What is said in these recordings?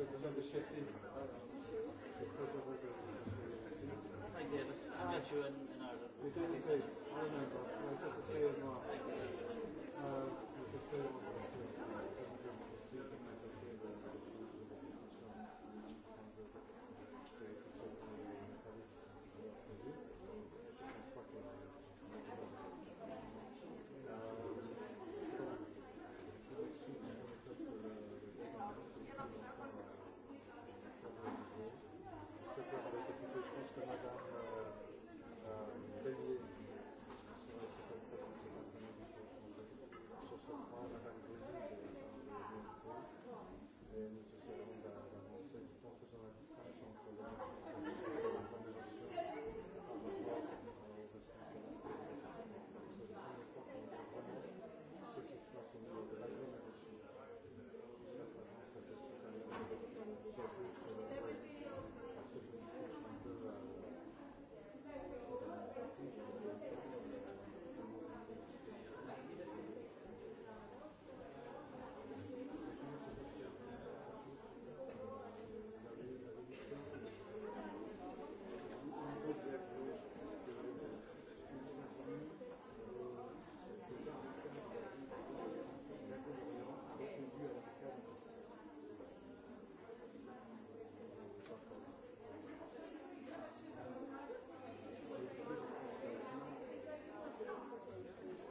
I did. I met you.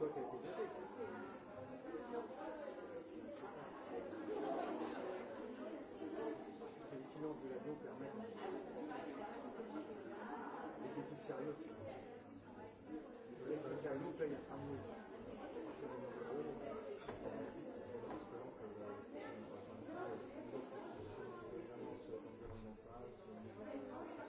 finances de l'avion permettent des études sérieuses. Désolé, quand les avions payent un tramway, c'est le nombre d'euros, c'est un instrument que l'on va faire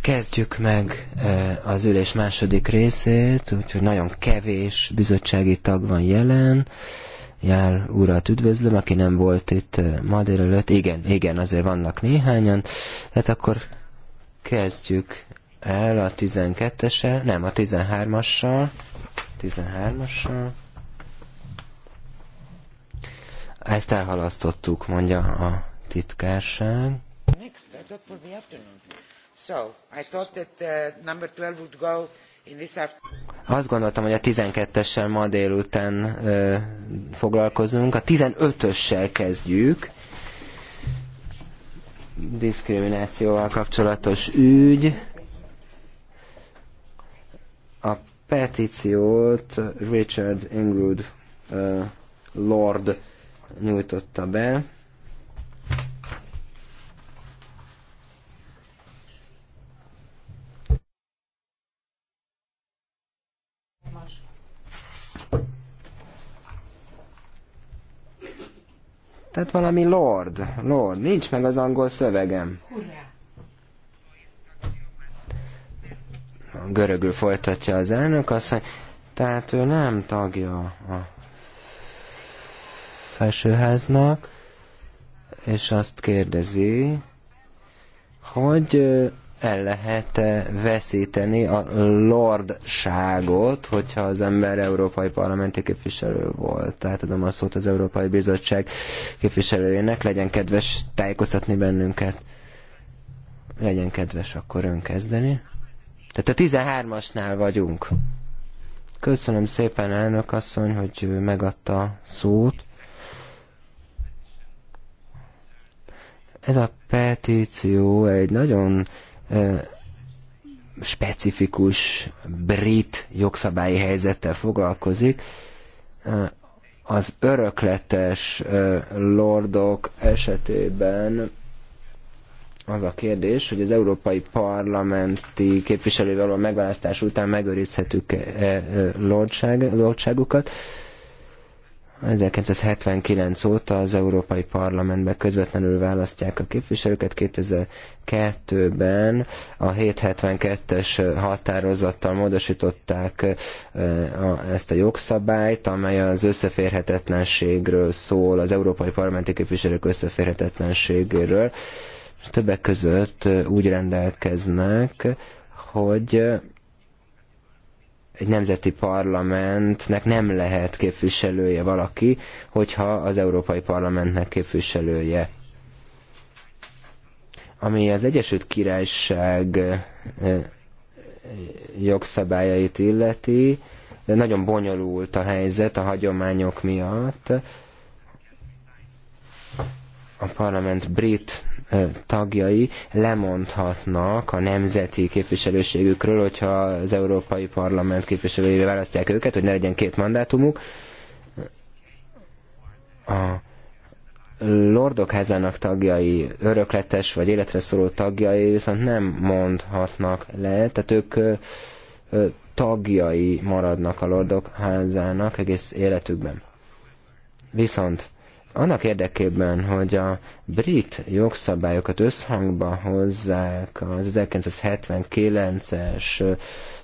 Kezdjük meg e, az ülés második részét, úgyhogy nagyon kevés bizottsági tag van jelen. Jár urat üdvözlöm, aki nem volt itt e, ma délelőtt. Igen, igen, azért vannak néhányan. Hát akkor kezdjük el a 12-essel, nem, a 13-assal. 13-assal. Ezt elhalasztottuk, mondja a titkárság. Uh, Azt gondoltam, hogy a 12-essel ma délután ö, foglalkozunk. A 15-össel kezdjük. Diszkriminációval kapcsolatos ügy. A petíciót Richard Ingrid uh, Lord nyújtotta be. Tehát valami Lord, Lord, nincs meg az angol szövegem. Görögül folytatja az elnök, azt mondja, tehát ő nem tagja a felsőháznak, és azt kérdezi, hogy el lehet-e veszíteni a lordságot, hogyha az ember európai parlamenti képviselő volt. Tehát adom a szót az Európai Bizottság képviselőjének, legyen kedves tájékoztatni bennünket. Legyen kedves akkor ön kezdeni. Tehát a 13-asnál vagyunk. Köszönöm szépen elnök asszony, hogy megadta szót. Ez a petíció egy nagyon specifikus brit jogszabályi helyzettel foglalkozik. Az örökletes lordok esetében az a kérdés, hogy az európai parlamenti képviselővel a megválasztás után megőrizhetük -e lordság, 1979 óta az Európai Parlamentbe közvetlenül választják a képviselőket. 2002-ben a 772-es határozattal módosították eh, ezt a jogszabályt, amely az összeférhetetlenségről szól, az Európai Parlamenti képviselők összeférhetetlenségéről. többek között eh, úgy rendelkeznek, hogy egy nemzeti parlamentnek nem lehet képviselője valaki, hogyha az Európai Parlamentnek képviselője. Ami az Egyesült Királyság jogszabályait illeti, de nagyon bonyolult a helyzet a hagyományok miatt. A parlament brit tagjai lemondhatnak a nemzeti képviselőségükről, hogyha az Európai Parlament képviselőjével választják őket, hogy ne legyen két mandátumuk. A lordok házának tagjai, örökletes vagy életre szóló tagjai viszont nem mondhatnak le, tehát ők tagjai maradnak a lordok házának egész életükben. Viszont annak érdekében, hogy a brit jogszabályokat összhangba hozzák az 1979-es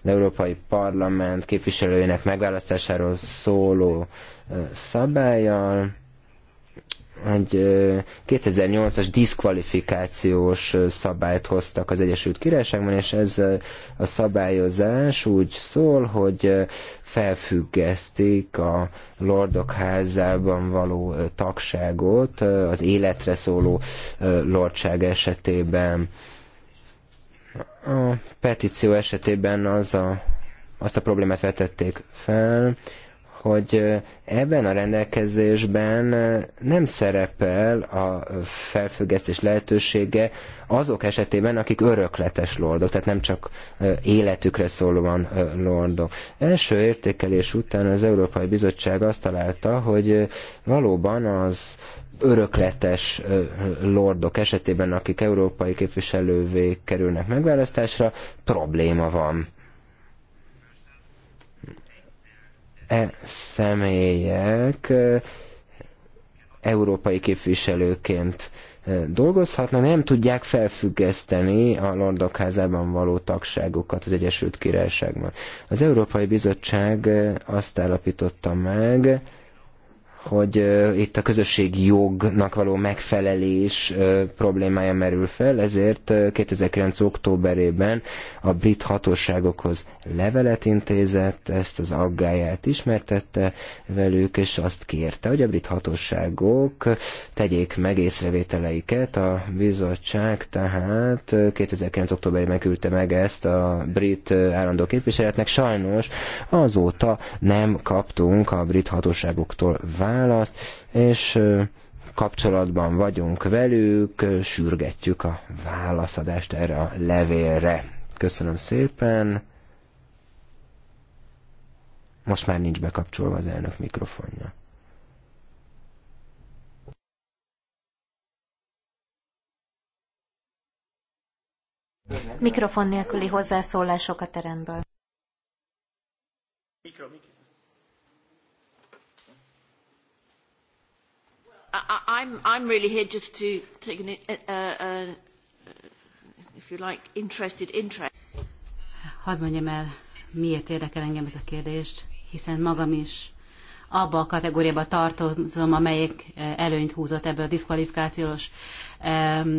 Európai Parlament képviselőjének megválasztásáról szóló szabályjal, egy 2008-as diszkvalifikációs szabályt hoztak az Egyesült Királyságban, és ez a szabályozás úgy szól, hogy felfüggesztik a Lordok házában való tagságot az életre szóló lordság esetében. A petíció esetében az a, azt a problémát vetették fel, hogy ebben a rendelkezésben nem szerepel a felfüggesztés lehetősége azok esetében, akik örökletes lordok, tehát nem csak életükre szólóan lordok. Első értékelés után az Európai Bizottság azt találta, hogy valóban az örökletes lordok esetében, akik európai képviselővé kerülnek megválasztásra, probléma van e személyek európai képviselőként dolgozhatnak, nem tudják felfüggeszteni a Lordok házában való tagságukat az Egyesült Királyságban. Az Európai Bizottság azt állapította meg, hogy itt a közösségi jognak való megfelelés problémája merül fel, ezért 2009. októberében a brit hatóságokhoz levelet intézett, ezt az aggáját ismertette velük, és azt kérte, hogy a brit hatóságok tegyék meg észrevételeiket. A bizottság tehát 2009. októberében küldte meg ezt a brit állandó képviseletnek. Sajnos azóta nem kaptunk a brit hatóságoktól választ, választ, és kapcsolatban vagyunk velük, sürgetjük a válaszadást erre a levélre. Köszönöm szépen. Most már nincs bekapcsolva az elnök mikrofonja. Mikrofon nélküli hozzászólások a teremből. Mikro, I'm, I'm really here just to take an, uh, uh, if you like, interested interest. Hadd mondjam el, miért érdekel engem ez a kérdés, hiszen magam is abba a kategóriába tartozom, amelyik eh, előnyt húzott ebből a diszkvalifikációs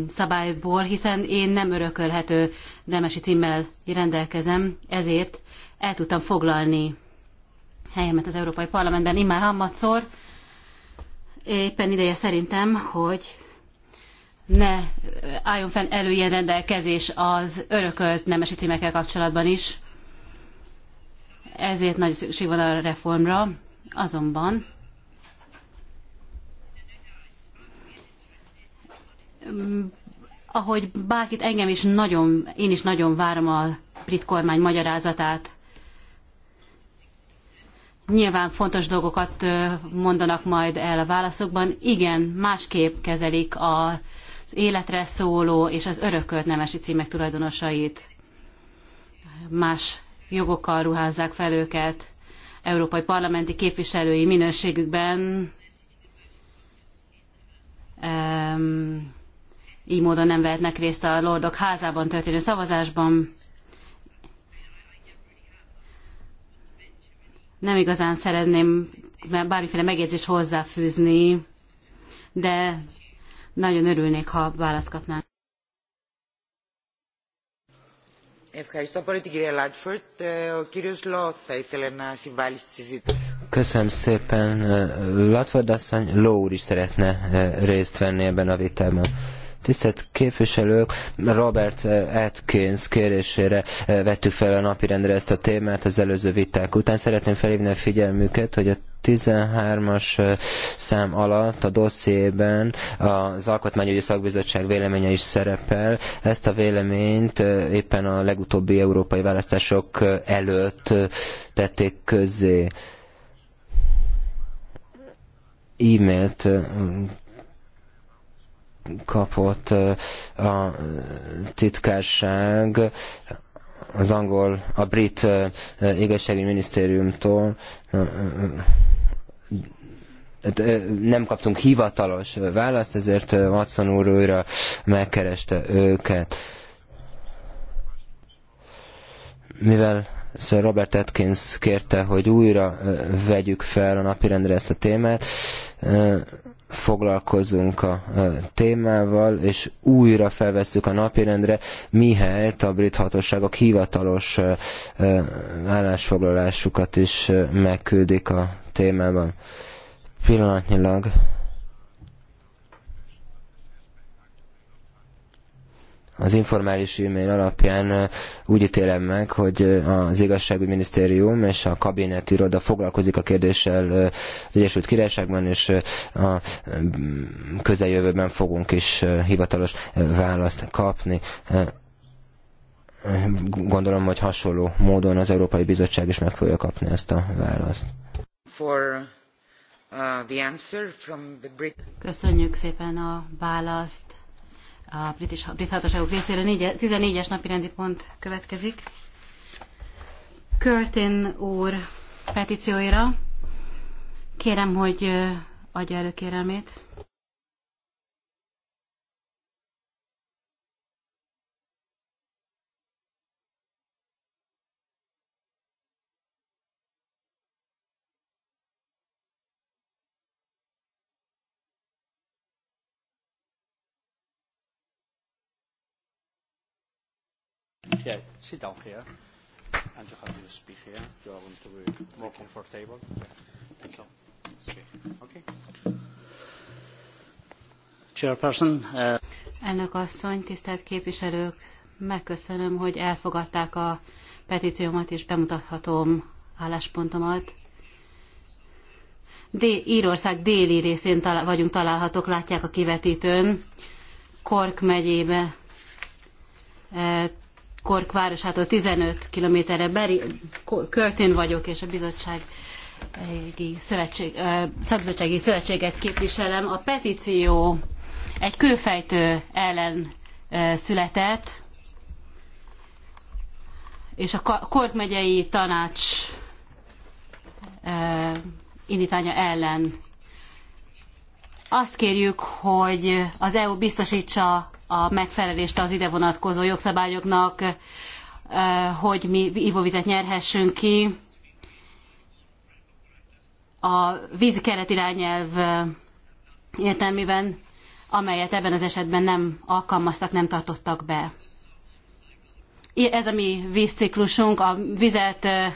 szabályból, hiszen én nem örökölhető nemesi címmel rendelkezem, ezért el tudtam foglalni helyemet az Európai Parlamentben immár hamadszor, éppen ideje szerintem, hogy ne álljon fenn elő ilyen rendelkezés az örökölt nemesi címekkel kapcsolatban is. Ezért nagy szükség van a reformra. Azonban ahogy bárkit engem is nagyon, én is nagyon várom a brit kormány magyarázatát Nyilván fontos dolgokat mondanak majd el a válaszokban. Igen, másképp kezelik az életre szóló és az örökölt nemesi címek tulajdonosait. Más jogokkal ruházzák fel őket európai parlamenti képviselői minőségükben. Um, így módon nem vehetnek részt a Lordok házában történő szavazásban. Nem igazán szeretném bármiféle megjegyzést hozzáfűzni, de nagyon örülnék, ha választ kapnánk. Köszönöm szépen. Latford asszony, Ló úr is szeretne részt venni ebben a vitában. Tisztelt képviselők, Robert eh, Atkins kérésére eh, vettük fel a napirendre ezt a témát az előző viták után. Szeretném felhívni a figyelmüket, hogy a 13-as eh, szám alatt a dossziében az Alkotmányügyi Szakbizottság véleménye is szerepel. Ezt a véleményt éppen a legutóbbi európai választások előtt tették közzé e-mailt kapott a titkárság az angol, a brit igazságügyi minisztériumtól nem kaptunk hivatalos választ, ezért Watson úr újra megkereste őket. Mivel Sir Robert Atkins kérte, hogy újra vegyük fel a napirendre ezt a témát, foglalkozunk a témával, és újra felvesszük a napirendre, mihelyt a brit hatóságok hivatalos állásfoglalásukat is megküldik a témában. Pillanatnyilag Az informális e-mail alapján úgy ítélem meg, hogy az igazságügyminisztérium és a kabinet iroda foglalkozik a kérdéssel az Egyesült Királyságban, és a közeljövőben fogunk is hivatalos választ kapni gondolom, hogy hasonló módon az Európai Bizottság is meg fogja kapni ezt a választ. For, uh, Köszönjük szépen a választ a brit hatóságok részére 14-es napi rendi pont következik. Körtén úr petícióira. Kérem, hogy adja elő kérelmét. Yeah, sit down here. And you have to speak here. You are going to be more comfortable. So, speak. Okay. Chairperson. Uh... Elnök asszony, tisztelt képviselők, megköszönöm, hogy elfogadták a petíciómat, és bemutathatom álláspontomat. D- Írország déli részén talál- vagyunk találhatók, látják a kivetítőn, Kork megyébe e, Kork városától 15 kilométerre beri, Körtén vagyok, és a bizottság Szövetség, Szabadsági Szövetséget képviselem. A petíció egy kőfejtő ellen született, és a Kort megyei tanács indítványa ellen azt kérjük, hogy az EU biztosítsa a megfelelést az ide vonatkozó jogszabályoknak, eh, hogy mi ivóvizet nyerhessünk ki. A vízi keretirányelv eh, értelmében, amelyet ebben az esetben nem alkalmaztak, nem tartottak be. Ez a mi vízciklusunk, a vizet eh,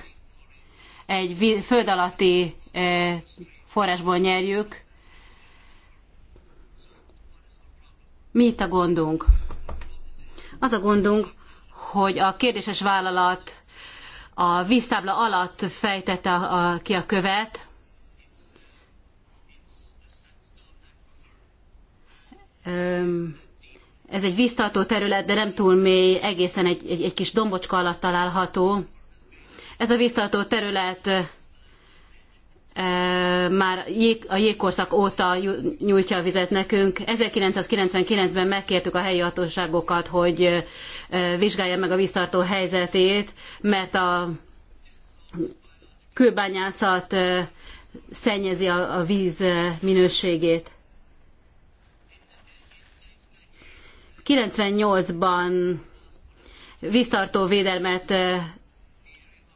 egy föld alatti forrásból nyerjük, Mi itt a gondunk? Az a gondunk, hogy a kérdéses vállalat a víztábla alatt fejtette a, a, ki a követ, ez egy víztartó terület, de nem túl mély, egészen egy, egy, egy kis dombocska alatt található. Ez a víztartó terület E, már a jégkorszak óta nyújtja a vizet nekünk. 1999-ben megkértük a helyi hatóságokat, hogy e, e, vizsgálja meg a víztartó helyzetét, mert a kőbányászat szennyezi a víz minőségét. 98-ban víztartó védelmet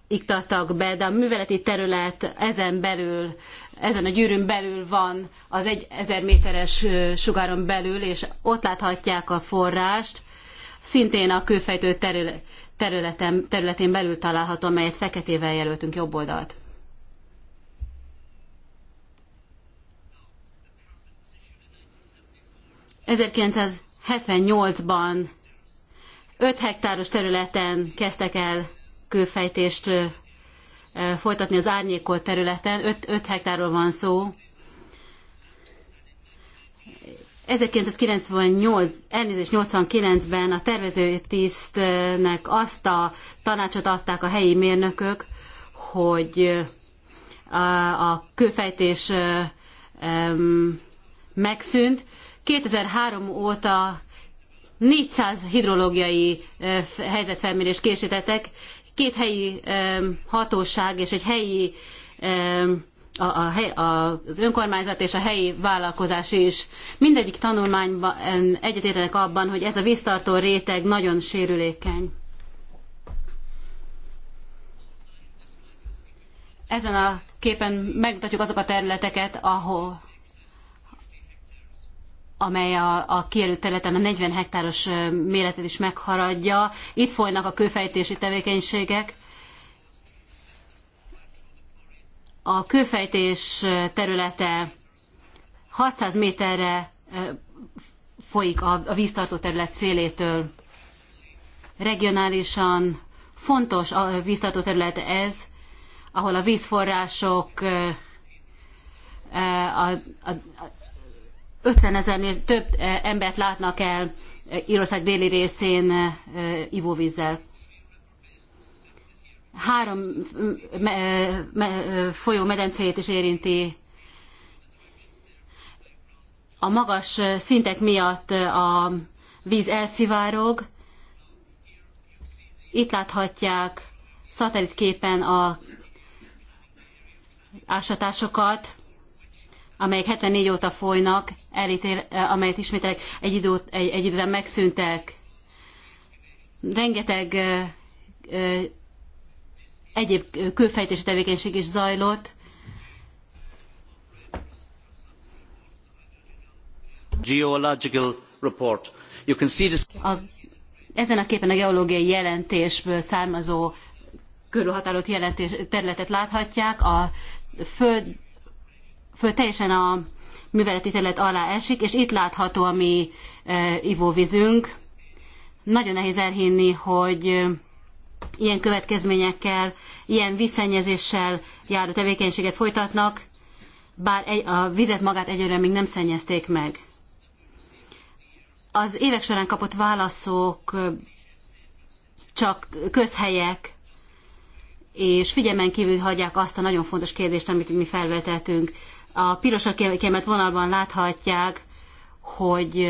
iktattak be, de a műveleti terület ezen belül, ezen a gyűrűn belül van az egy ezer méteres sugáron belül, és ott láthatják a forrást, szintén a kőfejtő területen, területén belül található, amelyet feketével jelöltünk jobb oldalt. ...1978-ban 5 hektáros területen kezdtek el kőfejtést folytatni az árnyékolt területen. 5, 5 hektárról van szó. 1998, 89-ben a tervezőtisztnek azt a tanácsot adták a helyi mérnökök, hogy a, a kőfejtés megszűnt. 2003 óta 400 hidrológiai helyzetfelmérést készítettek, két helyi hatóság és egy helyi a, a, a, az önkormányzat és a helyi vállalkozás is. Mindegyik tanulmányban egyetértenek abban, hogy ez a víztartó réteg nagyon sérülékeny. Ezen a képen megmutatjuk azokat a területeket, ahol, amely a, a kijelölt területen a 40 hektáros méretet is megharadja. Itt folynak a kőfejtési tevékenységek. A kőfejtés területe 600 méterre folyik a, a víztartó terület szélétől. Regionálisan fontos a víztartó terület ez, ahol a vízforrások a, a, a, 50 ezernél több eh, embert látnak el eh, Írország déli részén eh, ivóvízzel. Három mm, folyó medencéjét is érinti a magas szintek miatt a víz elszivárog. Itt láthatják szatellitképen a ásatásokat, amelyek 74 óta folynak, elítél, eh, amelyet ismételek, egy, időt, egy, egy időben megszűntek. Rengeteg ö, eh, ö, eh, egyéb külfejtési tevékenység is zajlott. Geological report. You can see this... A, ezen a képen a geológiai jelentésből származó körülhatárolt jelentés területet láthatják. A föld, föld teljesen a műveleti terület alá esik, és itt látható a mi e, ivóvizünk. Nagyon nehéz elhinni, hogy e, ilyen következményekkel, ilyen visszennyezéssel járó tevékenységet folytatnak, bár egy a vizet magát egyelőre még nem szennyezték meg. Az évek során kapott válaszok e, csak közhelyek, és figyelmen kívül hagyják azt a nagyon fontos kérdést, amit mi felvetettünk. A pirosra kiemelt vonalban láthatják, hogy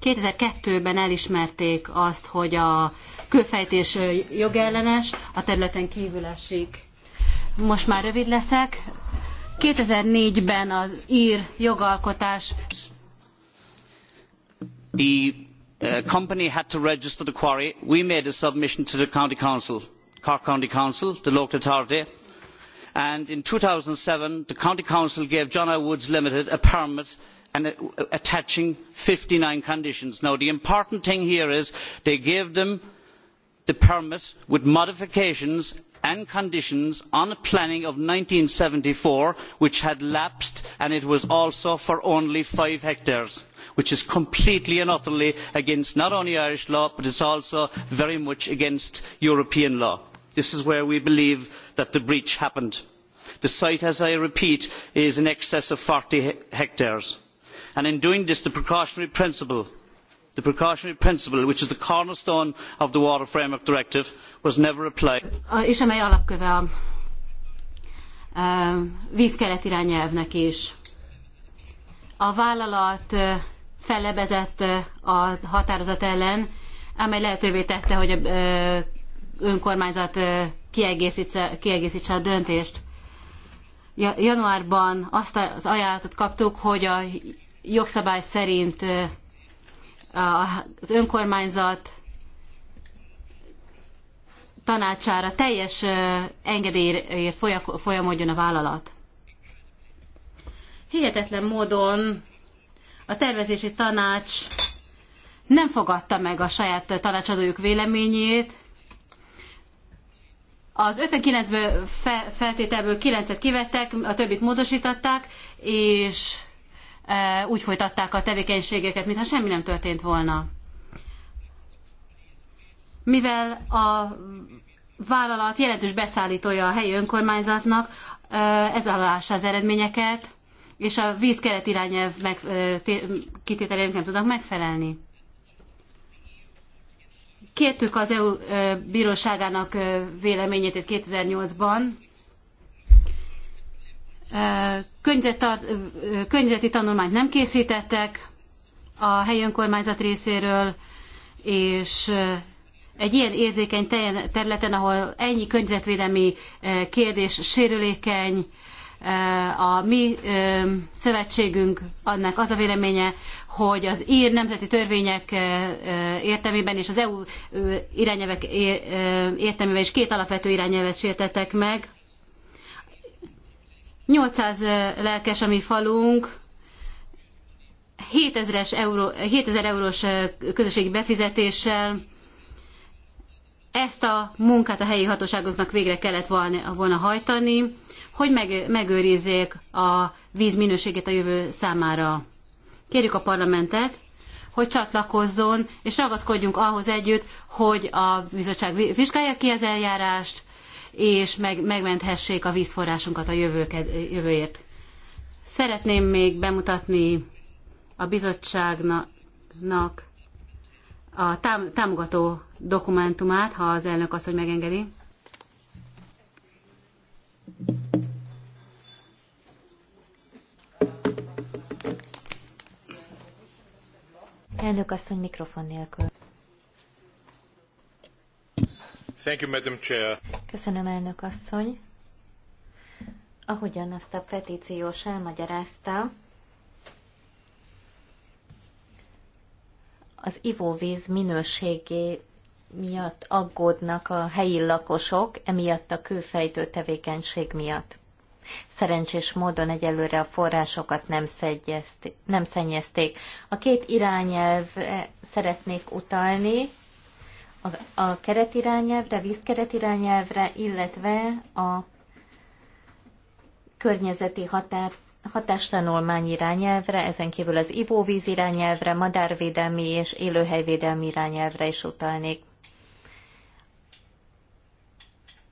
2002-ben elismerték azt, hogy a kőfejtés jogellenes, a területen kívül esik. Most már rövid leszek. 2004-ben az ír jogalkotás The uh, company had to register the quarry. We made a submission to the county council, Cork County Council, the local authority and in two thousand and seven the county council gave john o' woods limited a permit attaching fifty nine conditions. the important thing here is that they gave them the permit with modifications and conditions on a planning of one thousand nine hundred and seventy four which had lapsed and it was also for only five hectares which is completely and utterly against not only irish law but it is also very much against european law this is where we believe that the breach happened. the site as i repeat is in excess of forty hectares and in doing this the precautionary principle which is the cornerstone of the water framework directive was never applied. A vállalat fellebezett a határozat ellen, amely lehetővé tette, hogy a önkormányzat kiegészítse a döntést. Januárban azt az ajánlatot kaptuk, hogy a jogszabály szerint az önkormányzat tanácsára teljes engedélyért folyamodjon a vállalat. Hihetetlen módon a tervezési tanács nem fogadta meg a saját tanácsadójuk véleményét, az 59 feltételből 9-et kivettek, a többit módosították, és e, úgy folytatták a tevékenységeket, mintha semmi nem történt volna. Mivel a vállalat jelentős beszállítója a helyi önkormányzatnak, e, ez alássa az eredményeket, és a vízkeret keret irányelv e, kitételének nem tudnak megfelelni kértük az EU bíróságának véleményét 2008-ban. Környezeti tanulmányt nem készítettek a helyi önkormányzat részéről, és egy ilyen érzékeny területen, ahol ennyi környezetvédelmi kérdés sérülékeny, a mi szövetségünk, annak az a véleménye, hogy az ír nemzeti törvények értelmében és az EU irányelvek értelmében is két alapvető irányelvet sértettek meg. 800 lelkes a mi falunk, 7000 euró, 7000 eurós közösségi befizetéssel, ezt a munkát a helyi hatóságoknak végre kellett volna, volna hajtani, hogy meg, megőrizzék a víz minőségét a jövő számára kérjük a parlamentet, hogy csatlakozzon, és ragaszkodjunk ahhoz együtt, hogy a bizottság vizsgálja ki az eljárást, és meg, megmenthessék a vízforrásunkat a jövőked, jövőért. Szeretném még bemutatni a bizottságnak a támogató dokumentumát, ha az elnök azt, hogy megengedi. Elnök asszony mikrofon nélkül. Thank you, Madam Chair. Köszönöm, elnök asszony. Ahogyan azt a petíciós elmagyarázta, az ivóvíz minőségé miatt aggódnak a helyi lakosok, emiatt a kőfejtő tevékenység miatt. Szerencsés módon egyelőre a forrásokat nem, nem szennyezték. A két irányelv szeretnék utalni, a, a keretirányelvre, vízkeretirányelvre, illetve a környezeti határ hatástanulmány irányelvre, ezen kívül az ivóvíz irányelvre, madárvédelmi és élőhelyvédelmi irányelvre is utalnék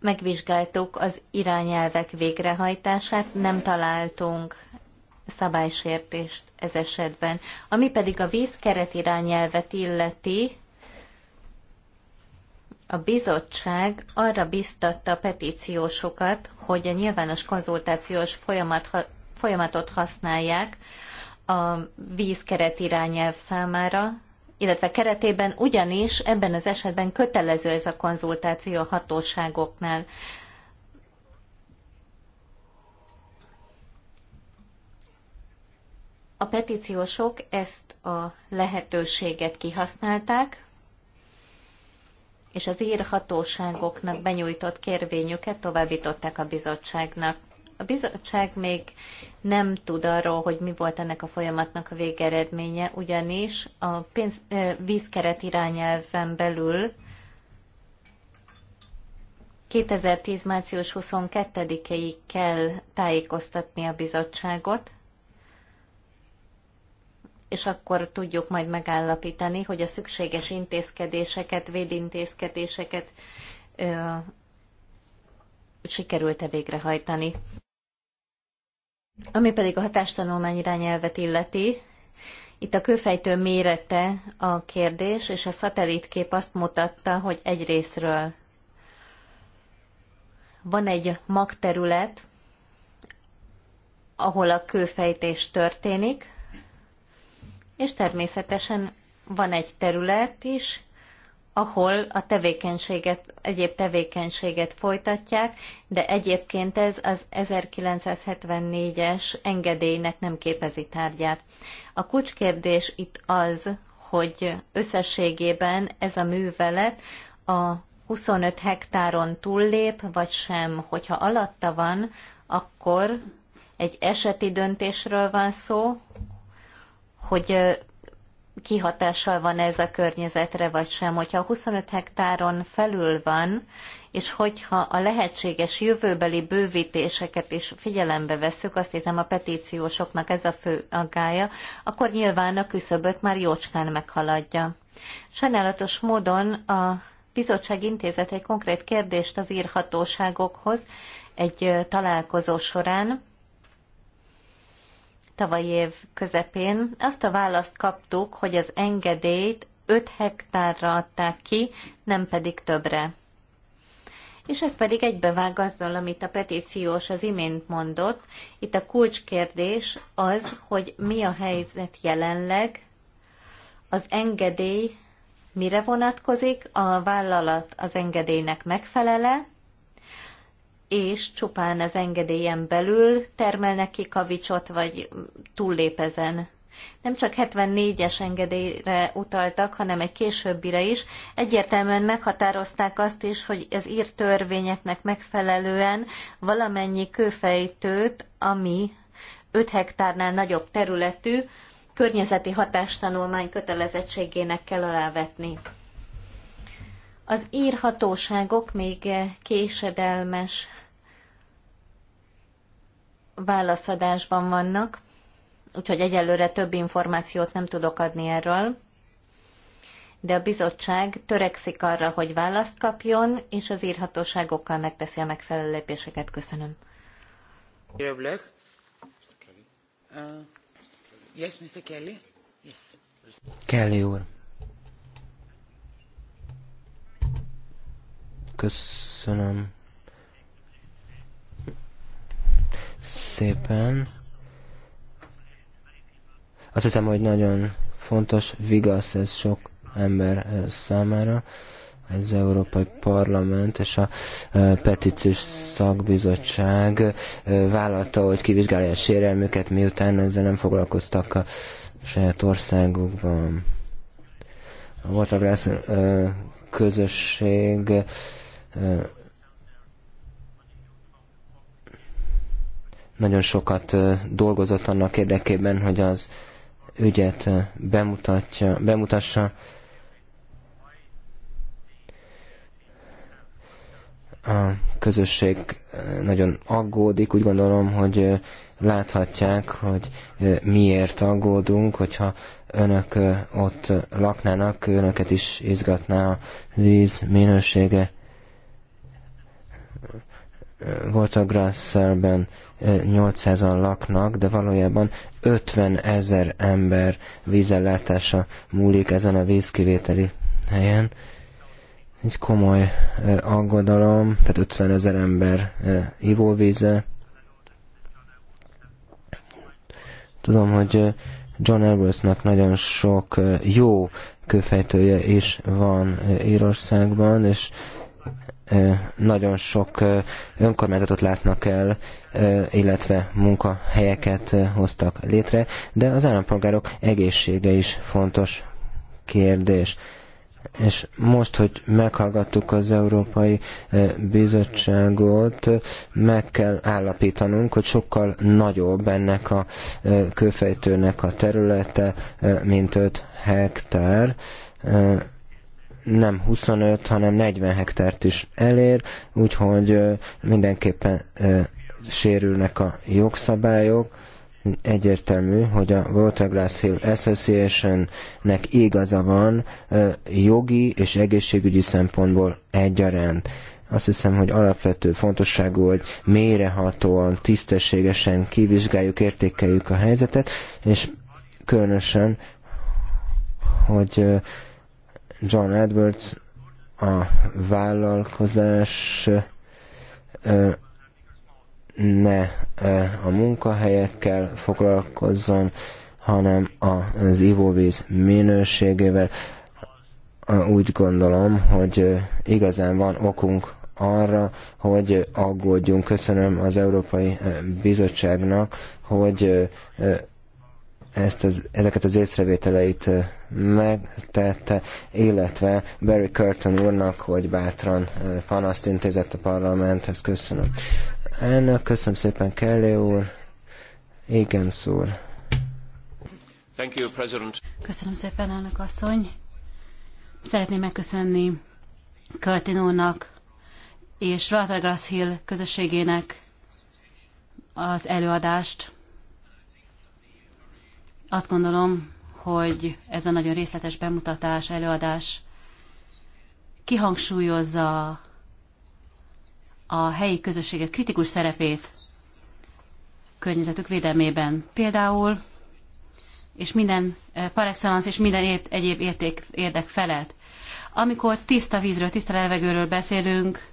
megvizsgáltuk az irányelvek végrehajtását, nem találtunk szabálysértést ez esetben. Ami pedig a vízkeret irányelvet illeti, a bizottság arra biztatta a petíciósokat, hogy a nyilvános konzultációs folyamat, folyamatot használják a vízkeret irányelv számára, illetve keretében ugyanis ebben az esetben kötelező ez a konzultáció a hatóságoknál. A petíciósok ezt a lehetőséget kihasználták, és az ír hatóságoknak benyújtott kérvényüket továbbították a bizottságnak. A bizottság még nem tud arról, hogy mi volt ennek a folyamatnak a végeredménye, ugyanis a pénz, vízkeret irányelven belül 2010. március 22-ig kell tájékoztatni a bizottságot, és akkor tudjuk majd megállapítani, hogy a szükséges intézkedéseket, védintézkedéseket ö, sikerült-e végrehajtani. Ami pedig a hatástanulmány irányelvet illeti, itt a kőfejtő mérete a kérdés, és a szatellitkép azt mutatta, hogy egy részről van egy magterület, ahol a kőfejtés történik, és természetesen van egy terület is, ahol a tevékenységet, egyéb tevékenységet folytatják, de egyébként ez az 1974-es engedélynek nem képezi tárgyát. A kulcskérdés itt az, hogy összességében ez a művelet a 25 hektáron túllép, vagy sem. Hogyha alatta van, akkor egy eseti döntésről van szó, hogy kihatással van ez a környezetre, vagy sem. Hogyha 25 hektáron felül van, és hogyha a lehetséges jövőbeli bővítéseket is figyelembe veszük, azt hiszem a petíciósoknak ez a fő aggája, akkor nyilván a küszöböt már jócskán meghaladja. Sajnálatos módon a bizottság intézet egy konkrét kérdést az írhatóságokhoz egy találkozó során, tavaly év közepén azt a választ kaptuk, hogy az engedélyt 5 hektárra adták ki, nem pedig többre. És ez pedig egybevág azzal, amit a petíciós az imént mondott. Itt a kulcskérdés az, hogy mi a helyzet jelenleg, az engedély mire vonatkozik, a vállalat az engedélynek megfelele, és csupán az engedélyen belül termelnek ki kavicsot, vagy túllépezen. Nem csak 74-es engedélyre utaltak, hanem egy későbbire is. Egyértelműen meghatározták azt is, hogy az ír törvényeknek megfelelően valamennyi kőfejtőt, ami 5 hektárnál nagyobb területű, környezeti hatástanulmány kötelezettségének kell alávetni. Az írhatóságok még késedelmes válaszadásban vannak, úgyhogy egyelőre több információt nem tudok adni erről, de a bizottság törekszik arra, hogy választ kapjon, és az írhatóságokkal megteszi a megfelelő lépéseket. Köszönöm. Uh, yes, Mr. Kelly. Yes. Kelly úr. Köszönöm szépen. Azt hiszem, hogy nagyon fontos vigasz ez sok ember eh, számára. Az Európai Parlament és a eh, Petíciós Szakbizottság eh, vállalta, hogy kivizsgálja a sérelmüket, miután ezzel nem foglalkoztak a saját országukban. A Watergrass közösség nagyon sokat dolgozott annak érdekében, hogy az ügyet bemutatja, bemutassa. A közösség nagyon aggódik, úgy gondolom, hogy láthatják, hogy miért aggódunk, hogyha önök ott laknának, önöket is izgatná a víz minősége volt a Grasszelben 800-an laknak, de valójában 50 ezer ember vízellátása múlik ezen a vízkivételi helyen. Egy komoly aggodalom, tehát 50 ezer ember ivóvíze. Tudom, hogy John Edwardsnak nagyon sok jó kőfejtője is van Írországban, és nagyon sok önkormányzatot látnak el, illetve munkahelyeket hoztak létre, de az állampolgárok egészsége is fontos kérdés. És most, hogy meghallgattuk az Európai Bizottságot, meg kell állapítanunk, hogy sokkal nagyobb ennek a kőfejtőnek a területe, mint 5 hektár nem 25, hanem 40 hektárt is elér, úgyhogy mindenképpen sérülnek a jogszabályok. Egyértelmű, hogy a Watergrass Hill Association-nek igaza van jogi és egészségügyi szempontból egyaránt azt hiszem, hogy alapvető fontosságú, hogy mélyrehatóan, tisztességesen kivizsgáljuk, értékeljük a helyzetet, és különösen, hogy John Edwards a vállalkozás ne a munkahelyekkel foglalkozzon, hanem az ivóvíz minőségével. Úgy gondolom, hogy igazán van okunk arra, hogy aggódjunk. Köszönöm az Európai Bizottságnak, hogy ezt az, ezeket az észrevételeit megtette, illetve Barry Curtin úrnak, hogy bátran panaszt intézett a parlamenthez. Köszönöm. Elnök, köszönöm szépen Kelly úr. Igen, szúr. Thank you, President. Köszönöm szépen, elnök asszony. Szeretném megköszönni Curtin úrnak és Rattergrass Hill közösségének az előadást. Azt gondolom, hogy ez a nagyon részletes bemutatás, előadás kihangsúlyozza a helyi közösségek kritikus szerepét környezetük védelmében. Például, és minden eh, par excellence, és minden ért, egyéb érték, érdek felett. Amikor tiszta vízről, tiszta levegőről beszélünk,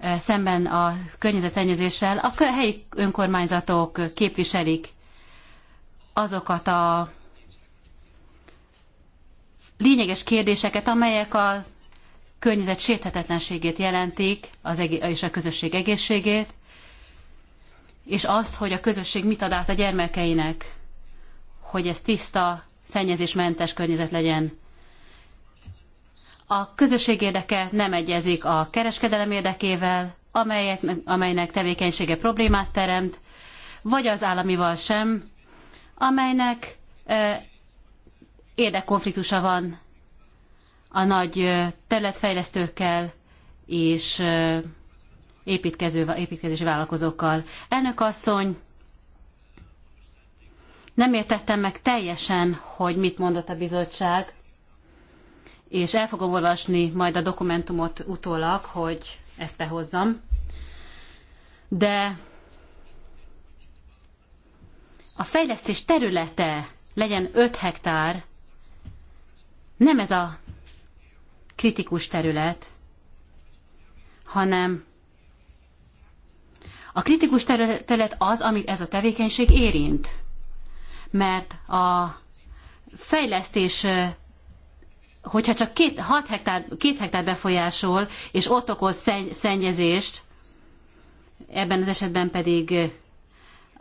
eh, szemben a környezetszennyezéssel, a helyi önkormányzatok képviselik azokat a lényeges kérdéseket, amelyek a környezet sérthetetlenségét jelentik az és a közösség egészségét, és azt, hogy a közösség mit ad át a gyermekeinek, hogy ez tiszta, szennyezésmentes környezet legyen. A közösség érdeke nem egyezik a kereskedelem érdekével, amelyek, amelynek tevékenysége problémát teremt, vagy az államival sem, amelynek érdekkonfliktusa van a nagy területfejlesztőkkel és építkező, építkezési vállalkozókkal. Elnök asszony, nem értettem meg teljesen, hogy mit mondott a bizottság, és el fogom olvasni majd a dokumentumot utólag, hogy ezt behozzam. De a fejlesztés területe legyen 5 hektár, nem ez a kritikus terület, hanem a kritikus terület az, amit ez a tevékenység érint. Mert a fejlesztés hogyha csak két, hat hektár, két hektár befolyásol, és ott okoz szennyezést, ebben az esetben pedig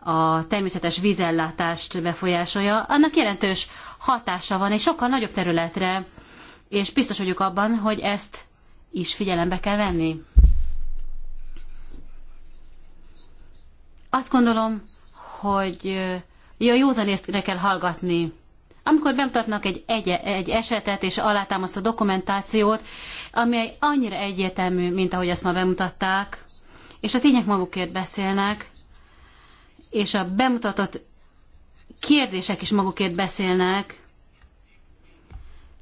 a természetes vízellátást befolyásolja, annak jelentős hatása van egy sokkal nagyobb területre, és biztos vagyok abban, hogy ezt is figyelembe kell venni. Azt gondolom, hogy ja, józanészre kell hallgatni. Amikor bemutatnak egy, egy, egy esetet és alátámaszt a dokumentációt, ami annyira egyértelmű, mint ahogy ezt ma bemutatták, és a tények magukért beszélnek, és a bemutatott kérdések is magukért beszélnek.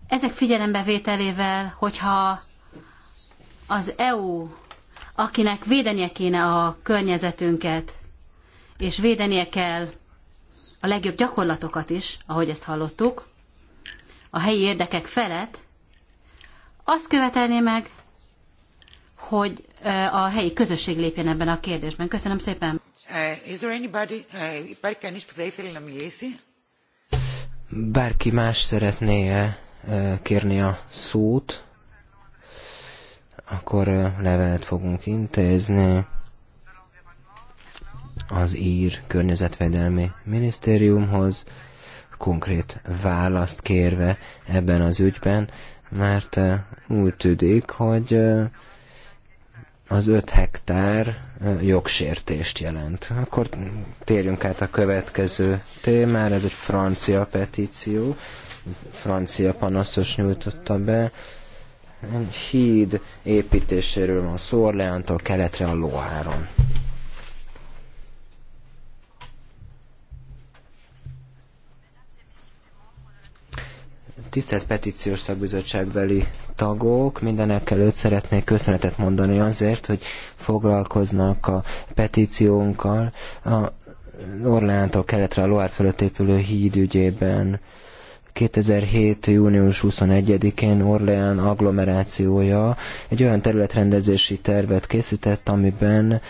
Ezek figyelembevételével, hogyha az EU, akinek védenie kéne a környezetünket, és védenie kell a legjobb gyakorlatokat is, ahogy ezt hallottuk, a helyi érdekek felett, azt követelné meg, hogy a helyi közösség lépjen ebben a kérdésben. Köszönöm szépen! Eh, is there anybody, eh, υπάρχει κανείς που θα ήθελε να μιλήσει? Bárki más szeretné -e eh, kérni a szót, akkor levelet fogunk intézni az ír környezetvédelmi minisztériumhoz konkrét választ kérve ebben az ügyben, mert úgy tűnik, hogy az 5 hektár jogsértést jelent. Akkor térjünk át a következő témára, ez egy francia petíció, francia panaszos nyújtotta be, egy híd építéséről van szó, Orleantól keletre a Loáron. Tisztelt petíciós szakbizottságbeli tagok, mindenek előtt szeretnék köszönetet mondani azért, hogy foglalkoznak a petíciónkkal a Orleántól keletre a Loire fölött épülő híd ügyében. 2007. június 21-én Orleán agglomerációja egy olyan területrendezési tervet készített, amiben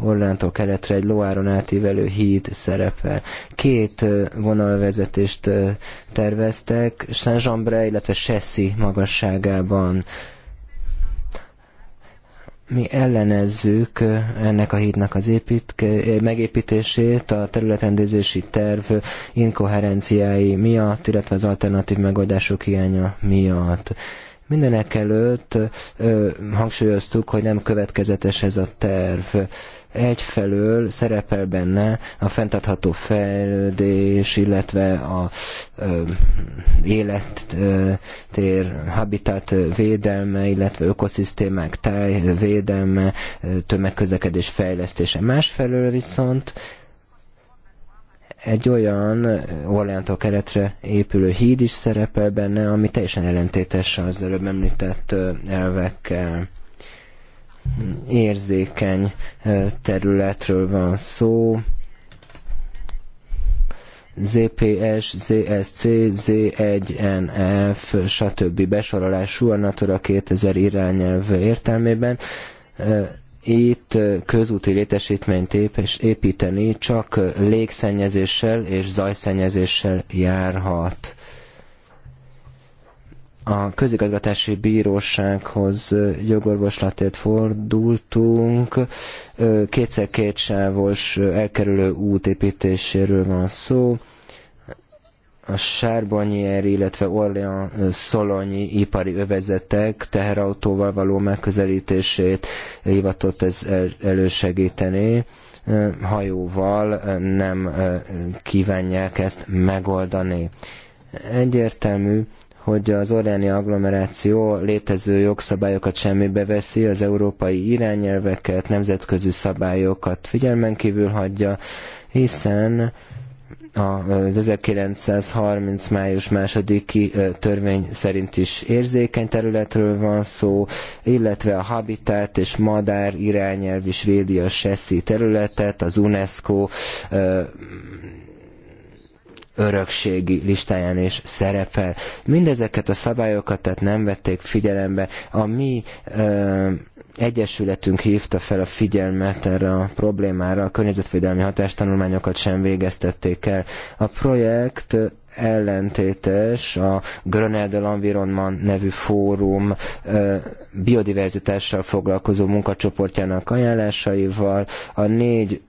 Orlántól keletre egy Loáron átívelő híd szerepel. Két vonalvezetést terveztek, Saint-Jean-Bray, illetve Sessi magasságában mi ellenezzük ennek a hídnak az építke, megépítését a területrendezési terv inkoherenciái miatt, illetve az alternatív megoldások hiánya miatt. Mindenek előtt ö, hangsúlyoztuk, hogy nem következetes ez a terv. Ö, Egyfelől szerepel benne a fenntartható fejlődés, illetve a ö, élettér, habitat védelme, illetve ökoszisztémák táj védelme, tömegközlekedés fejlesztése. Másfelől viszont egy olyan Orleántól keletre épülő híd is szerepel benne, ami teljesen ellentétes az előbb említett elvekkel érzékeny területről van szó. ZPS, ZSC, Z1NF, stb. besorolású a Natura 2000 irányelv értelmében. Itt közúti létesítményt építeni csak légszennyezéssel és zajszennyezéssel járhat a közigazgatási bírósághoz jogorvoslatért fordultunk. Kétszer két sávos elkerülő út építéséről van szó. A Sárbonyér, illetve Orléans szolonyi ipari övezetek teherautóval való megközelítését hivatott ez elősegíteni hajóval nem kívánják ezt megoldani. Egyértelmű, hogy az orleáni agglomeráció létező jogszabályokat semmibe veszi, az európai irányelveket, nemzetközi szabályokat figyelmen kívül hagyja, hiszen az 1930. május másodiki törvény szerint is érzékeny területről van szó, illetve a Habitat és Madár irányelv is védi a Sessi területet, az UNESCO örökségi listáján is szerepel. Mindezeket a szabályokat tehát nem vették figyelembe. A mi ö, egyesületünk hívta fel a figyelmet erre a problémára, a környezetvédelmi hatástanulmányokat sem végeztették el. A projekt ellentétes a Grenade Environment nevű fórum biodiverzitással foglalkozó munkacsoportjának ajánlásaival, a négy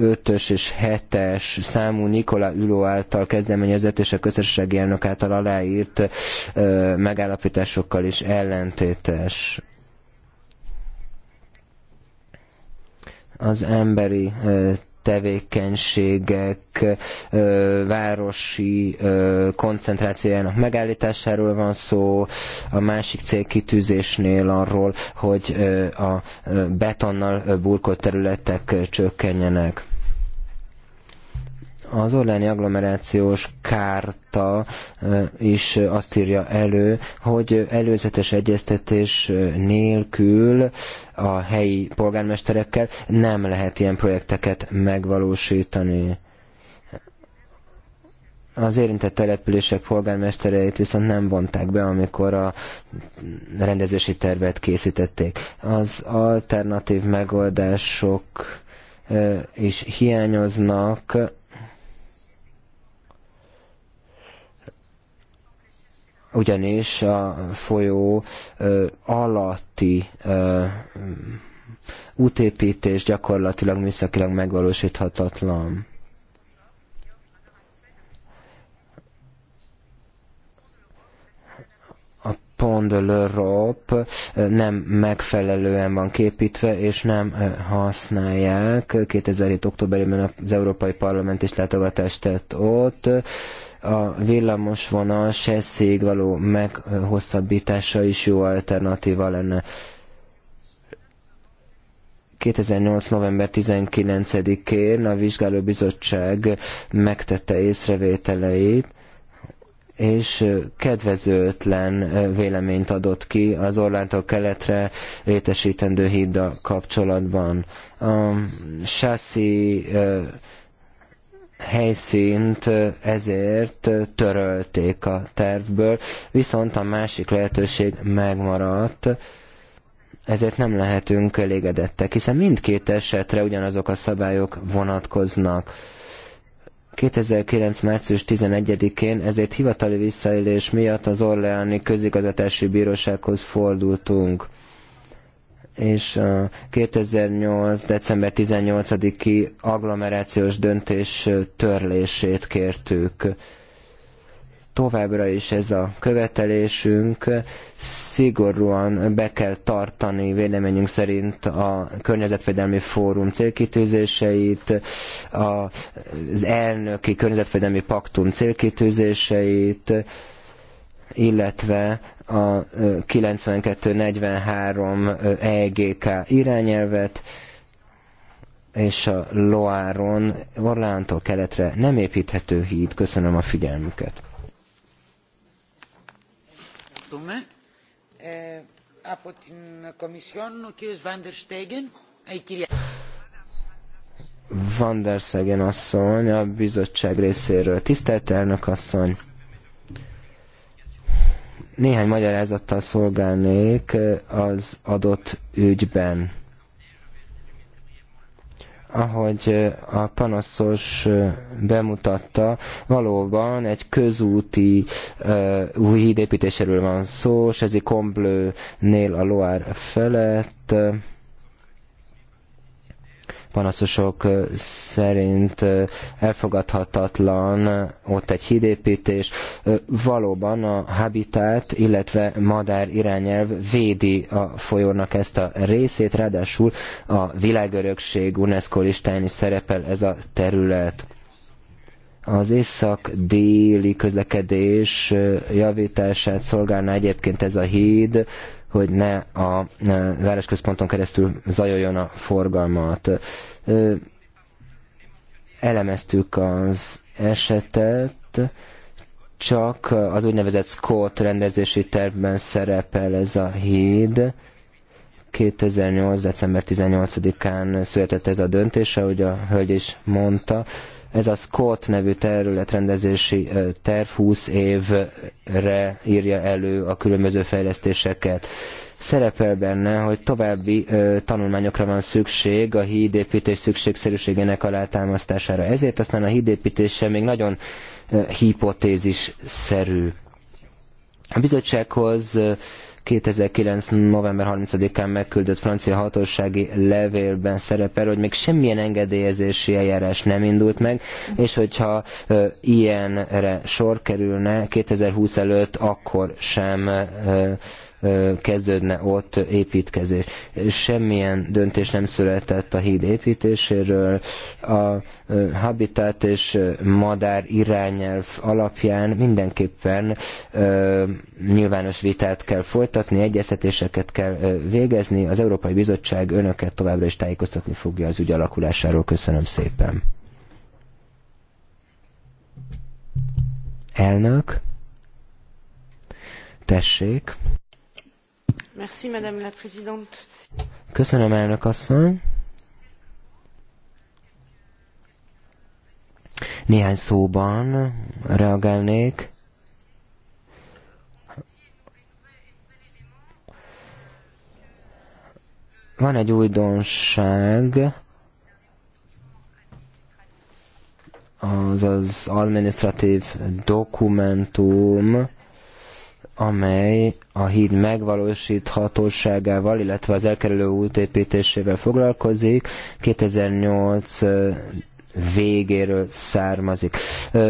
5-ös és 7-es számú Nikola Üló által kezdeményezett és a közösségi elnök által aláírt megállapításokkal is ellentétes. az emberi tevékenységek városi koncentrációjának megállításáról van szó, a másik célkitűzésnél arról, hogy a betonnal burkolt területek csökkenjenek. Az orláni agglomerációs kárta is azt írja elő, hogy előzetes egyeztetés nélkül a helyi polgármesterekkel nem lehet ilyen projekteket megvalósítani az érintett települések polgármestereit viszont nem vonták be, amikor a rendezési tervet készítették. Az alternatív megoldások is hiányoznak, ugyanis a folyó alatti útépítés gyakorlatilag műszakilag megvalósíthatatlan. Pont de l'Europe nem megfelelően van képítve, és nem használják. 2007. októberében az Európai Parlament is látogatást tett ott a villamosvonal sesszéig való meghosszabbítása is jó alternatíva lenne. 2008. november 19-én a vizsgálóbizottság megtette észrevételeit, és kedvezőtlen véleményt adott ki az Orlántól keletre létesítendő híddal kapcsolatban. A sászi helyszínt ezért törölték a tervből, viszont a másik lehetőség megmaradt, ezért nem lehetünk elégedettek, hiszen mindkét esetre ugyanazok a szabályok vonatkoznak. 2009. március 11-én ezért hivatali visszaélés miatt az Orleáni Közigazgatási Bírósághoz fordultunk és a 2008. december 18-i agglomerációs döntés törlését kértük. Továbbra is ez a követelésünk, szigorúan be kell tartani véleményünk szerint a Környezetvédelmi Fórum célkitűzéseit, az elnöki Környezetvédelmi Paktum célkitűzéseit, illetve a 9243 EGK irányelvet, és a Loáron Orlántól keletre nem építhető híd. Köszönöm a figyelmüket. Van der Stegen asszony a bizottság részéről. Tisztelt elnök asszony! Néhány magyarázattal szolgálnék az adott ügyben. Ahogy a panaszos bemutatta, valóban egy közúti uh, új hídépítéséről van szó, Sezi Komblőnél a Loire felett, uh, panaszosok szerint elfogadhatatlan ott egy hídépítés. Valóban a habitat, illetve madár irányelv védi a folyónak ezt a részét, ráadásul a világörökség UNESCO listáján is szerepel ez a terület az észak-déli közlekedés javítását szolgálna egyébként ez a híd, hogy ne a városközponton keresztül zajoljon a forgalmat. Elemeztük az esetet, csak az úgynevezett Scott rendezési tervben szerepel ez a híd. 2008. december 18-án született ez a döntése, ahogy a hölgy is mondta. Ez a Scott nevű területrendezési terv 20 évre írja elő a különböző fejlesztéseket. Szerepel benne, hogy további ö, tanulmányokra van szükség a hídépítés szükségszerűségének alátámasztására. Ezért aztán a hídépítése még nagyon ö, hipotézis szerű. A bizottsághoz ö, 2009. november 30-án megküldött francia hatósági levélben szerepel, hogy még semmilyen engedélyezési eljárás nem indult meg, és hogyha ilyenre sor kerülne 2020 előtt, akkor sem kezdődne ott építkezés. Semmilyen döntés nem született a híd építéséről. A habitat és madár irányelv alapján mindenképpen nyilvános vitát kell folytatni, egyeztetéseket kell végezni. Az Európai Bizottság önöket továbbra is tájékoztatni fogja az ügy alakulásáról. Köszönöm szépen. Elnök. Tessék. Merci, Madame la Présidente. Köszönöm, elnök asszony. Néhány szóban reagálnék. Van egy újdonság, az az administratív dokumentum, amely a híd megvalósíthatóságával, illetve az elkerülő útépítésével foglalkozik. 2008 végéről származik.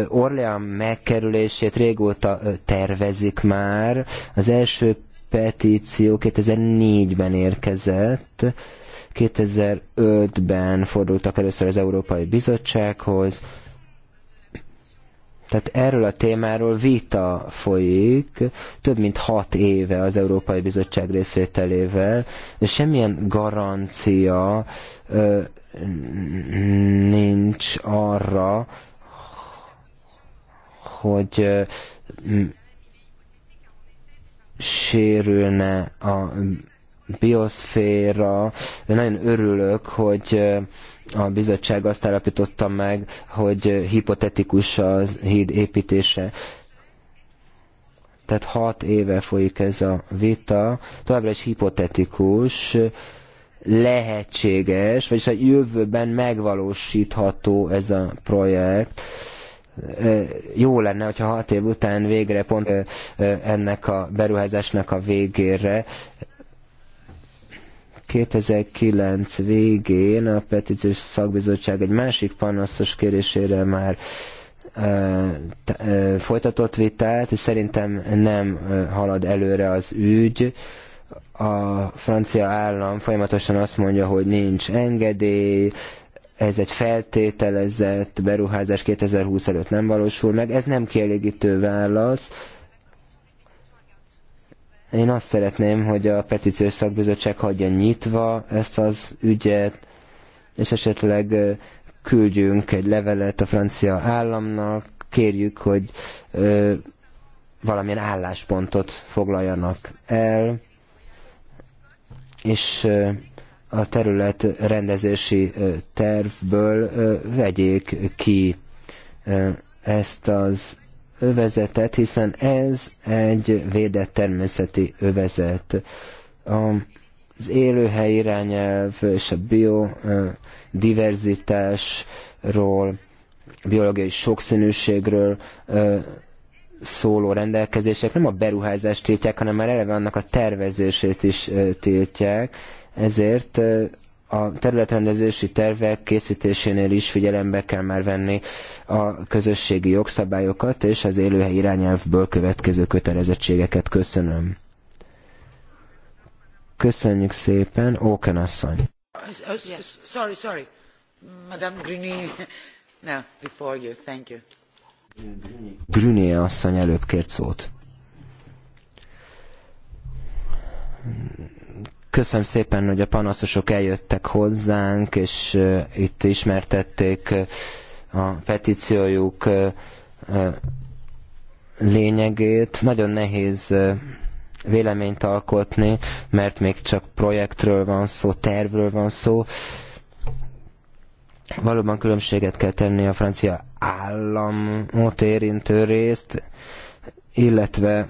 Orlean megkerülését régóta tervezik már. Az első petíció 2004-ben érkezett, 2005-ben fordultak először az Európai Bizottsághoz, tehát erről a témáról vita folyik több mint hat éve az Európai Bizottság részvételével, de semmilyen garancia ö, nincs arra, hogy ö, sérülne a bioszféra. Nagyon örülök, hogy a bizottság azt állapította meg, hogy hipotetikus a híd építése. Tehát hat éve folyik ez a vita, továbbra is hipotetikus, lehetséges, vagyis a jövőben megvalósítható ez a projekt. Jó lenne, hogyha hat év után végre pont ennek a beruházásnak a végére 2009 végén a petíciós szakbizottság egy másik panaszos kérésére már folytatott vitát, és szerintem nem halad előre az ügy. A francia állam folyamatosan azt mondja, hogy nincs engedély, ez egy feltételezett beruházás 2020 előtt nem valósul meg, ez nem kielégítő válasz, én azt szeretném, hogy a petíciós szakbizottság hagyja nyitva ezt az ügyet, és esetleg küldjünk egy levelet a francia államnak, kérjük, hogy ö, valamilyen álláspontot foglaljanak el, és ö, a terület rendezési ö, tervből ö, vegyék ki ö, ezt az övezetet, hiszen ez egy védett természeti övezet. Az élőhely irányelv és a biodiverzitásról, biológiai sokszínűségről szóló rendelkezések nem a beruházást tiltják, hanem már eleve annak a tervezését is tiltják, ezért a területrendezési tervek készítésénél is figyelembe kell már venni a közösségi jogszabályokat és az élőhely irányelvből következő kötelezettségeket. Köszönöm. Köszönjük szépen, Óken asszony. Sorry, sorry. Madame Grunier. No, before you, thank you. Grunier asszony előbb kért szót. Köszönöm szépen, hogy a panaszosok eljöttek hozzánk, és itt ismertették a petíciójuk lényegét. Nagyon nehéz véleményt alkotni, mert még csak projektről van szó, tervről van szó. Valóban különbséget kell tenni a francia államot érintő részt, illetve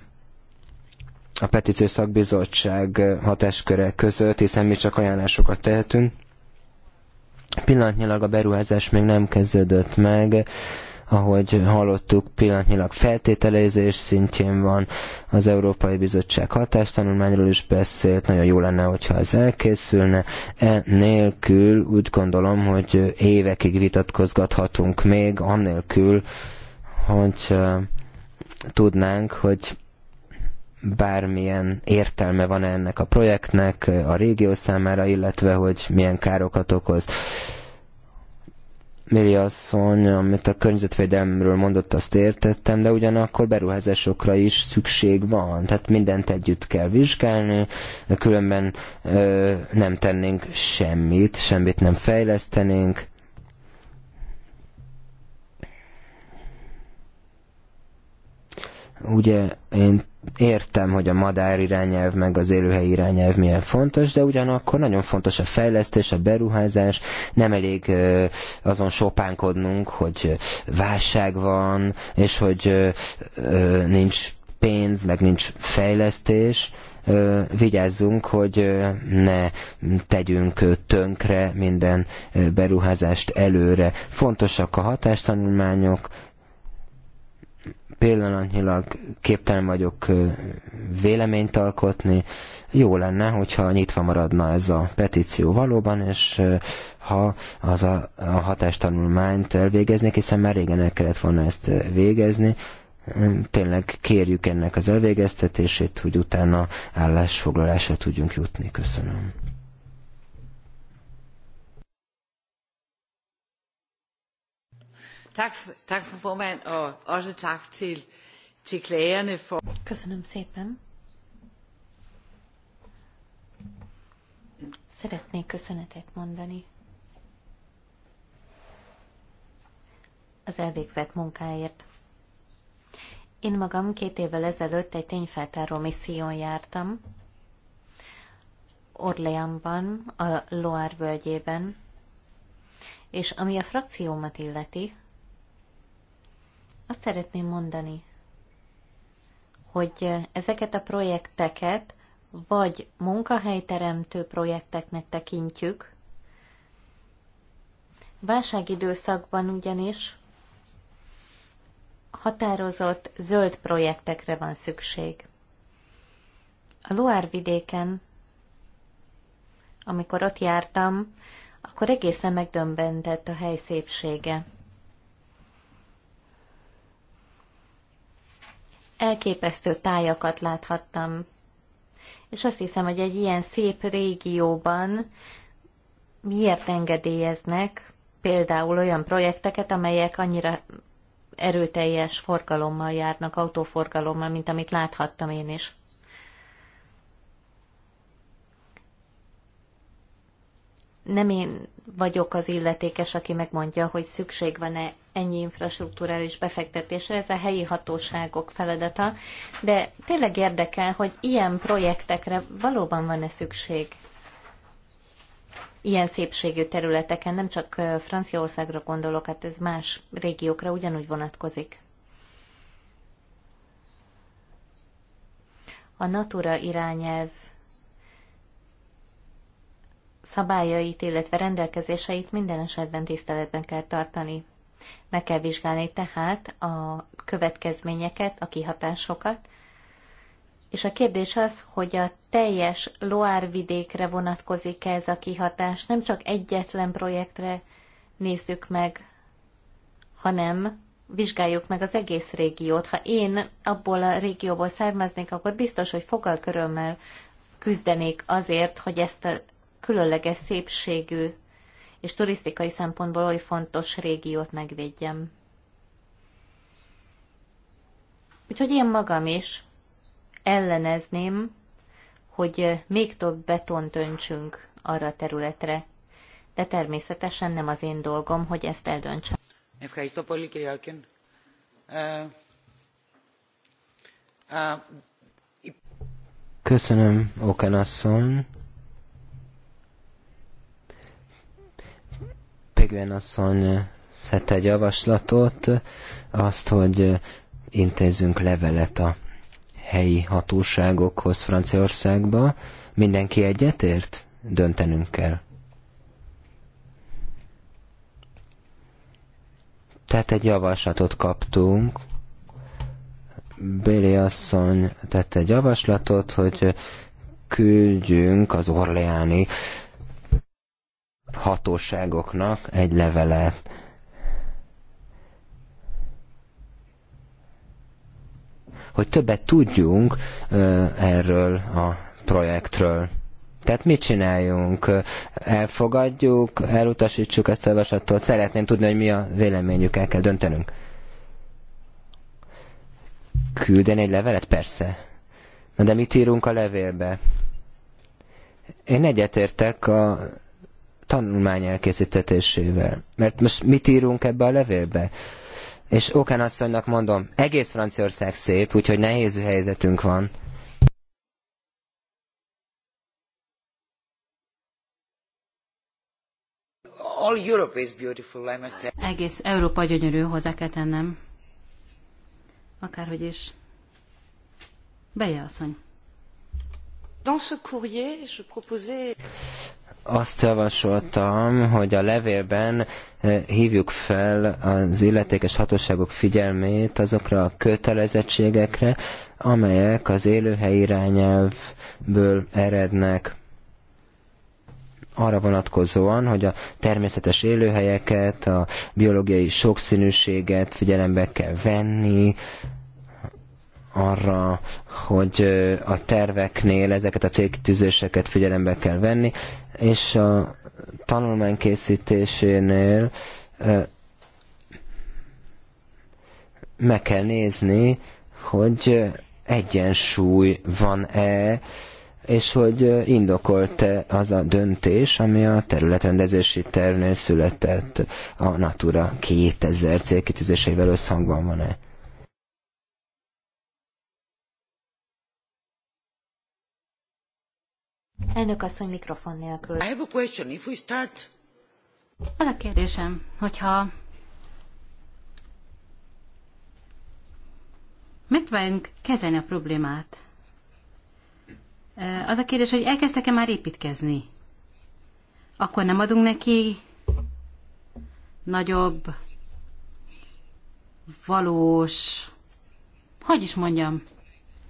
a petíciós szakbizottság hatásköre között, hiszen mi csak ajánlásokat tehetünk. Pillanatnyilag a beruházás még nem kezdődött meg, ahogy hallottuk, pillanatnyilag feltételezés szintjén van, az Európai Bizottság hatástanulmányról is beszélt, nagyon jó lenne, hogyha ez elkészülne. E nélkül úgy gondolom, hogy évekig vitatkozgathatunk még, annélkül, hogy tudnánk, hogy bármilyen értelme van -e ennek a projektnek a régió számára, illetve hogy milyen károkat okoz. Mili asszony, amit a környezetvédelemről mondott, azt értettem, de ugyanakkor beruházásokra is szükség van. Tehát mindent együtt kell vizsgálni, különben ö, nem tennénk semmit, semmit nem fejlesztenénk. Ugye én Értem, hogy a madár irányelv meg az élőhely irányelv milyen fontos, de ugyanakkor nagyon fontos a fejlesztés, a beruházás, nem elég azon sopánkodnunk, hogy válság van, és hogy nincs pénz, meg nincs fejlesztés, vigyázzunk, hogy ne tegyünk tönkre minden beruházást előre. Fontosak a hatástanulmányok, pillanatnyilag képtelen vagyok véleményt alkotni. Jó lenne, hogyha nyitva maradna ez a petíció valóban, és ha az a, a hatástanulmányt elvégeznék, hiszen már régen el kellett volna ezt végezni, tényleg kérjük ennek az elvégeztetését, hogy utána állásfoglalásra tudjunk jutni. Köszönöm. Tak, for formand, og også tak til, til klagerne for... Köszönöm szépen. Szeretnék köszönetet mondani az elvégzett munkáért. Én magam két évvel ezelőtt egy tényfeltáró misszión jártam, Orleanban, a Loire völgyében, és ami a frakciómat illeti, azt szeretném mondani, hogy ezeket a projekteket vagy munkahelyteremtő projekteknek tekintjük, Válságidőszakban ugyanis határozott zöld projektekre van szükség. A Loire vidéken, amikor ott jártam, akkor egészen megdömbentett a hely szépsége. elképesztő tájakat láthattam. És azt hiszem, hogy egy ilyen szép régióban miért engedélyeznek például olyan projekteket, amelyek annyira erőteljes forgalommal járnak, autóforgalommal, mint amit láthattam én is. nem én vagyok az illetékes, aki megmondja, hogy szükség van-e ennyi infrastruktúrális befektetésre, ez a helyi hatóságok feladata, de tényleg érdekel, hogy ilyen projektekre valóban van-e szükség ilyen szépségű területeken, nem csak Franciaországra gondolok, hát ez más régiókra ugyanúgy vonatkozik. A Natura irányelv szabályait, illetve rendelkezéseit minden esetben tiszteletben kell tartani. Meg kell vizsgálni tehát a következményeket, a kihatásokat, és a kérdés az, hogy a teljes Loár vidékre vonatkozik -e ez a kihatás, nem csak egyetlen projektre nézzük meg, hanem vizsgáljuk meg az egész régiót. Ha én abból a régióból származnék, akkor biztos, hogy fogalkörömmel küzdenék azért, hogy ezt a különleges szépségű és turisztikai szempontból oly fontos régiót megvédjem. Úgyhogy én magam is ellenezném, hogy még több betont öntsünk arra a területre. De természetesen nem az én dolgom, hogy ezt eldöntsem. Ευχαριστώ πολύ, κύριε Όκεν. Köszönöm, Oken asszony. Legyen asszony szedte egy javaslatot, azt, hogy intézzünk levelet a helyi hatóságokhoz Franciaországba. Mindenki egyetért? Döntenünk kell. Tehát egy javaslatot kaptunk. Béli asszony tette egy javaslatot, hogy küldjünk az orleáni hatóságoknak egy levelet. Hogy többet tudjunk erről a projektről. Tehát mit csináljunk? Elfogadjuk, elutasítsuk ezt a vasattól? Szeretném tudni, hogy mi a véleményük, el kell döntenünk. Küldeni egy levelet? Persze. Na de mit írunk a levélbe? Én egyetértek a tanulmány elkészítetésével. Mert most mit írunk ebbe a levélbe? És Okán asszonynak mondom, egész Franciaország szép, úgyhogy nehéz helyzetünk van. All Europe is beautiful, I must say. Egész Európa gyönyörű, hozzá kell tennem. Akárhogy is. Beje asszony. Dans ce courrier, je proposais azt javasoltam, hogy a levélben eh, hívjuk fel az illetékes hatóságok figyelmét azokra a kötelezettségekre, amelyek az élőhely irányelvből erednek arra vonatkozóan, hogy a természetes élőhelyeket, a biológiai sokszínűséget figyelembe kell venni, arra, hogy a terveknél ezeket a célkitűzéseket figyelembe kell venni, és a tanulmány készítésénél meg kell nézni, hogy egyensúly van-e, és hogy indokolt-e az a döntés, ami a területrendezési tervnél született a Natura 2000 célkitűzéseivel összhangban van-e. Elnök asszony mikrofon nélkül. I have a question. If we start... Van a kérdésem, hogyha megpróbálunk kezelni a problémát, az a kérdés, hogy elkezdtek-e már építkezni? Akkor nem adunk neki nagyobb, valós, hogy is mondjam,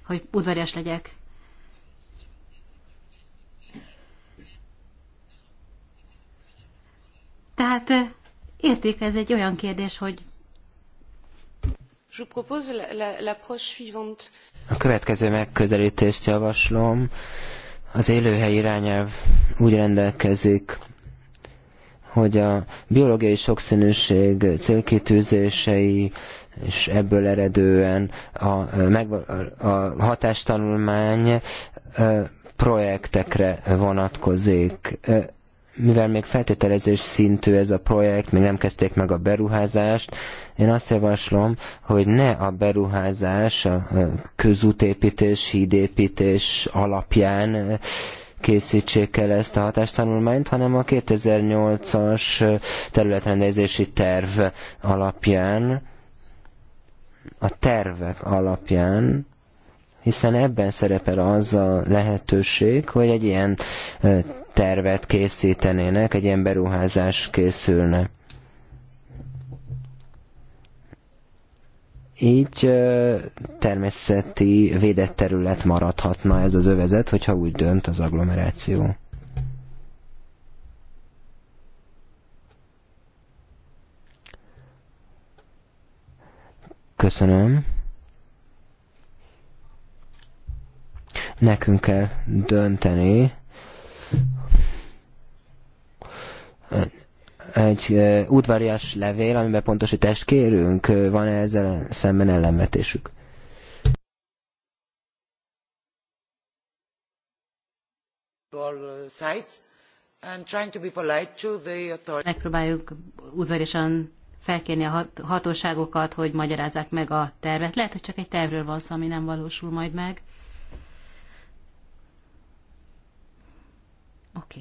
hogy udvarias legyek. Tehát eh, érték, ez egy olyan kérdés, hogy a következő megközelítést javaslom. Az élőhely irányelv úgy rendelkezik, hogy a biológiai sokszínűség célkitűzései és ebből eredően a, a hatástanulmány projektekre vonatkozik mivel még feltételezés szintű ez a projekt, még nem kezdték meg a beruházást, én azt javaslom, hogy ne a beruházás, a közútépítés, hídépítés alapján készítsék el ezt a hatástanulmányt, hanem a 2008-as területrendezési terv alapján, a tervek alapján, hiszen ebben szerepel az a lehetőség, hogy egy ilyen tervet készítenének, egy ilyen beruházás készülne. Így természeti védett terület maradhatna ez az övezet, hogyha úgy dönt az agglomeráció. Köszönöm. Nekünk kell dönteni, egy e, udvarias levél, amiben pontosítást kérünk, van-e ezzel szemben ellenvetésük? Megpróbáljuk udvariasan felkérni a hat hatóságokat, hogy magyarázzák meg a tervet. Lehet, hogy csak egy tervről van szó, ami nem valósul majd meg. Oké.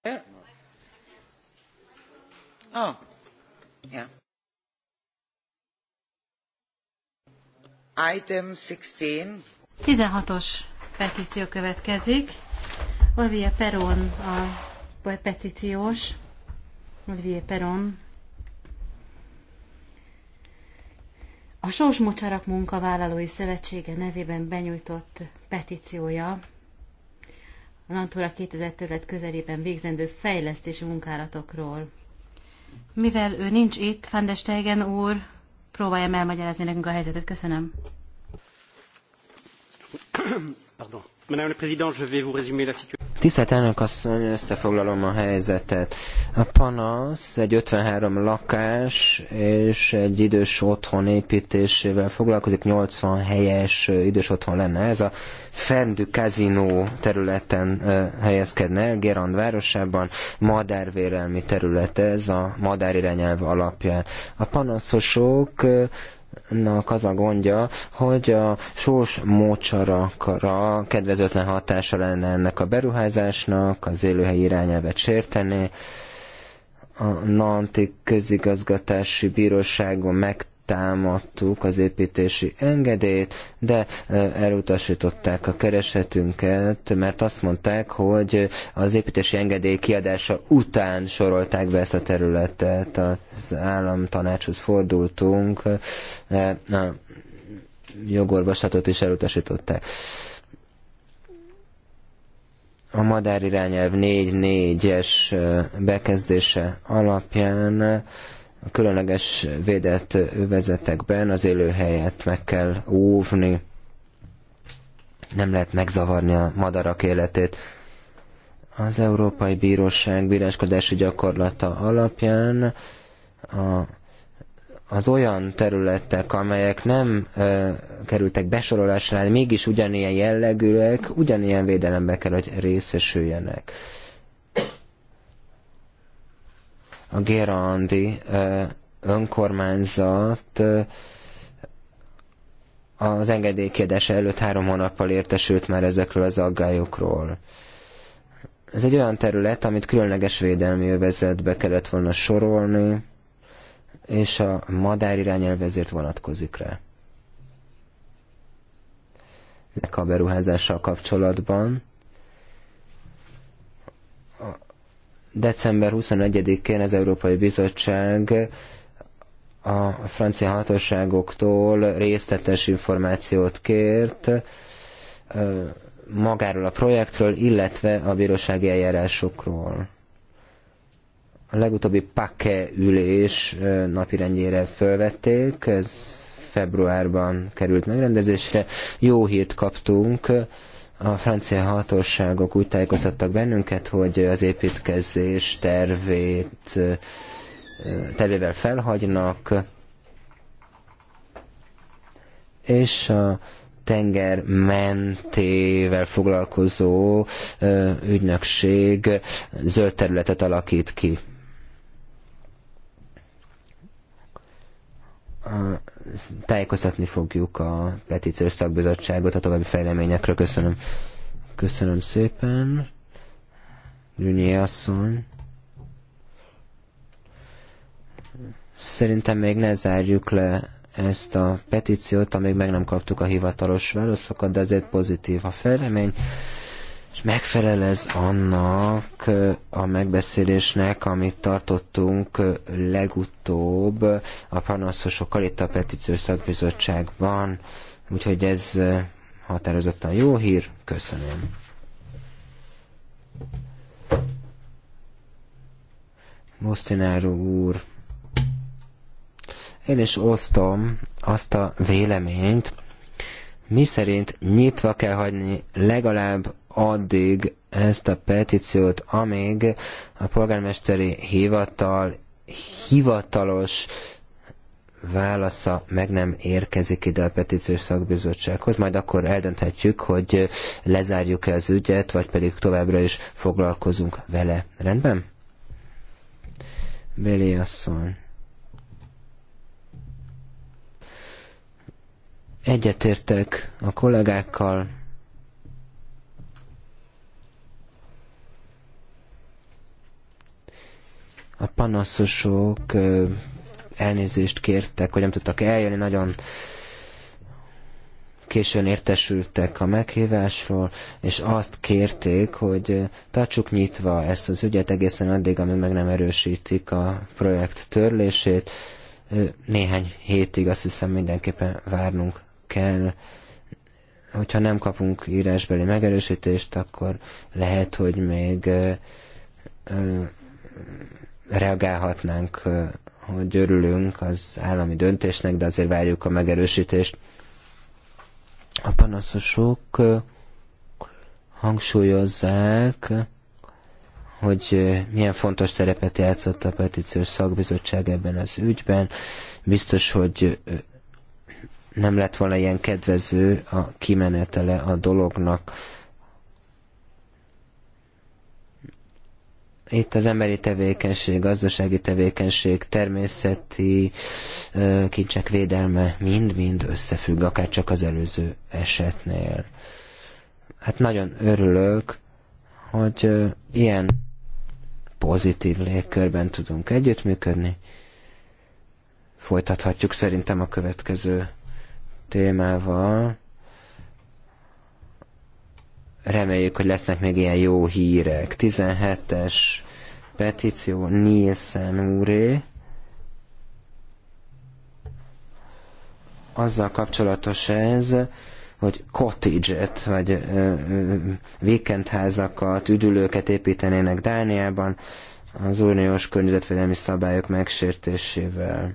Okay. Oh. Eh? Ah. Yeah. Item 16. 16-os petíció következik. Olivia Peron a Olivier Peron, a Sós Mocsarak Munkavállalói Szövetsége nevében benyújtott petíciója a Natura 2000 terület közelében végzendő fejlesztési munkálatokról. Mivel ő nincs itt, Van Steigen úr, próbáljam elmagyarázni nekünk a helyzetet. Köszönöm. Pardon. Madame le Président, je vais vous résumer la situation. Tisztelt elnök asszony, összefoglalom a helyzetet. A panasz egy 53 lakás és egy idős otthon építésével foglalkozik, 80 helyes idős otthon lenne. Ez a Fendű kazinó területen helyezkedne el, Gerand városában, madárvérelmi terület ez, a madár irányelv alapján. A panaszosok nak az a gondja, hogy a sós mocsarakra kedvezőtlen hatása lenne ennek a beruházásnak, az élőhely irányelvet sérteni, a Nanti közigazgatási bíróságon meg támadtuk az építési engedélyt, de elutasították a keresetünket, mert azt mondták, hogy az építési engedély kiadása után sorolták be ezt a területet, az államtanácshoz fordultunk, a jogorvoslatot is elutasították. A madár irányelv 4 es bekezdése alapján a különleges védett övezetekben az élőhelyet meg kell óvni, nem lehet megzavarni a madarak életét. Az Európai Bíróság bíráskodási gyakorlata alapján a, az olyan területek, amelyek nem ö, kerültek besorolásra, mégis ugyanilyen jellegűek, ugyanilyen védelembe kell, hogy részesüljenek. Ö, a Gérandi önkormányzat az engedélykérdése előtt három hónappal értesült már ezekről az aggályokról. Ez egy olyan terület, amit különleges védelmi övezetbe kellett volna sorolni, és a madár irányelv ezért vonatkozik rá. Ennek a beruházással kapcsolatban December 21-én az Európai Bizottság a francia hatóságoktól részletes információt kért magáról a projektről, illetve a bírósági eljárásokról. A legutóbbi PAKE ülés napirendjére fölvették, ez februárban került megrendezésre. Jó hírt kaptunk, a francia hatóságok úgy tájékoztattak bennünket, hogy az építkezés tervét, tervével felhagynak, és a tenger mentével foglalkozó ügynökség zöld területet alakít ki. tájékoztatni fogjuk a petíciós szakbizottságot a további fejleményekről. Köszönöm. Köszönöm szépen. Brünyé asszony. Szerintem még ne zárjuk le ezt a petíciót, amíg meg nem kaptuk a hivatalos válaszokat, de ezért pozitív a fejlemény és megfelel ez annak a megbeszélésnek, amit tartottunk legutóbb a panaszosokkal itt a petíciós szakbizottságban, úgyhogy ez határozottan jó hír, köszönöm. Mosztináró úr, én is osztom azt a véleményt, mi szerint nyitva kell hagyni legalább addig ezt a petíciót, amíg a polgármesteri hivatal hivatalos válasza meg nem érkezik ide a petíciós szakbizottsághoz, majd akkor eldönthetjük, hogy lezárjuk-e az ügyet, vagy pedig továbbra is foglalkozunk vele. Rendben? Béli asszony. Egyetértek a kollégákkal, A panaszosok elnézést kértek, hogy nem tudtak eljönni, nagyon későn értesültek a meghívásról, és azt kérték, hogy tartsuk nyitva ezt az ügyet egészen addig, amíg meg nem erősítik a projekt törlését. Néhány hétig azt hiszem mindenképpen várnunk kell. Hogyha nem kapunk írásbeli megerősítést, akkor lehet, hogy még reagálhatnánk, hogy örülünk az állami döntésnek, de azért várjuk a megerősítést. A panaszosok hangsúlyozzák, hogy milyen fontos szerepet játszott a petíciós szakbizottság ebben az ügyben. Biztos, hogy nem lett volna ilyen kedvező a kimenetele a dolognak Itt az emberi tevékenység, gazdasági tevékenység, természeti kincsek védelme mind-mind összefügg, akár csak az előző esetnél. Hát nagyon örülök, hogy ilyen pozitív légkörben tudunk együttműködni. Folytathatjuk szerintem a következő témával. Reméljük, hogy lesznek még ilyen jó hírek. 17-es petíció Nielsen úré. Azzal kapcsolatos ez, hogy cottage-et, vagy vikendházakat, üdülőket építenének Dániában az uniós környezetvédelmi szabályok megsértésével.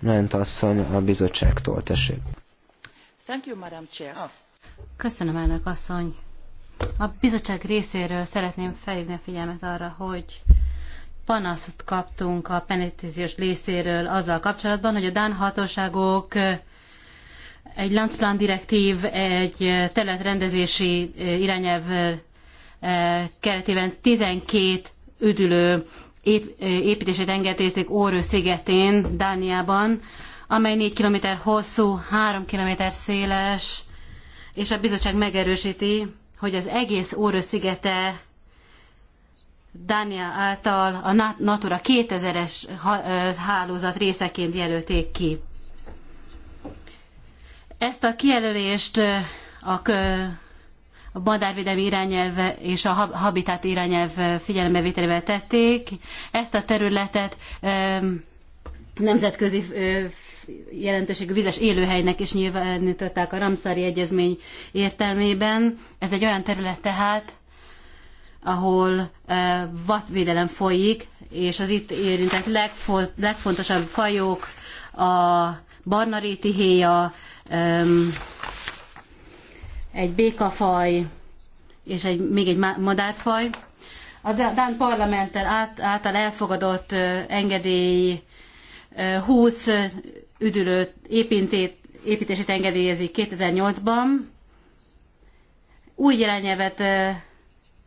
Lent asszony a bizottságtól, tessék. Thank you, Madam Chair. Ah. Köszönöm, elnök asszony. A bizottság részéről szeretném felhívni a figyelmet arra, hogy panaszt kaptunk a penetíciós részéről azzal kapcsolatban, hogy a Dán hatóságok egy Landsplan direktív, egy területrendezési irányelv keretében 12 üdülő építését engedélyezték Órő szigetén, Dániában, amely 4 km hosszú, 3 km széles, és a bizottság megerősíti, hogy az egész Órös szigete Dánia által a Natura 2000-es hálózat részeként jelölték ki. Ezt a kijelölést a, a madárvédelmi irányelv és a habitat irányelv figyelembevételével tették. Ezt a területet nemzetközi jelentőségű vizes élőhelynek is nyilvánították a Ramszari Egyezmény értelmében. Ez egy olyan terület tehát, ahol vadvédelem folyik, és az itt érintett legfontosabb fajok a barnaréti héja, egy békafaj és egy, még egy madárfaj. A Dán parlamenttel által elfogadott engedély 20 üdülő épintét, építését engedélyezik 2008-ban. Új jelennyelvet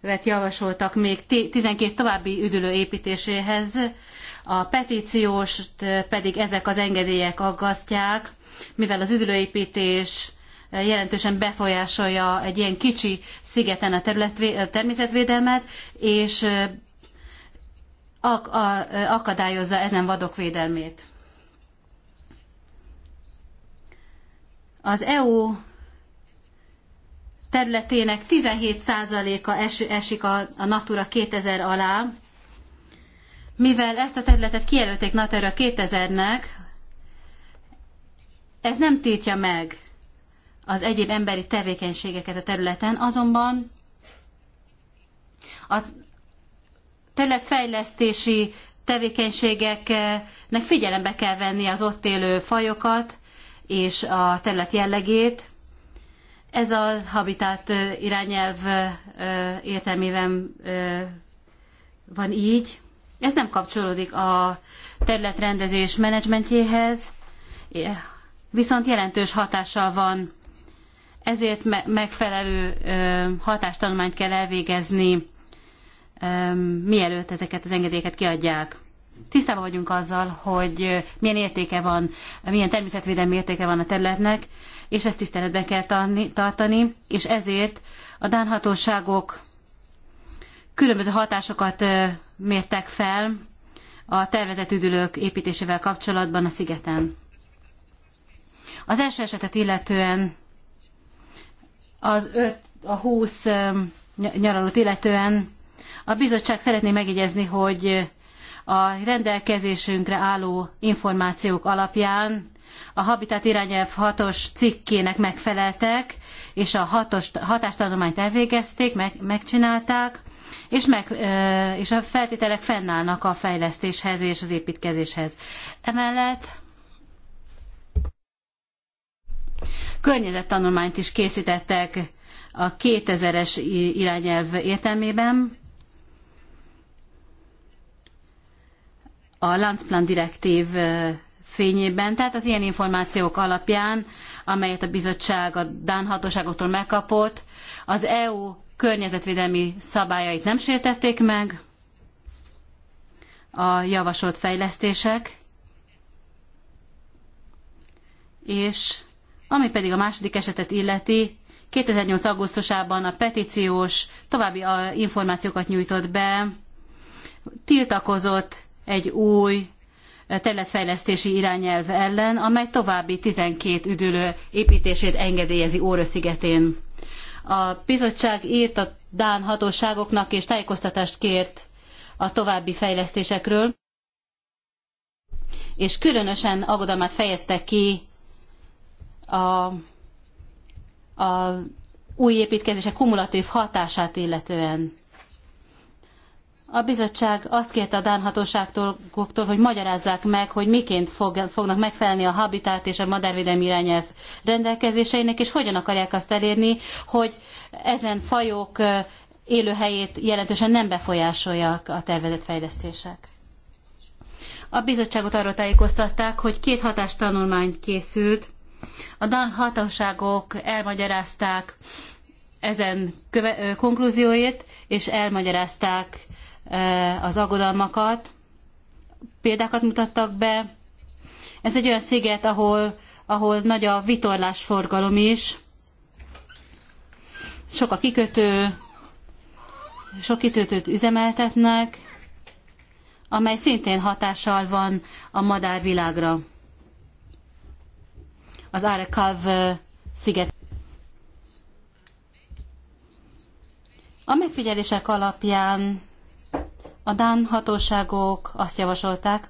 vet javasoltak még 12 további üdülő építéséhez, a petíciós pedig ezek az engedélyek aggasztják, mivel az üdülőépítés jelentősen befolyásolja egy ilyen kicsi szigeten a, természetvédelmet, és akadályozza ezen vadok védelmét. Az EU területének 17%-a esik a, a Natura 2000 alá, mivel ezt a területet kijelölték Natura 2000-nek, ez nem tiltja meg az egyéb emberi tevékenységeket a területen, azonban a területfejlesztési tevékenységeknek figyelembe kell venni az ott élő fajokat és a terület jellegét. Ez a habitat irányelv értelmében van így. Ez nem kapcsolódik a területrendezés menedzsmentjéhez, viszont jelentős hatással van. Ezért megfelelő hatástanulmányt kell elvégezni mielőtt ezeket az engedélyeket kiadják. Tisztában vagyunk azzal, hogy milyen értéke van, milyen természetvédelmi értéke van a területnek, és ezt tiszteletben kell tartani, és ezért a Dán hatóságok különböző hatásokat mértek fel a tervezett üdülők építésével kapcsolatban a szigeten. Az első esetet illetően az 5 a 20 nyaralót illetően a bizottság szeretné megjegyezni, hogy a rendelkezésünkre álló információk alapján a Habitat irányelv hatos cikkének megfeleltek, és a hatos, hatástanulmányt elvégezték, meg, megcsinálták, és, meg, és a feltételek fennállnak a fejlesztéshez és az építkezéshez. Emellett környezettanulmányt is készítettek a 2000-es irányelv értelmében, a Landsplan direktív fényében, tehát az ilyen információk alapján, amelyet a bizottság a Dán hatóságoktól megkapott, az EU környezetvédelmi szabályait nem sértették meg, a javasolt fejlesztések, és ami pedig a második esetet illeti, 2008. augusztusában a petíciós további információkat nyújtott be, tiltakozott egy új eh, területfejlesztési irányelv ellen, amely további 12 üdülő építését engedélyezi Óra szigetén. A bizottság írt a Dán hatóságoknak és tájékoztatást kért a további fejlesztésekről, és különösen aggodalmát fejezte ki a, a új építkezések kumulatív hatását illetően. A bizottság azt kérte a Dán hatóságtól, hogy magyarázzák meg, hogy miként fog, fognak megfelelni a habitat és a madárvédelmi irányelv rendelkezéseinek, és hogyan akarják azt elérni, hogy ezen fajok élőhelyét jelentősen nem befolyásolják a tervezett fejlesztések. A bizottságot arról tájékoztatták, hogy két hatástanulmány készült. A Dán hatóságok elmagyarázták ezen konklúzióit, és elmagyarázták Eh, az aggodalmakat, példákat mutattak be. Ez egy olyan sziget, ahol, ahol nagy a vitorlásforgalom is, sok a kikötő, sok kikötőt üzemeltetnek, amely szintén hatással van a madárvilágra. Az Arekav eh, sziget. A megfigyelések alapján a Dán hatóságok azt javasolták,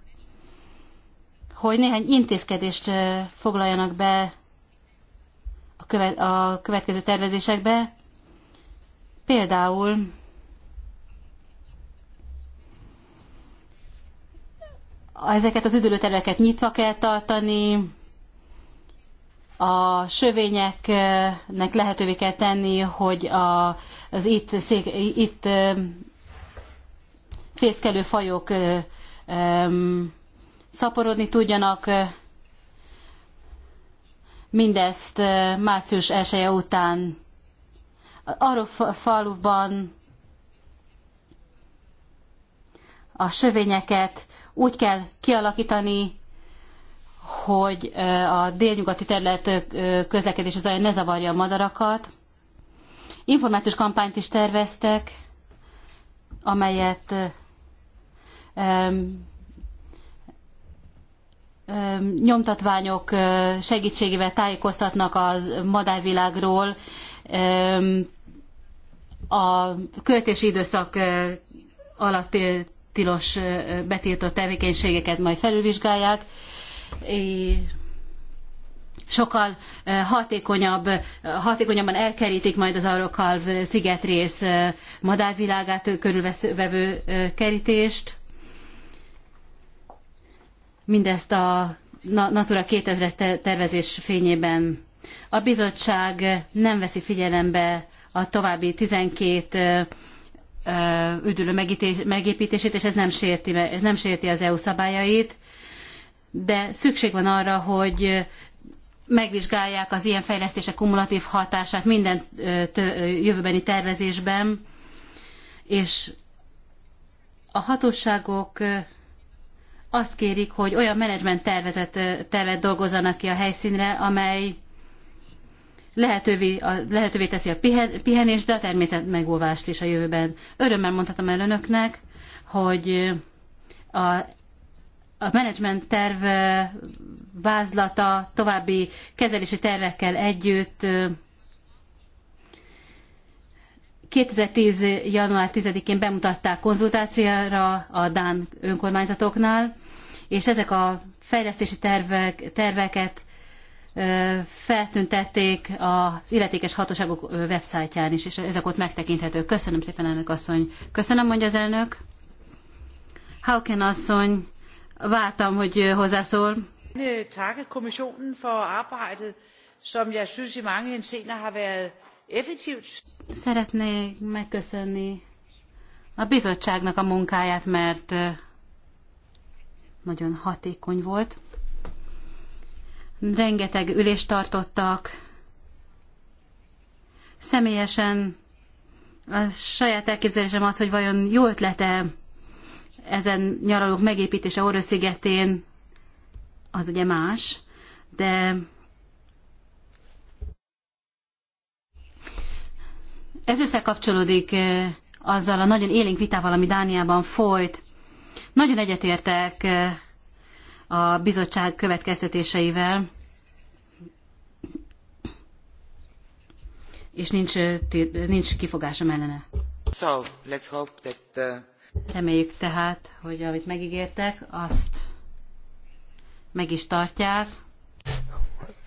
hogy néhány intézkedést foglaljanak be a, köve- a következő tervezésekbe, például ezeket az üdülőtereket nyitva kell tartani, a sövényeknek lehetővé kell tenni, hogy a, az itt, szék, itt fészkelő fajok szaporodni tudjanak. Mindezt március 1 -e után arról faluban a sövényeket úgy kell kialakítani, hogy a délnyugati terület közlekedési zaja ne zavarja a madarakat. Információs kampányt is terveztek, amelyet nyomtatványok segítségével tájékoztatnak a madárvilágról, a költési időszak alatt tilos betiltott tevékenységeket majd felülvizsgálják, sokkal hatékonyabb, hatékonyabban elkerítik majd az Arokalv szigetrész madárvilágát körülvevő kerítést, mindezt a Natura 2000 tervezés fényében. A bizottság nem veszi figyelembe a további 12 üdülő megépítését, és ez nem sérti, ez nem sérti az EU szabályait, de szükség van arra, hogy megvizsgálják az ilyen fejlesztések kumulatív hatását minden jövőbeni tervezésben, és a hatóságok azt kérik, hogy olyan menedzsment tervezet, tervet dolgozzanak ki a helyszínre, amely lehetővé, a, lehetővé teszi a pihen, pihenést, de a természet megóvást is a jövőben. Örömmel mondhatom el önöknek, hogy a, a menedzsment terv vázlata további kezelési tervekkel együtt 2010. január 10-én bemutatták konzultációra a Dán önkormányzatoknál, és ezek a fejlesztési tervek, terveket feltüntették az illetékes hatóságok websájtján is, és ezek ott megtekinthetők. Köszönöm szépen, elnök asszony. Köszönöm, mondja az elnök. Hauken asszony, vártam, hogy hozzászól. Takke kommissionen for arbejdet, som jeg synes i mange har været effektivt. Szeretnék megköszönni a bizottságnak a munkáját, mert nagyon hatékony volt. Rengeteg ülést tartottak. Személyesen a saját elképzelésem az, hogy vajon jó ötlete ezen nyaralók megépítése Orrő szigetén, az ugye más, de ez összekapcsolódik eh, azzal a nagyon élénk vitával, ami Dániában folyt, nagyon egyetértek eh, a bizottság következtetéseivel, és nincs, eh, nincs kifogásom ellene. So, let's hope that, the... Eh, Reméljük tehát, hogy amit megígértek, azt meg is tartják.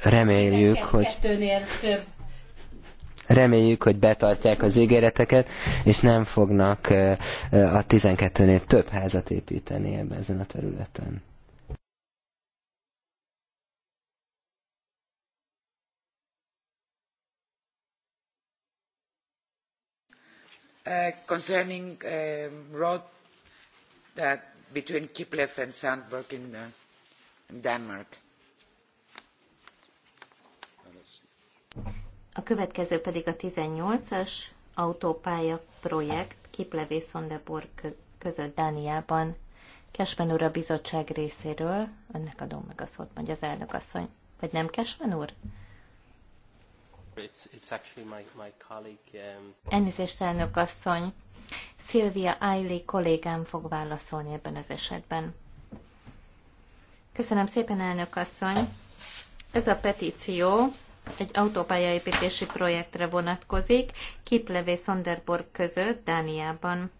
Reméljük, hogy... Kettőnél több Reméljük, hogy betartják az ígéreteket, és nem fognak a 12-nél több házat építeni ebben ezen a területen. Uh, concerning uh, road that between Kiplev and Sandburg in, uh, in Denmark A következő pedig a 18-as autópálya projekt Kiplevé-Szondeborg között Dániában. Kesven úr a bizottság részéről, önnek adom meg a szót, mondja az elnök asszony. Vagy nem Kesven úr? It's, it's my, my colleague, um... Elnézést, elnök asszony. Szilvia Eiley kollégám fog válaszolni ebben az esetben. Köszönöm szépen, elnök asszony. Ez a petíció egy autópályaépítési projektre vonatkozik Kiplevé Sonderborg között Dániában.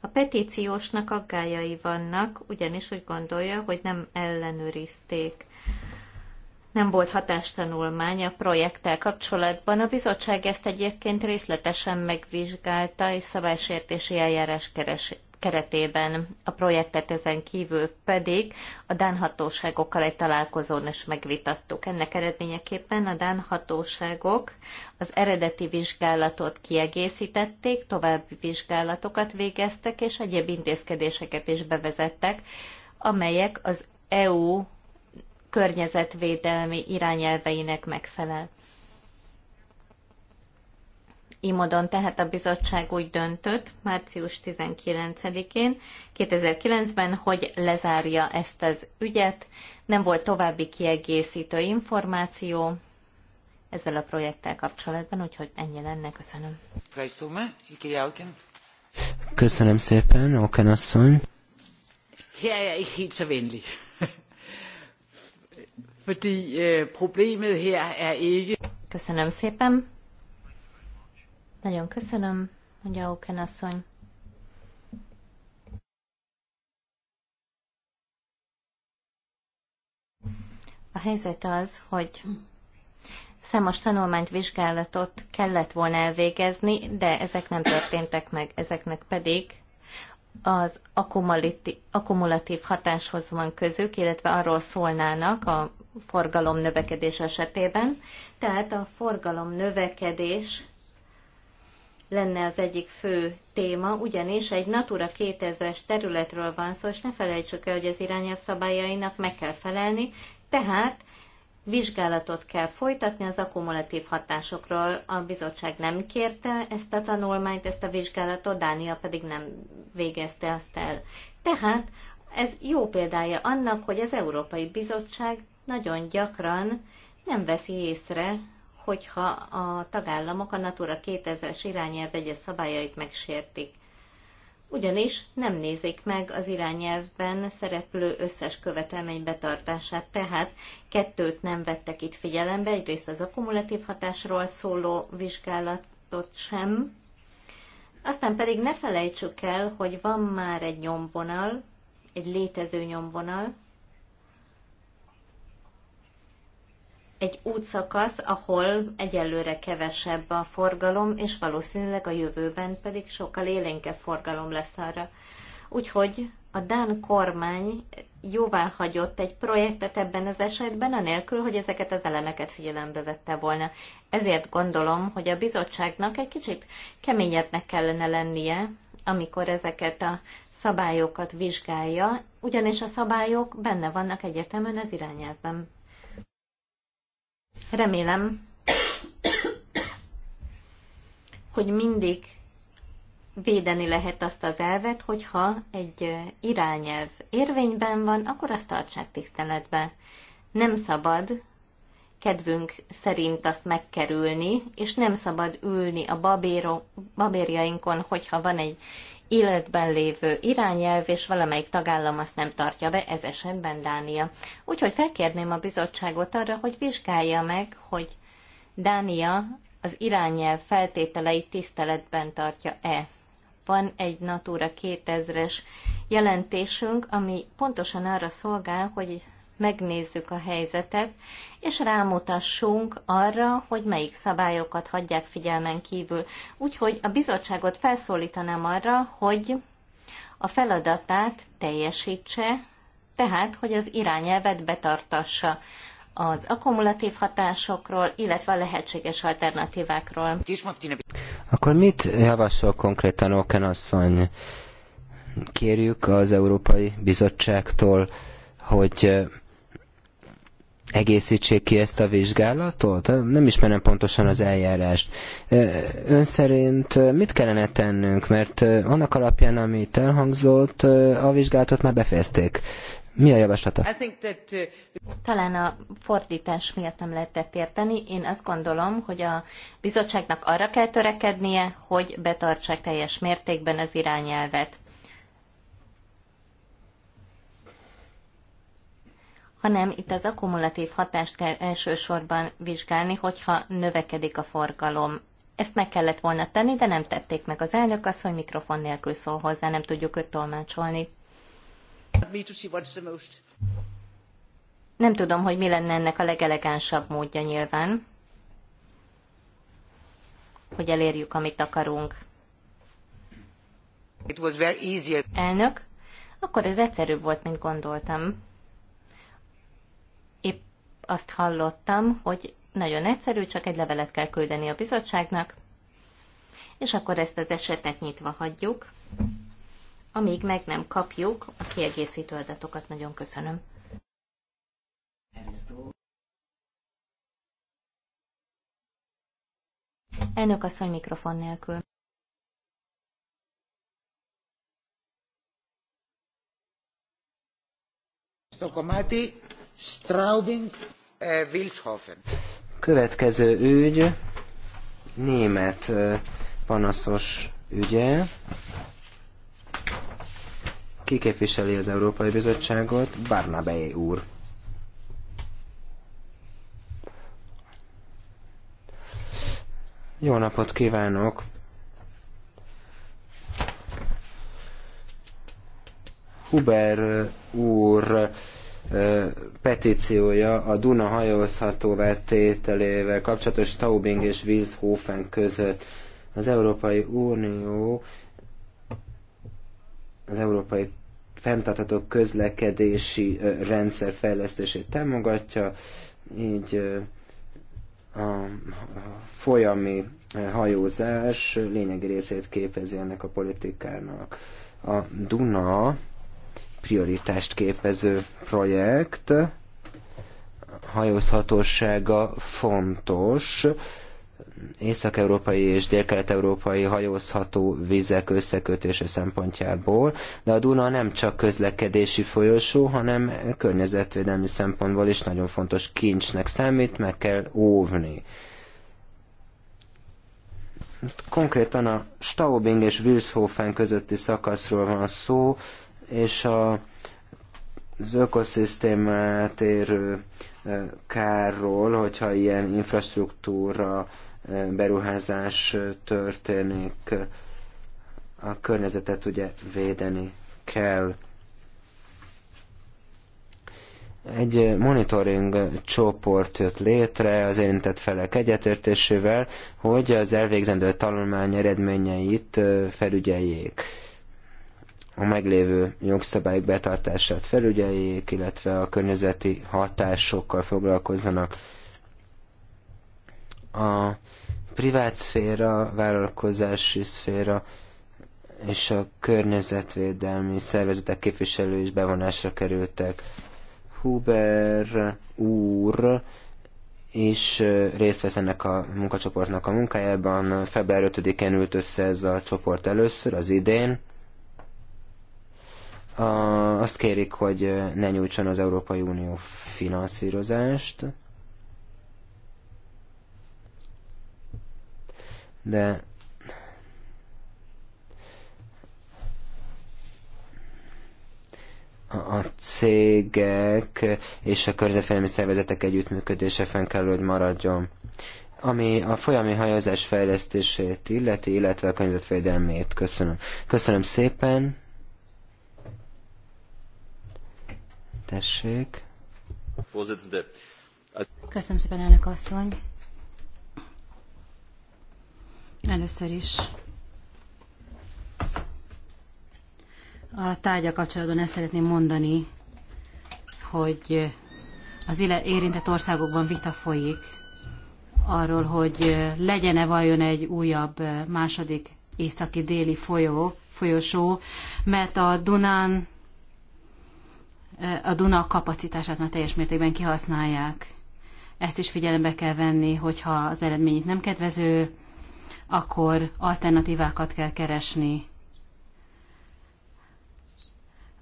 A petíciósnak aggájai vannak, ugyanis úgy gondolja, hogy nem ellenőrizték. Nem volt hatástanulmány a projekttel kapcsolatban. A bizottság ezt egyébként részletesen megvizsgálta, és szabálysértési eljárás keres, keretében a projektet ezen kívül pedig a Dán hatóságokkal egy találkozón is megvitattuk. Ennek eredményeképpen a Dán hatóságok az eredeti vizsgálatot kiegészítették, további vizsgálatokat végeztek, és egyéb intézkedéseket is bevezettek, amelyek az EU környezetvédelmi irányelveinek megfelel módon tehát a bizottság úgy döntött március 19-én 2009-ben, hogy lezárja ezt az ügyet. Nem volt további kiegészítő információ ezzel a projekttel kapcsolatban, úgyhogy ennyi lenne. Köszönöm. Köszönöm szépen, Oken asszony. Her er jeg ikke helt så venlig. Fordi øh, problemet her er ikke... Köszönöm szépen. Nagyon köszönöm, mondja Oken asszony. A helyzet az, hogy számos tanulmányt, vizsgálatot kellett volna elvégezni, de ezek nem történtek meg, ezeknek pedig az akkumulatív hatáshoz van közük, illetve arról szólnának a forgalom növekedés esetében. Tehát a forgalom növekedés lenne az egyik fő téma, ugyanis egy Natura 2000-es területről van szó, és ne felejtsük el, hogy az irányelv szabályainak meg kell felelni, tehát vizsgálatot kell folytatni az akkumulatív hatásokról. A bizottság nem kérte ezt a tanulmányt, ezt a vizsgálatot, Dánia pedig nem végezte azt el. Tehát ez jó példája annak, hogy az Európai Bizottság nagyon gyakran nem veszi észre hogyha a tagállamok a Natura 2000-es irányelv egyes szabályait megsértik. Ugyanis nem nézik meg az irányelvben szereplő összes követelmény betartását, tehát kettőt nem vettek itt figyelembe, egyrészt az akkumulatív hatásról szóló vizsgálatot sem, aztán pedig ne felejtsük el, hogy van már egy nyomvonal, egy létező nyomvonal, egy útszakasz, ahol egyelőre kevesebb a forgalom, és valószínűleg a jövőben pedig sokkal élénkebb forgalom lesz arra. Úgyhogy a Dán kormány jóvá hagyott egy projektet ebben az esetben, anélkül, hogy ezeket az elemeket figyelembe vette volna. Ezért gondolom, hogy a bizottságnak egy kicsit keményebbnek kellene lennie, amikor ezeket a szabályokat vizsgálja, ugyanis a szabályok benne vannak egyértelműen az irányelvben. Remélem, hogy mindig védeni lehet azt az elvet, hogyha egy irányelv érvényben van, akkor azt tartsák tiszteletbe. Nem szabad kedvünk szerint azt megkerülni, és nem szabad ülni a babéro, babérjainkon, hogyha van egy életben lévő irányelv, és valamelyik tagállam azt nem tartja be, ez esetben Dánia. Úgyhogy felkérném a bizottságot arra, hogy vizsgálja meg, hogy Dánia az irányelv feltételeit tiszteletben tartja-e. Van egy Natura 2000-es jelentésünk, ami pontosan arra szolgál, hogy megnézzük a helyzetet, és rámutassunk arra, hogy melyik szabályokat hagyják figyelmen kívül. Úgyhogy a bizottságot felszólítanám arra, hogy a feladatát teljesítse, tehát, hogy az irányelvet betartassa az akkumulatív hatásokról, illetve a lehetséges alternatívákról. Akkor mit javasol konkrétan Oken asszony? Kérjük az Európai Bizottságtól, hogy egészítsék ki ezt a vizsgálatot? Nem ismerem pontosan az eljárást. Ön szerint mit kellene tennünk? Mert annak alapján, amit elhangzott, a vizsgálatot már befejezték. Mi a javaslata? Uh, Talán a fordítás miatt nem lehetett érteni. Én azt gondolom, hogy a bizottságnak arra kell törekednie, hogy betartsák teljes mértékben az irányelvet. hanem itt az akkumulatív hatást kell elsősorban vizsgálni, hogyha növekedik a forgalom. Ezt meg kellett volna tenni, de nem tették meg az elnök azt, hogy mikrofon nélkül szól hozzá, nem tudjuk őt tolmácsolni. Nem tudom, hogy mi lenne ennek a legelegánsabb módja nyilván, hogy elérjük, amit akarunk. It was very easier. Elnök, akkor ez egyszerűbb volt, mint gondoltam azt hallottam, hogy nagyon egyszerű, csak egy levelet kell küldeni a bizottságnak, és akkor ezt az esetet nyitva hagyjuk, amíg meg nem kapjuk a kiegészítő adatokat. Nagyon köszönöm. Elnök asszony mikrofon nélkül. Stokomati, Straubing Következő ügy, német panaszos ügye. Ki képviseli az Európai Bizottságot? Barnabé úr. Jó napot kívánok! Huber úr petíciója a Duna hajózhatóvá tételével kapcsolatos Taubing és Wieshofen között. Az Európai Unió az Európai fenntartható közlekedési rendszer fejlesztését támogatja, így a folyami hajózás lényegi részét képezi ennek a politikának. A Duna prioritást képező projekt, hajózhatósága fontos, észak-európai és dél-kelet-európai hajózható vizek összekötése szempontjából, de a Duna nem csak közlekedési folyosó, hanem környezetvédelmi szempontból is nagyon fontos kincsnek számít, meg kell óvni. Konkrétan a Staubing és Wilshofen közötti szakaszról van szó, és a, az ökoszisztémát érő kárról, hogyha ilyen infrastruktúra beruházás történik, a környezetet ugye védeni kell. Egy monitoring csoport jött létre az érintett felek egyetértésével, hogy az elvégzendő tanulmány eredményeit felügyeljék a meglévő jogszabályok betartását felügyeljék, illetve a környezeti hatásokkal foglalkozzanak. A privát szféra, vállalkozási szféra és a környezetvédelmi szervezetek képviselői is bevonásra kerültek. Huber úr és részt vesz ennek a munkacsoportnak a munkájában. Február 5-én ült össze ez a csoport először, az idén a, azt kérik, hogy ne nyújtson az Európai Unió finanszírozást, de a cégek és a környezetvédelmi szervezetek együttműködése fenn kell, hogy maradjon. Ami a folyami hajózás fejlesztését illeti, illetve a környezetvédelmét. Köszönöm. Köszönöm szépen. Tessék. Köszönöm szépen, elnök asszony. Először is a tárgya kapcsolatban ezt szeretném mondani, hogy az érintett országokban vita folyik arról, hogy legyen-e vajon egy újabb második északi-déli folyó, folyosó, mert a Dunán a Duna kapacitását már teljes mértékben kihasználják. Ezt is figyelembe kell venni, hogyha az eredményük nem kedvező, akkor alternatívákat kell keresni.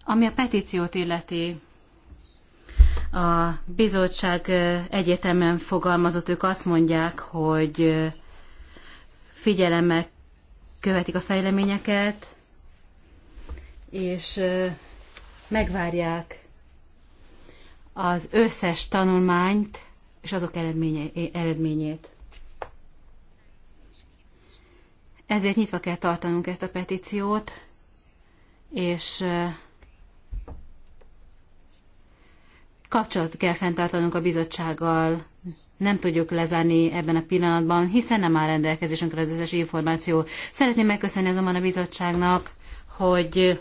Ami a petíciót illeti, a bizottság egyetemen fogalmazott, ők azt mondják, hogy figyelemmel követik a fejleményeket, és megvárják az összes tanulmányt és azok eredményét. Ezért nyitva kell tartanunk ezt a petíciót, és kapcsolat kell fenntartanunk a bizottsággal, nem tudjuk lezárni ebben a pillanatban, hiszen nem áll rendelkezésünkre az összes információ. Szeretném megköszönni azonban a bizottságnak, hogy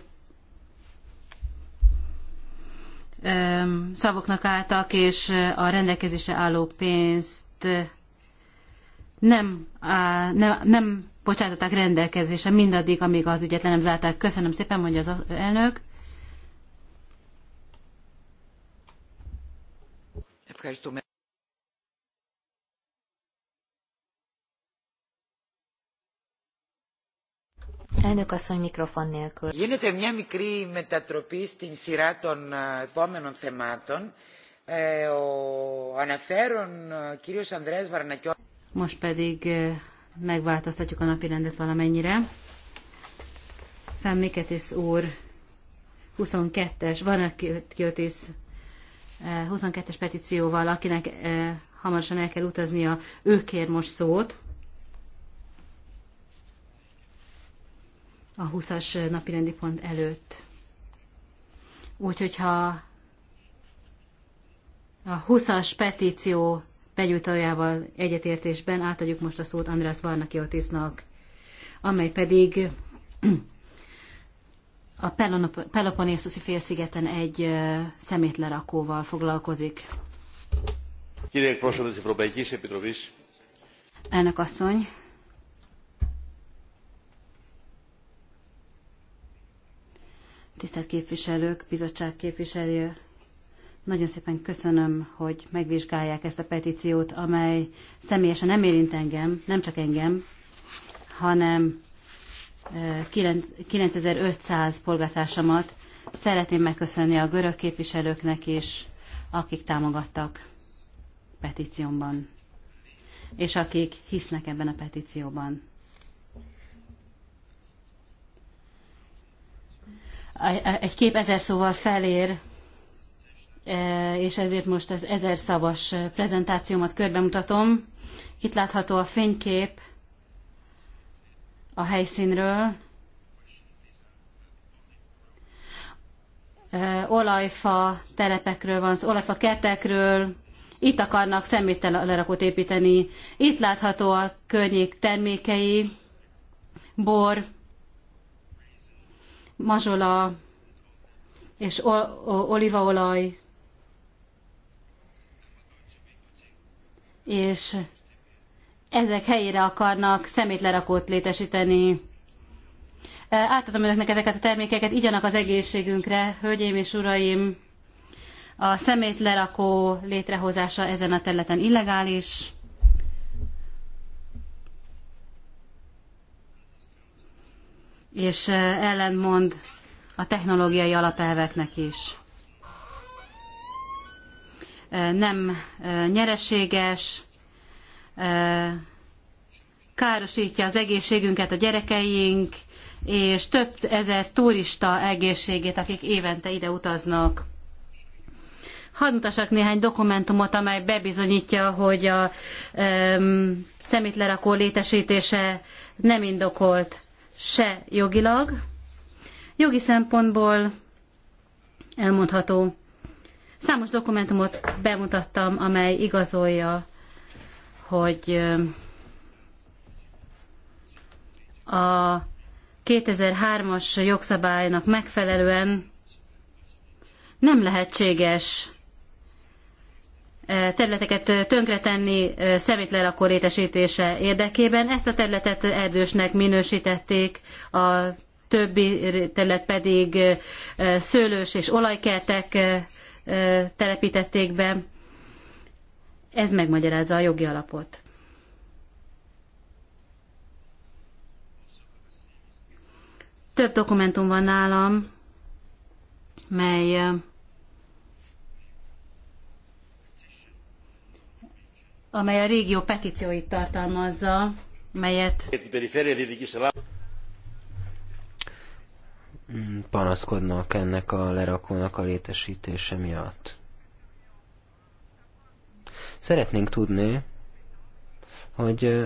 szavoknak álltak, és a rendelkezésre álló pénzt nem, nem, nem bocsátották rendelkezésre mindaddig, amíg az ügyet le nem zárták. Köszönöm szépen, mondja az elnök. Elnök asszony mikrofon nélkül. Γίνεται μια μικρή μετατροπή στην σειρά των επόμενων θεμάτων. Ο αναφέρον κύριος Ανδρέας Βαρνακιό... Most pedig megváltoztatjuk a napi rendet valamennyire. Femmiketis úr 22-es, Vanakitis 22-es petícióval, akinek e, hamarosan el kell utaznia, ő kér most szót. a 20-as rendi pont előtt. Úgyhogy ha a 20-as petíció benyújtójával egyetértésben átadjuk most a szót András Varnaki Otisnak, amely pedig a Peloponnészoszi félszigeten egy szemétlerakóval foglalkozik. Elnök asszony, tisztelt képviselők, bizottság képviselő, nagyon szépen köszönöm, hogy megvizsgálják ezt a petíciót, amely személyesen nem érint engem, nem csak engem, hanem 9500 polgatársamat. Szeretném megköszönni a görög képviselőknek is, akik támogattak petíciómban, és akik hisznek ebben a petícióban. egy kép ezer szóval felér, e, és ezért most az ezer szavas prezentációmat körbemutatom. Itt látható a fénykép a helyszínről. E, olajfa telepekről van az olajfa kertekről, itt akarnak szeméttel lerakót építeni. Itt látható a környék termékei, bor, mazsola és olívaolaj, és ezek helyére akarnak szemétlerakót létesíteni. Átadom önöknek ezeket a termékeket, igyanak az egészségünkre, hölgyeim és uraim. A szemétlerakó létrehozása ezen a területen illegális. és eh, ellenmond a technológiai alapelveknek is. Eh, nem eh, nyereséges, károsítja az egészségünket, a gyerekeink, és több ezer turista egészségét, akik évente ide utaznak. Hadd mutassak néhány dokumentumot, amely bebizonyítja, hogy a um, szemétlerakó létesítése nem indokolt se jogilag. Jogi szempontból elmondható. Számos dokumentumot bemutattam, amely igazolja, hogy a 2003-as jogszabálynak megfelelően nem lehetséges területeket tönkretenni szemétlerakó rétesítése érdekében. Ezt a területet erdősnek minősítették, a többi terület pedig szőlős és olajkertek telepítették be. Ez megmagyarázza a jogi alapot. Több dokumentum van nálam, mely amely a régió petícióit tartalmazza, melyet mm, panaszkodnak ennek a lerakónak a létesítése miatt. Szeretnénk tudni, hogy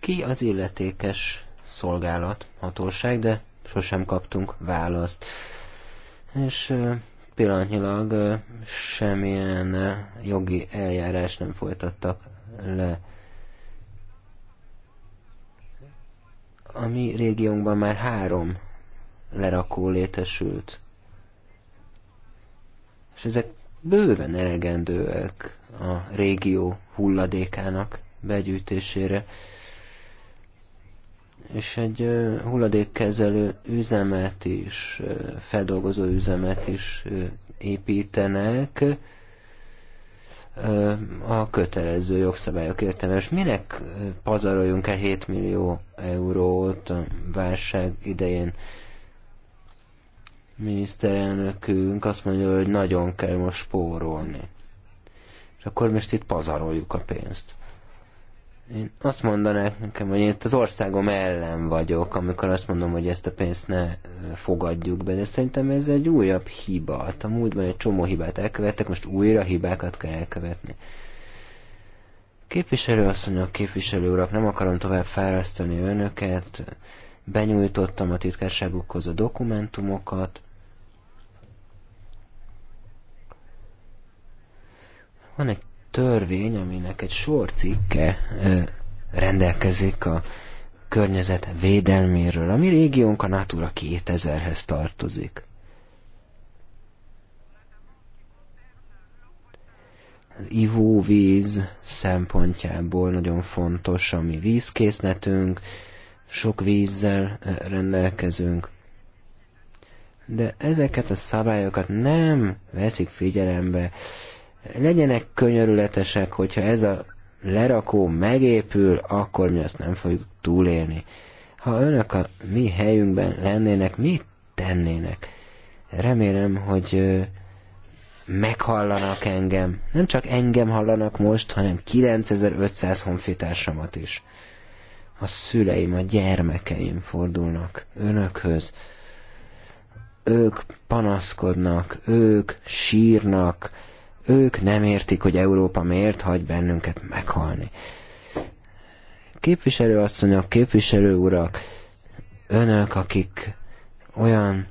ki az illetékes szolgálat, hatóság, de sosem kaptunk választ. És Pillanatnyilag semmilyen jogi eljárás nem folytattak le. A mi régiónkban már három lerakó létesült. És ezek bőven elegendőek a régió hulladékának begyűjtésére és egy hulladékkezelő üzemet is, feldolgozó üzemet is építenek a kötelező jogszabályok értelme. És Minek pazaroljunk el 7 millió eurót a válság idején? Miniszterelnökünk azt mondja, hogy nagyon kell most spórolni. És akkor most itt pazaroljuk a pénzt. Én azt mondanák nekem, hogy én itt az országom ellen vagyok, amikor azt mondom, hogy ezt a pénzt ne fogadjuk be, de szerintem ez egy újabb hiba. A múltban egy csomó hibát elkövettek, most újra hibákat kell elkövetni. Képviselő asszonyok, képviselő urak, nem akarom tovább fárasztani önöket, benyújtottam a titkárságukhoz a dokumentumokat, van egy törvény, aminek egy sor cikke rendelkezik a környezet védelméről. A mi régiónk a Natura 2000-hez tartozik. Az ivóvíz szempontjából nagyon fontos a mi vízkészletünk, sok vízzel rendelkezünk. De ezeket a szabályokat nem veszik figyelembe Legyenek könyörületesek, hogyha ez a lerakó megépül, akkor mi azt nem fogjuk túlélni. Ha önök a mi helyünkben lennének, mit tennének? Remélem, hogy meghallanak engem. Nem csak engem hallanak most, hanem 9500 honfitársamat is. A szüleim, a gyermekeim fordulnak önökhöz. Ők panaszkodnak, ők sírnak, ők nem értik, hogy Európa miért hagy bennünket meghalni. Képviselő asszonyok, képviselő urak, önök, akik olyan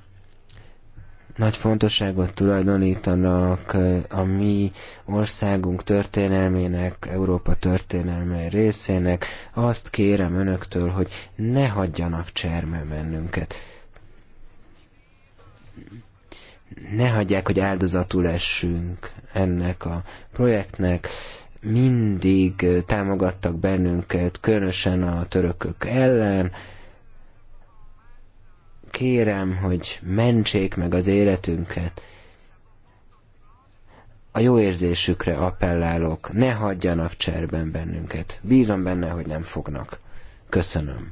nagy fontosságot tulajdonítanak eh, a mi országunk történelmének, Európa történelme részének, azt kérem önöktől, hogy ne hagyjanak cserme bennünket ne hagyják, hogy áldozatul essünk ennek a projektnek. Mindig támogattak bennünket, különösen a törökök ellen. Kérem, hogy mentsék meg az életünket. A jó érzésükre appellálok, ne hagyjanak cserben bennünket. Bízom benne, hogy nem fognak. Köszönöm.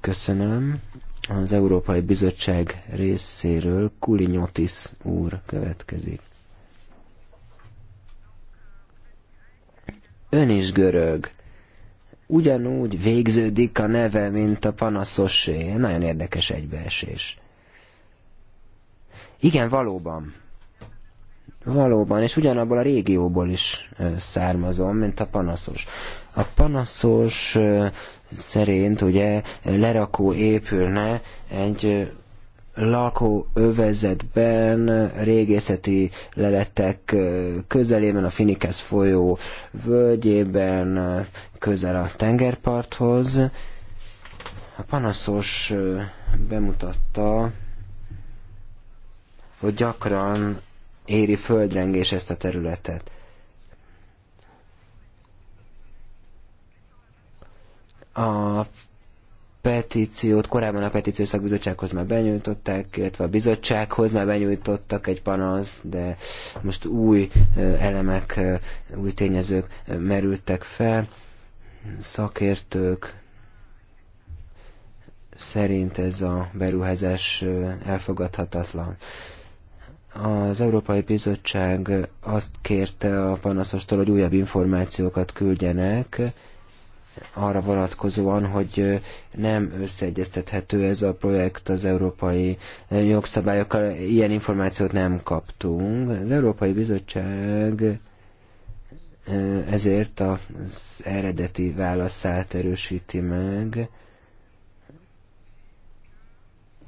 Köszönöm az Európai Bizottság részéről Kulinyotis úr következik. Ön is görög. Ugyanúgy végződik a neve, mint a panaszosé. Nagyon érdekes egybeesés. Igen, valóban. Valóban, és ugyanabból a régióból is származom, mint a panaszos. A panaszos szerint ugye lerakó épülne egy lakó övezetben, régészeti leletek közelében, a Finikesz folyó völgyében, közel a tengerparthoz. A panaszos bemutatta, hogy gyakran éri földrengés ezt a területet. A petíciót, korábban a petíciós szakbizottsághoz már benyújtották, illetve a bizottsághoz már benyújtottak egy panasz, de most új elemek, új tényezők merültek fel. Szakértők szerint ez a beruházás elfogadhatatlan. Az Európai Bizottság azt kérte a panaszostól, hogy újabb információkat küldjenek, arra vonatkozóan, hogy nem összeegyeztethető ez a projekt az európai jogszabályokkal. Ilyen információt nem kaptunk. Az Európai Bizottság ezért az eredeti válaszát erősíti meg.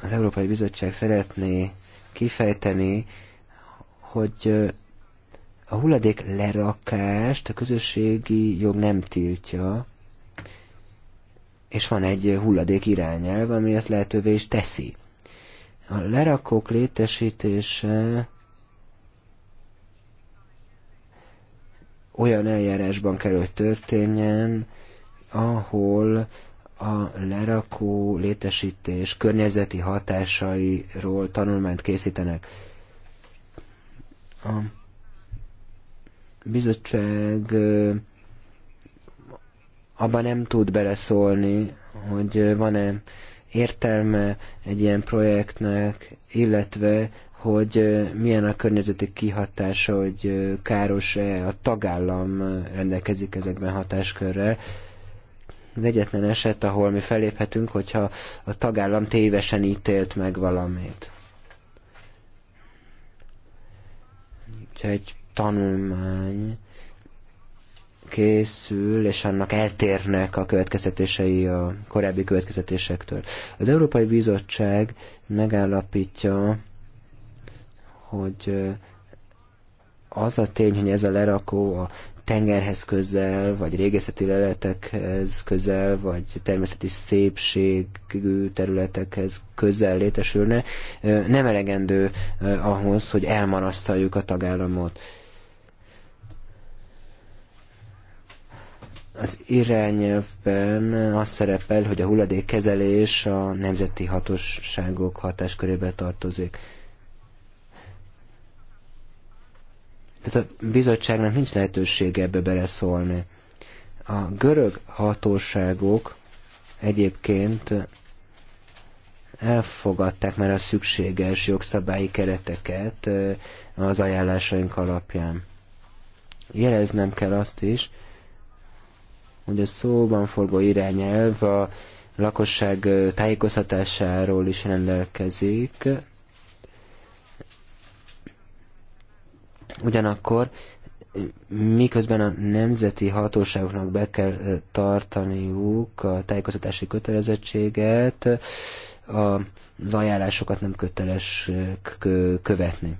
Az Európai Bizottság szeretné kifejteni, hogy a hulladék lerakást a közösségi jog nem tiltja, és van egy hulladék irányelv, ami ezt lehetővé is teszi. A lerakók létesítése olyan eljárásban kell, hogy történjen, ahol a lerakó létesítés környezeti hatásairól tanulmányt készítenek. A bizottság abban nem tud beleszólni, hogy van-e értelme egy ilyen projektnek, illetve hogy milyen a környezeti kihatása, hogy káros-e a tagállam rendelkezik ezekben hatáskörrel. egyetlen eset, ahol mi feléphetünk, hogyha a tagállam tévesen ítélt meg valamit. Úgyhogy egy tanulmány készül, és annak eltérnek a következtetései a korábbi következtetésektől. Az Európai Bizottság megállapítja, hogy az a tény, hogy ez a lerakó a tengerhez közel, vagy régészeti leletekhez közel, vagy természeti szépségű területekhez közel létesülne, nem elegendő ahhoz, hogy elmarasztaljuk a tagállamot. Az irányelvben az szerepel, hogy a hulladékkezelés a nemzeti hatóságok hatáskörébe tartozik. Tehát a bizottságnak nincs lehetősége ebbe beleszólni. A görög hatóságok egyébként elfogadták már a szükséges jogszabályi kereteket az ajánlásaink alapján. Jeleznem kell azt is, hogy a szóban forgó irányelv a lakosság tájékoztatásáról is rendelkezik. Ugyanakkor miközben a nemzeti hatóságoknak be kell tartaniuk a tájékoztatási kötelezettséget, az ajánlásokat nem köteles követni.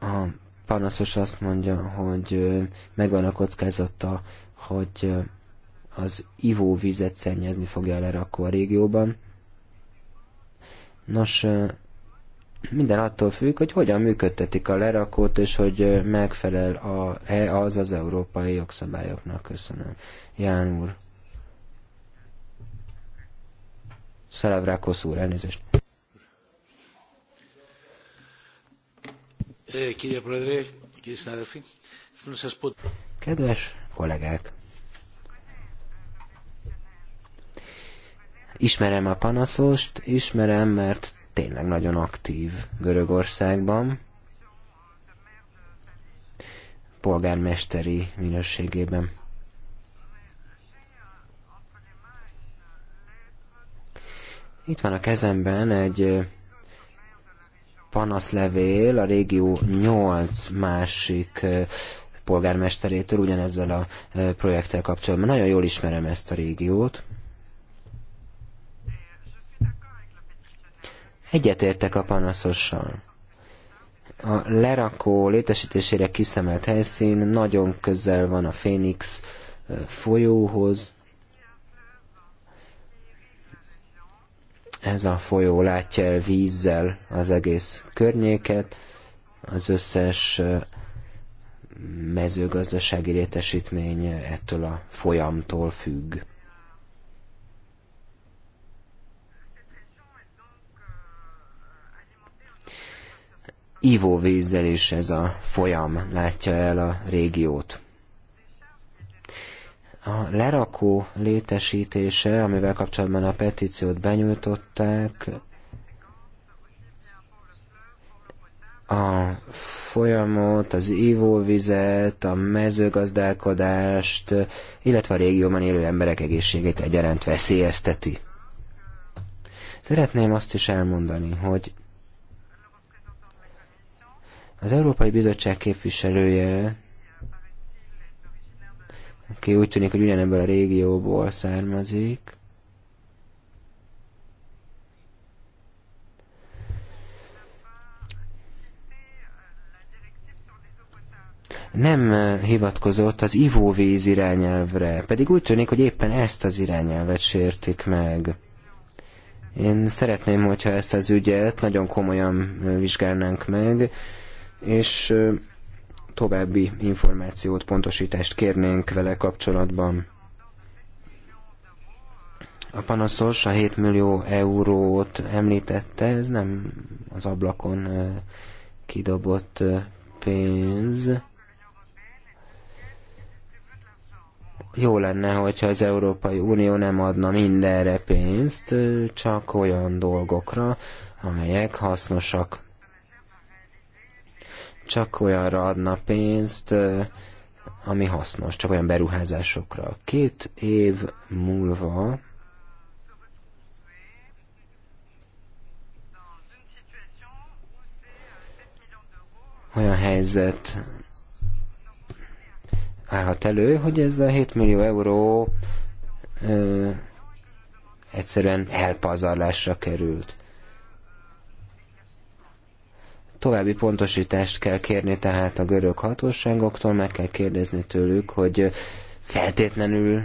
A panaszos azt mondja, hogy megvan a kockázata, hogy az ivóvizet szennyezni fogja lerakó a régióban. Nos, minden attól függ, hogy hogyan működtetik a lerakót, és hogy megfelel a, e, az az európai jogszabályoknak. Köszönöm. Ján úr. Szelevrákosz úr, elnézést. Eh, Kedves kollégák! Ismerem a panaszost, ismerem, mert tényleg nagyon aktív Görögországban, polgármesteri minőségében. Itt van a kezemben egy eh, panaszlevél a régió 8 másik polgármesterétől ugyanezzel a projekttel kapcsolatban. Nagyon jól ismerem ezt a régiót. Egyetértek a panaszossal a lerakó létesítésére kiszemelt helyszín nagyon közel van a Phoenix folyóhoz. Ez a folyó látja el vízzel az egész környéket, az összes mezőgazdasági létesítmény ettől a folyamtól függ. Ivóvízzel is ez a folyam látja el a régiót. A lerakó létesítése, amivel kapcsolatban a petíciót benyújtották, a folyamot, az ivóvizet, a mezőgazdálkodást, illetve a régióban élő emberek egészségét egyaránt veszélyezteti. Szeretném azt is elmondani, hogy az Európai Bizottság képviselője aki úgy tűnik, hogy ugyanebből a régióból származik. nem eh, hivatkozott az ivóvíz irányelvre, pedig úgy tűnik, hogy éppen ezt az irányelvet sértik meg. Én szeretném, hogyha ezt az ügyet nagyon komolyan eh, vizsgálnánk meg, és eh, további információt, pontosítást kérnénk vele kapcsolatban. A panaszos a 7 millió eurót említette, ez nem az ablakon kidobott pénz. Jó lenne, hogyha az Európai Unió nem adna mindenre pénzt, csak olyan dolgokra, amelyek hasznosak csak olyanra adna pénzt, ami hasznos, csak olyan beruházásokra. Két év múlva olyan helyzet állhat elő, hogy ez a 7 millió euró ö, egyszerűen elpazarlásra került. További pontosítást kell kérni tehát a görög hatóságoktól, meg kell kérdezni tőlük, hogy feltétlenül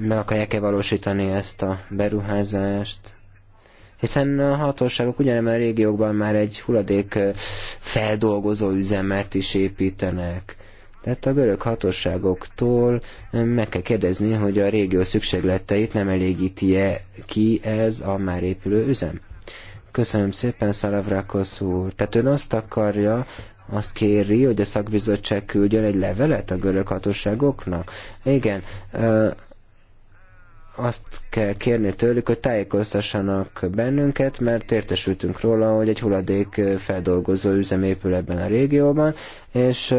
meg akarják-e valósítani ezt a beruházást, hiszen a hatóságok ugyanebben a régiókban már egy hulladék feldolgozó üzemet is építenek. Tehát a görög hatóságoktól meg kell kérdezni, hogy a régió szükségleteit nem elégíti-e ki ez a már épülő üzem. Köszönöm szépen, Szalavrakosz úr. Tehát ön azt akarja, azt kéri, hogy a szakbizottság küldjön egy levelet a görög hatóságoknak? Igen, azt kell kérni tőlük, hogy tájékoztassanak bennünket, mert értesültünk róla, hogy egy hulladék feldolgozó üzem épül ebben a régióban, és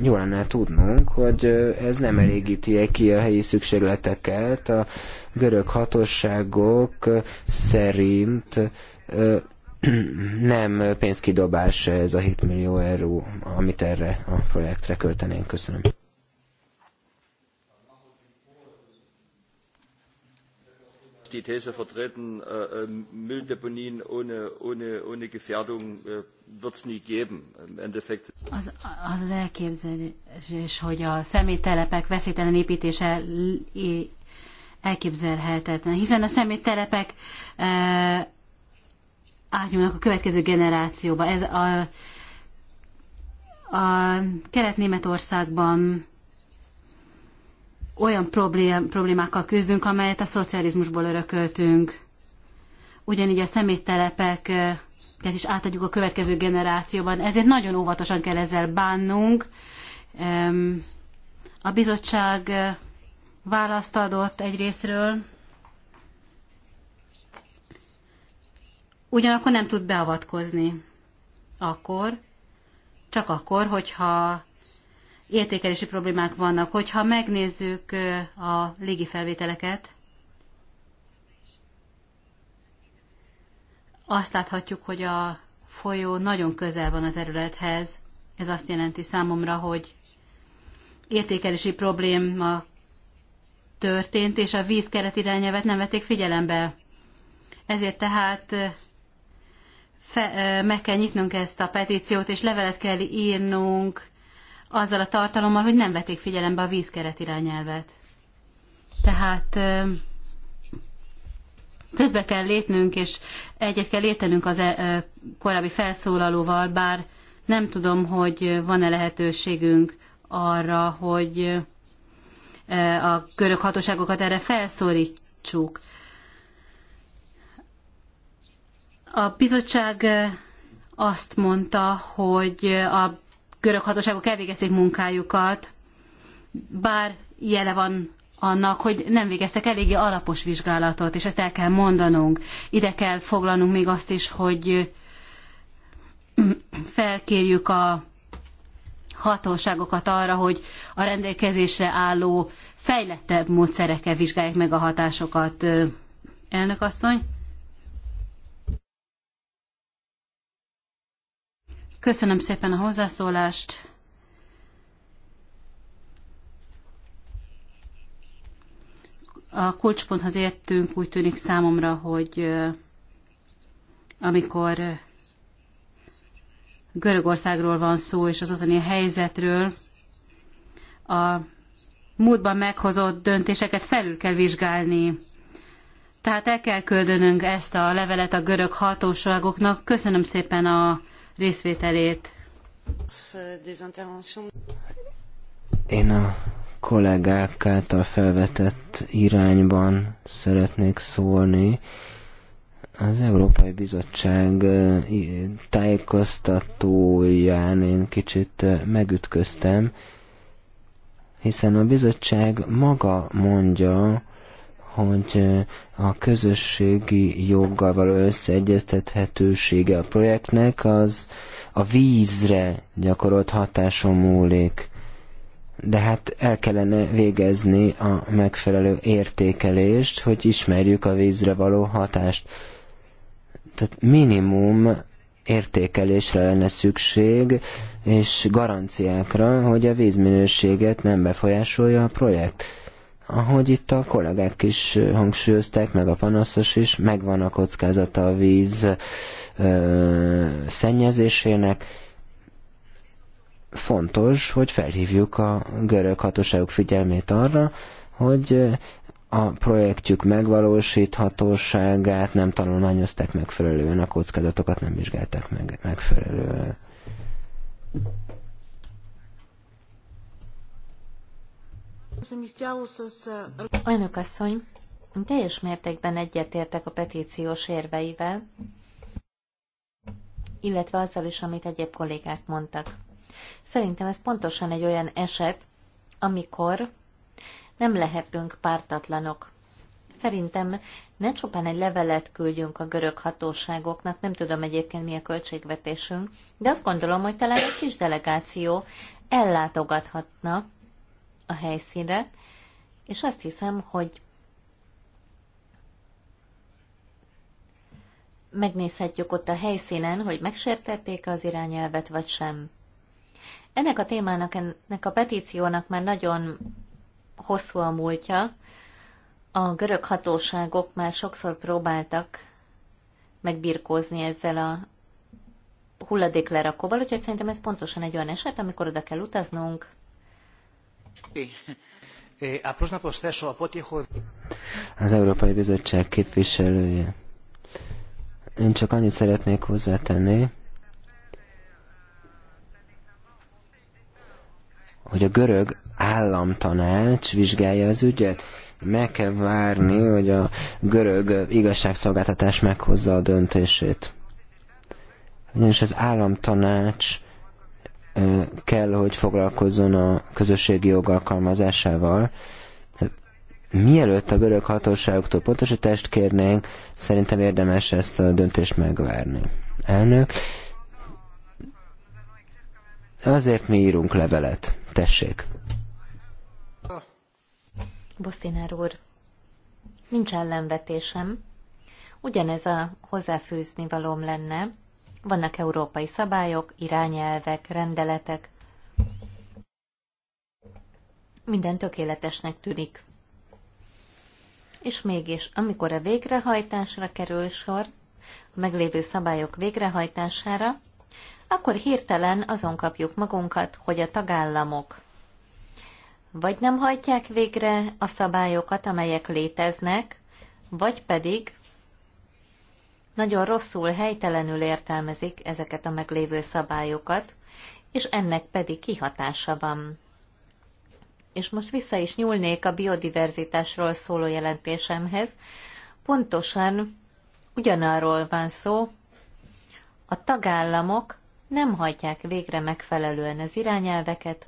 jó lenne tudnunk, hogy ez nem elégíti ki a helyi szükségleteket. A görög hatóságok szerint nem pénzkidobás ez a 7 millió euró, amit erre a projektre költenénk. Köszönöm. die These vertreten, äh, äh, Mülldeponien ohne, ohne, ohne Gefährdung äh, wird es nie geben. Im Endeffekt az, az elképzelés, hogy a személytelepek veszélytelen építése elképzelhetetlen, hiszen a személytelepek e, átnyúlnak a következő generációba. Ez a, a Kelet-Németországban olyan problémákkal küzdünk, amelyet a szocializmusból örököltünk. Ugyanígy a szeméttelepek e, tehát is átadjuk a következő generációban. Ezért nagyon óvatosan kell ezzel bánnunk. A bizottság eh, választ adott egy részről, ugyanakkor nem tud beavatkozni. Akkor, csak akkor, hogyha értékelési problémák vannak. Hogyha megnézzük eh, a légi felvételeket, Azt láthatjuk, hogy a folyó nagyon közel van a területhez. Ez azt jelenti számomra, hogy értékelési probléma történt, és a víz keretirányelvet nem vették figyelembe. Ezért tehát fe, meg kell nyitnunk ezt a petíciót, és levelet kell írnunk azzal a tartalommal, hogy nem vették figyelembe a vízkeret irányelvet. Tehát közbe kell lépnünk, és egyet kell értenünk az e, e korábbi felszólalóval, bár nem tudom, hogy van-e lehetőségünk arra, hogy e, a görög hatóságokat erre felszólítsuk. A bizottság e, azt mondta, hogy a görög hatóságok elvégezték munkájukat, bár jele van annak, hogy nem végeztek eléggé alapos vizsgálatot, és ezt el kell mondanunk. Ide kell foglalnunk még azt is, hogy felkérjük a hatóságokat arra, hogy a rendelkezésre álló fejlettebb módszerekkel vizsgálják meg a hatásokat. Elnök asszony? Köszönöm szépen a hozzászólást. a kulcsponthoz értünk, úgy tűnik számomra, hogy amikor Görögországról van szó, és az ottani helyzetről, a múltban meghozott döntéseket felül kell vizsgálni. Tehát el kell küldönünk ezt a levelet a görög hatóságoknak. Köszönöm szépen a részvételét. Én a kollégák által felvetett irányban szeretnék szólni. Az Európai Bizottság tájékoztatóján én kicsit megütköztem, hiszen a bizottság maga mondja, hogy a közösségi joggal való összeegyeztethetősége a projektnek az a vízre gyakorolt hatáson múlik de hát el kellene végezni a megfelelő értékelést, hogy ismerjük a vízre való hatást. Tehát minimum értékelésre lenne szükség, és garanciákra, hogy a vízminőséget nem befolyásolja a projekt. Ahogy itt a kollégák is hangsúlyozták, meg a panaszos is, megvan a kockázata a víz ö, szennyezésének, fontos, hogy felhívjuk a görög hatóságok figyelmét arra, hogy a projektjük megvalósíthatóságát nem tanulmányozták megfelelően, a kockázatokat nem vizsgálták meg megfelelően. Önök asszony, teljes mértékben egyetértek a petíciós érveivel, illetve azzal is, amit egyéb kollégák mondtak. Szerintem ez pontosan egy olyan eset, amikor nem lehetünk pártatlanok. Szerintem ne csupán egy levelet küldjünk a görög hatóságoknak, nem tudom egyébként mi a költségvetésünk, de azt gondolom, hogy talán egy kis delegáció ellátogathatna a helyszínre, és azt hiszem, hogy megnézhetjük ott a helyszínen, hogy megsértették az irányelvet, vagy sem. Ennek a témának, ennek a petíciónak már nagyon hosszú a múltja. A görög hatóságok már sokszor próbáltak megbirkózni ezzel a hulladéklerakóval, úgyhogy szerintem ez pontosan egy olyan eset, amikor oda kell utaznunk. Az Európai Bizottság képviselője. Én csak annyit szeretnék hozzátenni, hogy a görög államtanács vizsgálja az ügyet. Meg kell várni, hogy a görög igazságszolgáltatás meghozza a döntését. Ugyanis az államtanács kell, hogy foglalkozzon a közösségi jog alkalmazásával. Mielőtt a görög hatóságoktól pontosítást kérnénk, szerintem érdemes ezt a döntést megvárni. Elnök, azért mi írunk levelet. Tessék. Bosztinár úr, nincs ellenvetésem. Ugyanez a hozzáfűzni valóm lenne. Vannak európai szabályok, irányelvek, rendeletek. Minden tökéletesnek tűnik. És mégis, amikor a végrehajtásra kerül sor, a meglévő szabályok végrehajtására, akkor hirtelen azon kapjuk magunkat, hogy a tagállamok vagy nem hajtják végre a szabályokat, amelyek léteznek, vagy pedig nagyon rosszul, helytelenül értelmezik ezeket a meglévő szabályokat, és ennek pedig kihatása van. És most vissza is nyúlnék a biodiverzitásról szóló jelentésemhez. Pontosan ugyanarról van szó, a tagállamok nem hajtják végre megfelelően az irányelveket,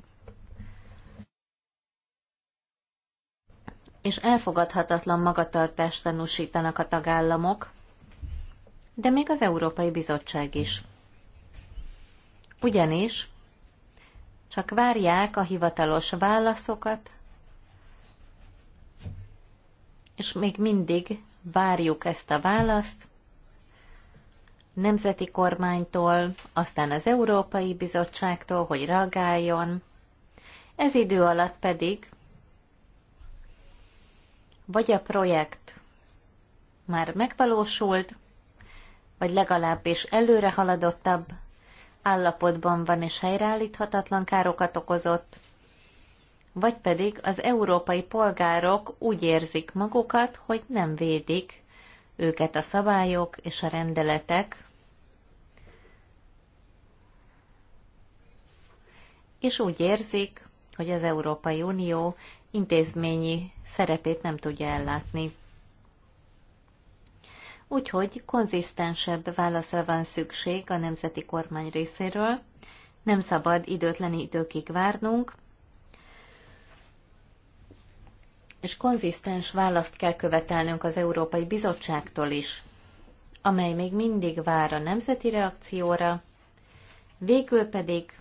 és elfogadhatatlan magatartást tanúsítanak a tagállamok, de még az Európai Bizottság is. Ugyanis csak várják a hivatalos válaszokat, és még mindig várjuk ezt a választ, nemzeti kormánytól, aztán az Európai Bizottságtól, hogy reagáljon. Ez idő alatt pedig vagy a projekt már megvalósult, vagy legalábbis előre haladottabb állapotban van és helyreállíthatatlan károkat okozott, vagy pedig az európai polgárok úgy érzik magukat, hogy nem védik őket a szabályok és a rendeletek, és úgy érzik, hogy az Európai Unió intézményi szerepét nem tudja ellátni. Úgyhogy konzisztensebb válaszra van szükség a nemzeti kormány részéről, nem szabad időtlen időkig várnunk, és konzisztens választ kell követelnünk az Európai Bizottságtól is, amely még mindig vár a nemzeti reakcióra, végül pedig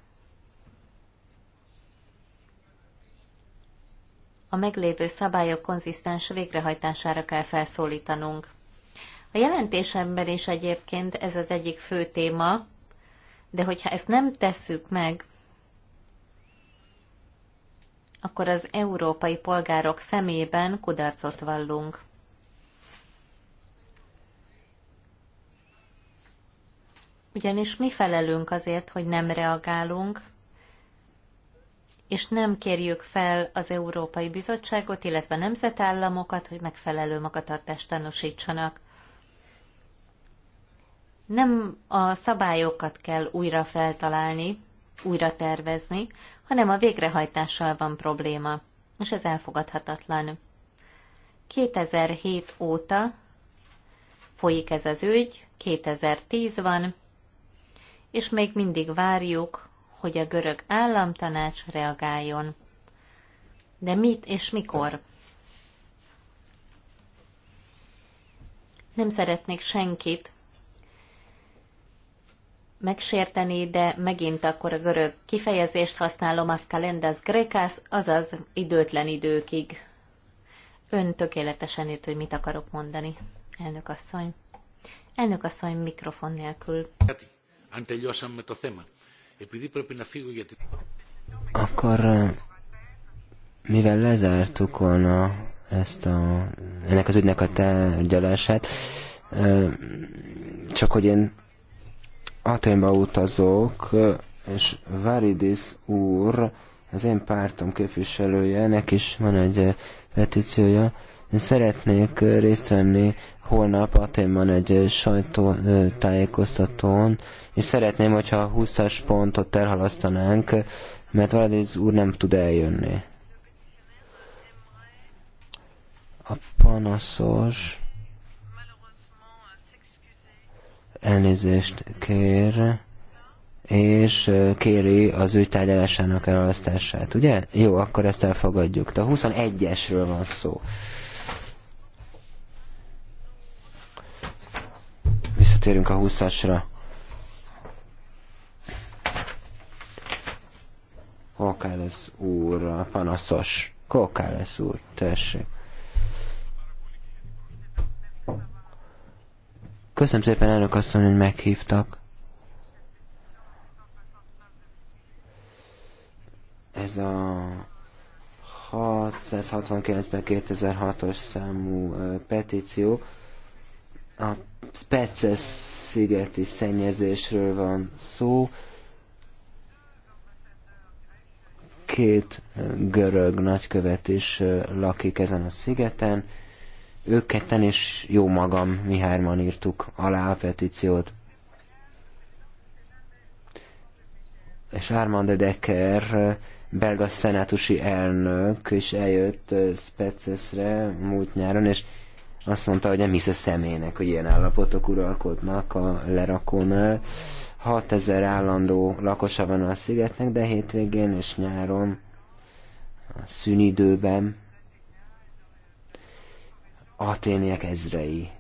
a meglévő szabályok konzisztens végrehajtására kell felszólítanunk. A jelentésemben is egyébként ez az egyik fő téma, de hogyha ezt nem tesszük meg, akkor az európai polgárok szemében kudarcot vallunk. Ugyanis mi felelünk azért, hogy nem reagálunk, és nem kérjük fel az Európai Bizottságot, illetve nemzetállamokat, hogy megfelelő magatartást tanúsítsanak. Nem a szabályokat kell újra feltalálni, újra tervezni, hanem a végrehajtással van probléma, és ez elfogadhatatlan. 2007 óta folyik ez az ügy, 2010 van, és még mindig várjuk hogy a görög államtanács reagáljon. De mit és mikor? Nem szeretnék senkit megsérteni, de megint akkor a görög kifejezést használom, a kalendas grekász, azaz időtlen időkig. Ön tökéletesen ért, hogy mit akarok mondani, elnök asszony. Elnök asszony mikrofon nélkül. Anteliosan mert to θέμα. Επειδή πρέπει να φύγω γιατί... Akkor mivel lezártuk volna ezt a, ennek az ügynek a tárgyalását, csak hogy én Aténba utazok, és Varidis úr, az én pártom képviselője, ennek is van egy petíciója, én szeretnék részt venni holnap Aténban egy sajtótájékoztatón, és szeretném, hogyha a 20-as pontot elhalasztanánk, mert Valadéz úr nem tud eljönni. A panaszos elnézést kér, és kéri az ő tárgyalásának elhalasztását, ugye? Jó, akkor ezt elfogadjuk. De a 21-esről van szó. visszatérünk a 20-asra. Kokálesz úr, a panaszos. Kokálesz úr, tessék. Köszönöm szépen, elnök asszony, hogy meghívtak. Ez a 669-ben 2006-os számú petíció a Speces szigeti szennyezésről van szó. Két görög nagykövet is lakik ezen a szigeten. Ők ketten és jó magam, mi hárman írtuk alá a petíciót. És Armand de Decker belga szenátusi elnök, és eljött Specesre múlt nyáron, és azt mondta, hogy nem hisz a személynek, hogy ilyen állapotok uralkodnak a lerakónál. 6000 állandó lakosa van a szigetnek, de hétvégén és nyáron, a szünidőben aténiek ezrei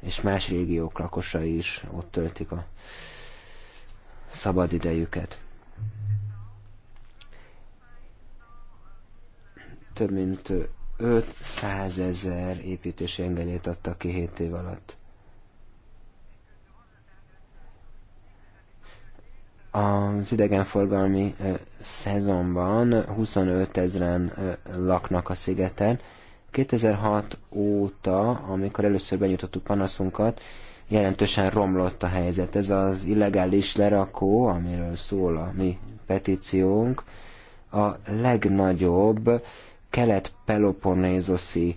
és más régiók lakosai is ott töltik a szabadidejüket. Több mint 500 ezer építési engedélyt adtak ki 7 év alatt. az idegenforgalmi szezonban 25 ezeren laknak a szigeten. 2006 óta, amikor először benyújtottuk panaszunkat, jelentősen romlott a helyzet. Ez az illegális lerakó, amiről szól a mi petíciónk, a legnagyobb kelet-peloponnézoszi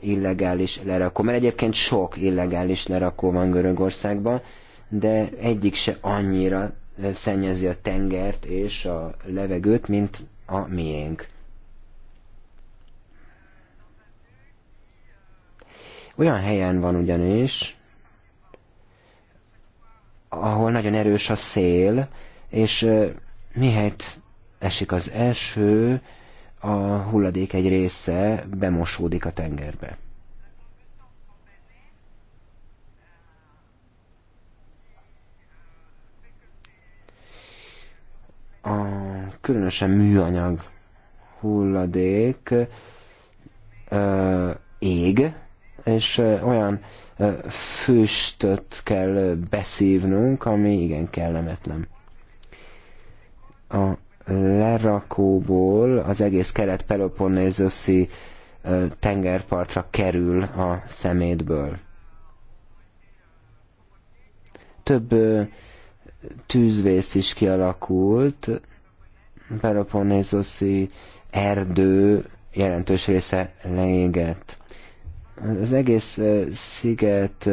illegális lerakó, mert egyébként sok illegális lerakó van Görögországban, de egyik se annyira szennyezi a tengert és a levegőt, mint a miénk. Olyan helyen van ugyanis, ahol nagyon erős a szél, és mihelyt esik az eső, a hulladék egy része bemosódik a tengerbe. A különösen műanyag hulladék ö, ég, és olyan füstöt kell beszívnunk, ami igen kellemetlen. A lerakóból az egész kelet Peloponnézoszi tengerpartra kerül a szemétből. Több tűzvész is kialakult, Peloponnézoszi erdő jelentős része leégett. Az egész sziget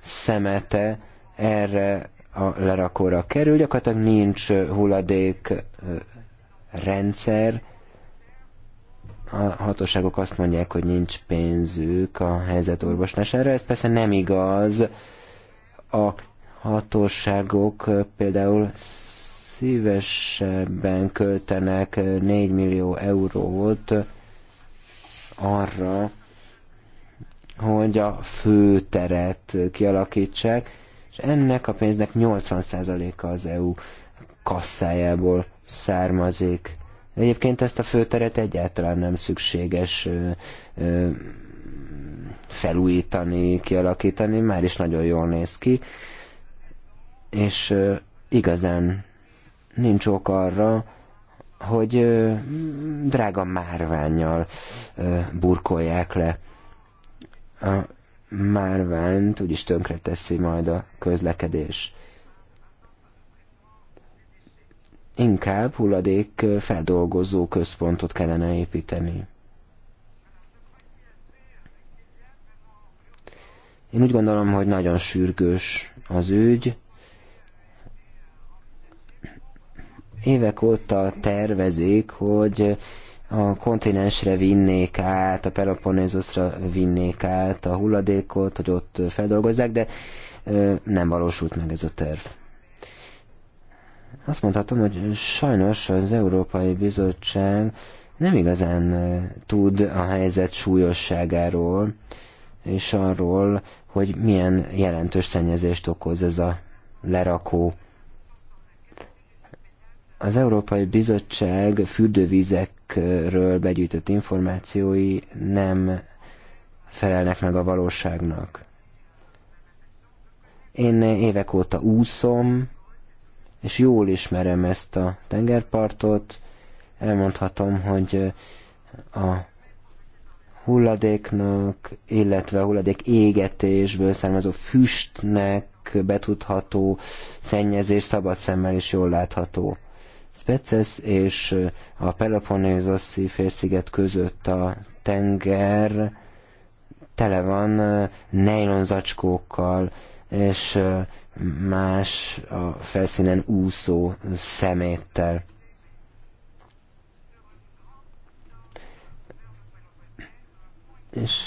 szemete erre a lerakóra kerül, gyakorlatilag nincs hulladék rendszer, a hatóságok azt mondják, hogy nincs pénzük a helyzet orvoslására, ez persze nem igaz. A hatóságok például szívesebben költenek 4 millió eurót arra, hogy a főteret kialakítsák, és ennek a pénznek 80%-a az EU kasszájából származik. Egyébként ezt a főteret egyáltalán nem szükséges ö, ö, felújítani, kialakítani, már is nagyon jól néz ki, és ö, igazán nincs ok arra, hogy ö, drága márványjal ö, burkolják le. A márványt úgyis tönkre teszi majd a közlekedés. Inkább hulladék feldolgozó központot kellene építeni. Én úgy gondolom, hogy nagyon sürgős az ügy. Évek óta tervezik, hogy a kontinensre vinnék át, a Peloponnesosra vinnék át a hulladékot, hogy ott feldolgozzák, de nem valósult meg ez a terv. Azt mondhatom, hogy sajnos az Európai Bizottság nem igazán tud a helyzet súlyosságáról, és arról, hogy milyen jelentős szennyezést okoz ez a lerakó az Európai Bizottság fürdővizekről begyűjtött információi nem felelnek meg a valóságnak. Én évek óta úszom, és jól ismerem ezt a tengerpartot. Elmondhatom, hogy a hulladéknak, illetve a hulladék égetésből származó füstnek betudható szennyezés szabad szemmel is jól látható. Speces és a Peloponnesoszi félsziget között a tenger tele van nylon zacskókkal, és más a felszínen úszó szeméttel. És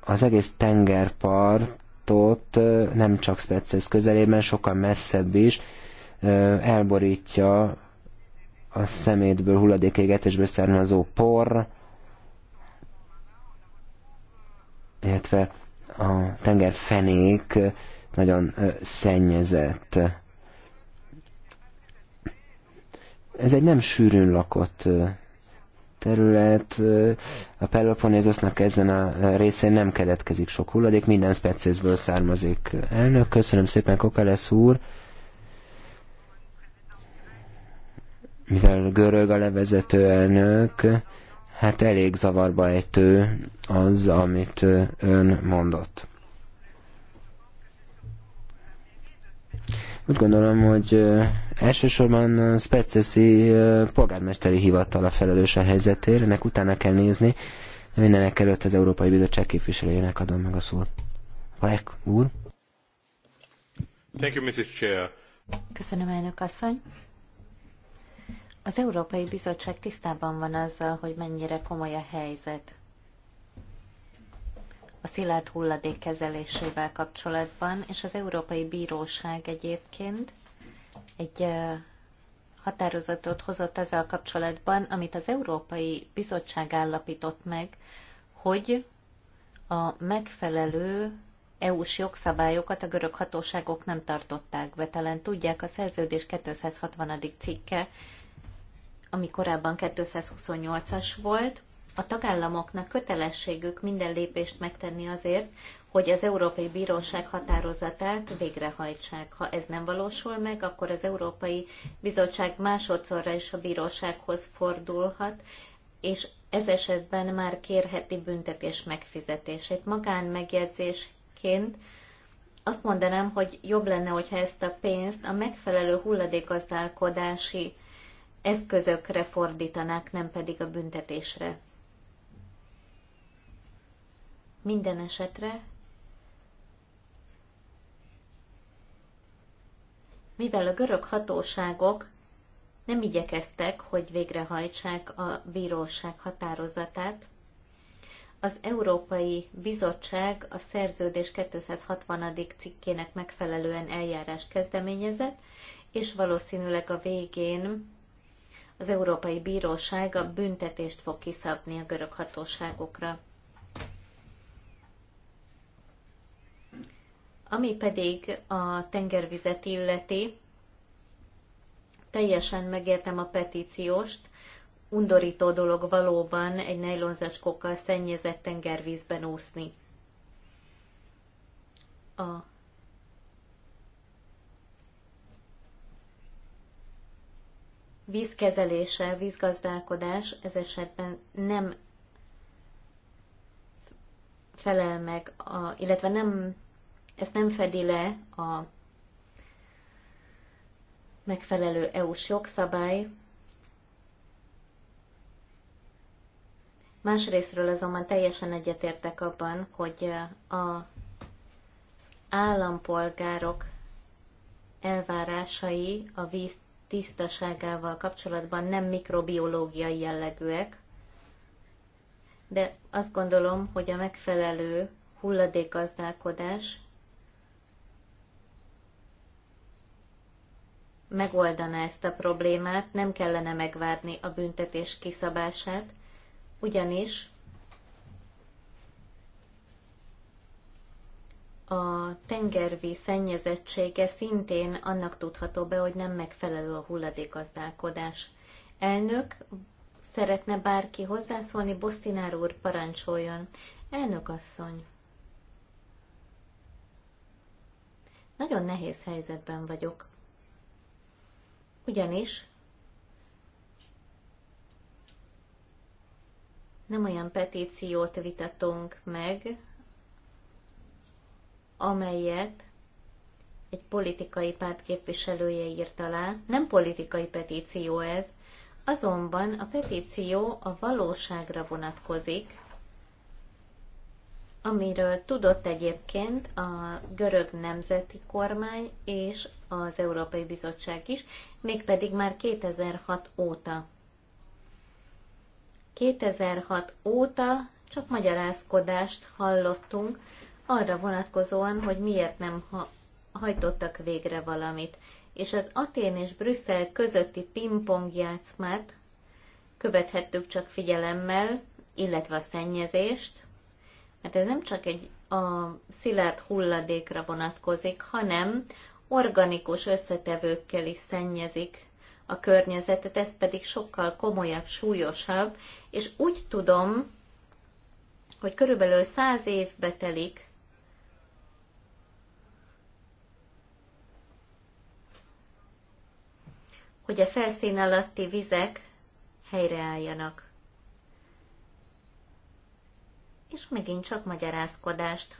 az egész tengerpartot nem csak Speces közelében, sokkal messzebb is elborítja a szemétből, égetésből származó por, illetve a tenger fenék nagyon szennyezett. Ez egy nem sűrűn lakott terület. A Peloponnézosznak ezen a részén nem keletkezik sok hulladék, minden speciesből származik. Elnök, köszönöm szépen, Kokalesz úr! mivel görög a levezető elnök, hát elég zavarba ejtő az, amit ön mondott. Úgy gondolom, hogy elsősorban Speceszi polgármesteri hivatal a felelős a helyzetért, ennek utána kell nézni, de mindenek előtt az Európai Bizottság képviselőjének adom meg a szót. Vajek úr? Thank you, Mrs. Chair. Köszönöm, elnök asszony. Az Európai Bizottság tisztában van azzal, hogy mennyire komoly a helyzet a szilárd hulladék kezelésével kapcsolatban, és az Európai Bíróság egyébként egy határozatot hozott ezzel kapcsolatban, amit az Európai Bizottság állapított meg, hogy a megfelelő EU-s jogszabályokat a görög hatóságok nem tartották be. Talán tudják, a szerződés 260. cikke ami korábban 228-as volt, a tagállamoknak kötelességük minden lépést megtenni azért, hogy az Európai Bíróság határozatát végrehajtsák. Ha ez nem valósul meg, akkor az Európai Bizottság másodszorra is a bírósághoz fordulhat, és ez esetben már kérheti büntetés megfizetését. Magán megjegyzésként azt mondanám, hogy jobb lenne, hogyha ezt a pénzt a megfelelő hulladékgazdálkodási eszközökre fordítanák, nem pedig a büntetésre. Minden esetre, mivel a görög hatóságok nem igyekeztek, hogy végrehajtsák a bíróság határozatát, az Európai Bizottság a szerződés 260. cikkének megfelelően eljárást kezdeményezett, és valószínűleg a végén az Európai Bíróság a büntetést fog kiszabni a görög hatóságokra. Ami pedig a tengervizet illeti, teljesen megértem a petícióst, undorító dolog valóban egy nejlonzacskókkal szennyezett tengervízben úszni. A vízkezelése, vízgazdálkodás ez esetben nem felel meg, a, illetve nem, ezt nem fedi le a megfelelő EU-s jogszabály. Másrésztről azonban teljesen egyetértek abban, hogy a állampolgárok elvárásai a víz tisztaságával kapcsolatban nem mikrobiológiai jellegűek, de azt gondolom, hogy a megfelelő hulladékgazdálkodás megoldana ezt a problémát, nem kellene megvárni a büntetés kiszabását, ugyanis a tengervíz szennyezettsége szintén annak tudható be, hogy nem megfelelő a hulladékazdálkodás. Elnök, szeretne bárki hozzászólni? Bosztinár úr, parancsoljon. Elnök asszony. Nagyon nehéz helyzetben vagyok. Ugyanis nem olyan petíciót vitatunk meg, amelyet egy politikai párt képviselője írt alá. Nem politikai petíció ez, azonban a petíció a valóságra vonatkozik, amiről tudott egyébként a görög nemzeti kormány és az Európai Bizottság is, mégpedig már 2006 óta. 2006 óta csak magyarázkodást hallottunk arra vonatkozóan, hogy miért nem ha- hajtottak végre valamit. És az Atén és Brüsszel közötti pingpongjátszmát követhettük csak figyelemmel, illetve a szennyezést, mert ez nem csak egy a szilárd hulladékra vonatkozik, hanem organikus összetevőkkel is szennyezik a környezetet, ez pedig sokkal komolyabb, súlyosabb, és úgy tudom, hogy körülbelül száz évbe telik, hogy a felszín alatti vizek helyreálljanak. És megint csak magyarázkodást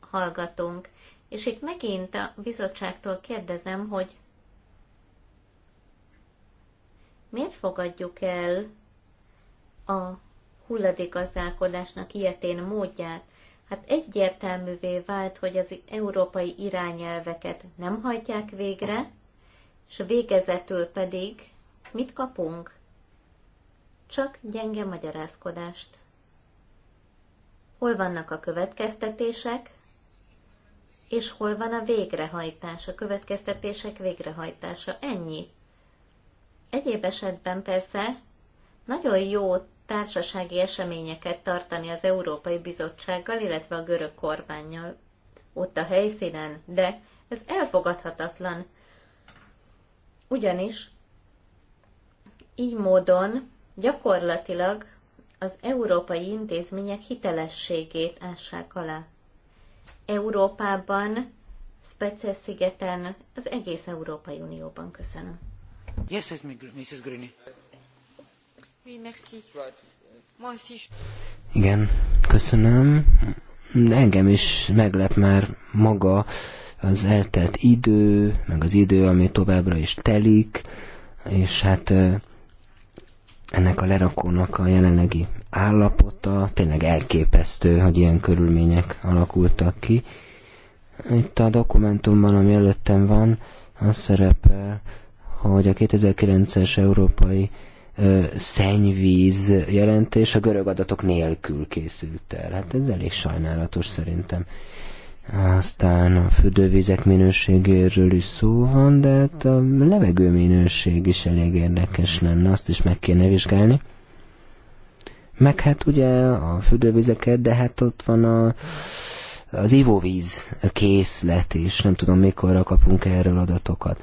hallgatunk. És itt megint a bizottságtól kérdezem, hogy miért fogadjuk el a hulladékgazdálkodásnak ilyetén módját? Hát egyértelművé vált, hogy az európai irányelveket nem hajtják végre, és végezetül pedig mit kapunk? Csak gyenge magyarázkodást. Hol vannak a következtetések, és hol van a végrehajtás, a következtetések végrehajtása. Ennyi. Egyéb esetben persze nagyon jó társasági eseményeket tartani az Európai Bizottsággal, illetve a görög kormányjal ott a helyszínen, de ez elfogadhatatlan, ugyanis így módon gyakorlatilag az európai intézmények hitelességét ássák alá. Európában, Speces-szigeten, az egész Európai Unióban köszönöm. Yes, Mrs. Greeny. Oui, merci. Moi aussi. Igen, köszönöm. De engem is meglep már maga az eltelt idő, meg az idő, ami továbbra is telik, és hát ennek a lerakónak a jelenlegi állapota tényleg elképesztő, hogy ilyen körülmények alakultak ki. Itt a dokumentumban, ami előttem van, az szerepel, hogy a 2009-es európai ö, szennyvíz jelentés a görög adatok nélkül készült el. Hát ez elég sajnálatos szerintem aztán a fürdővizek minőségéről is szó van, de hát a levegő minőség is elég érdekes lenne, azt is meg kéne vizsgálni. Meg hát ugye a fürdővizeket, de hát ott van a, az ivóvíz a készlet is, nem tudom mikor kapunk erről adatokat.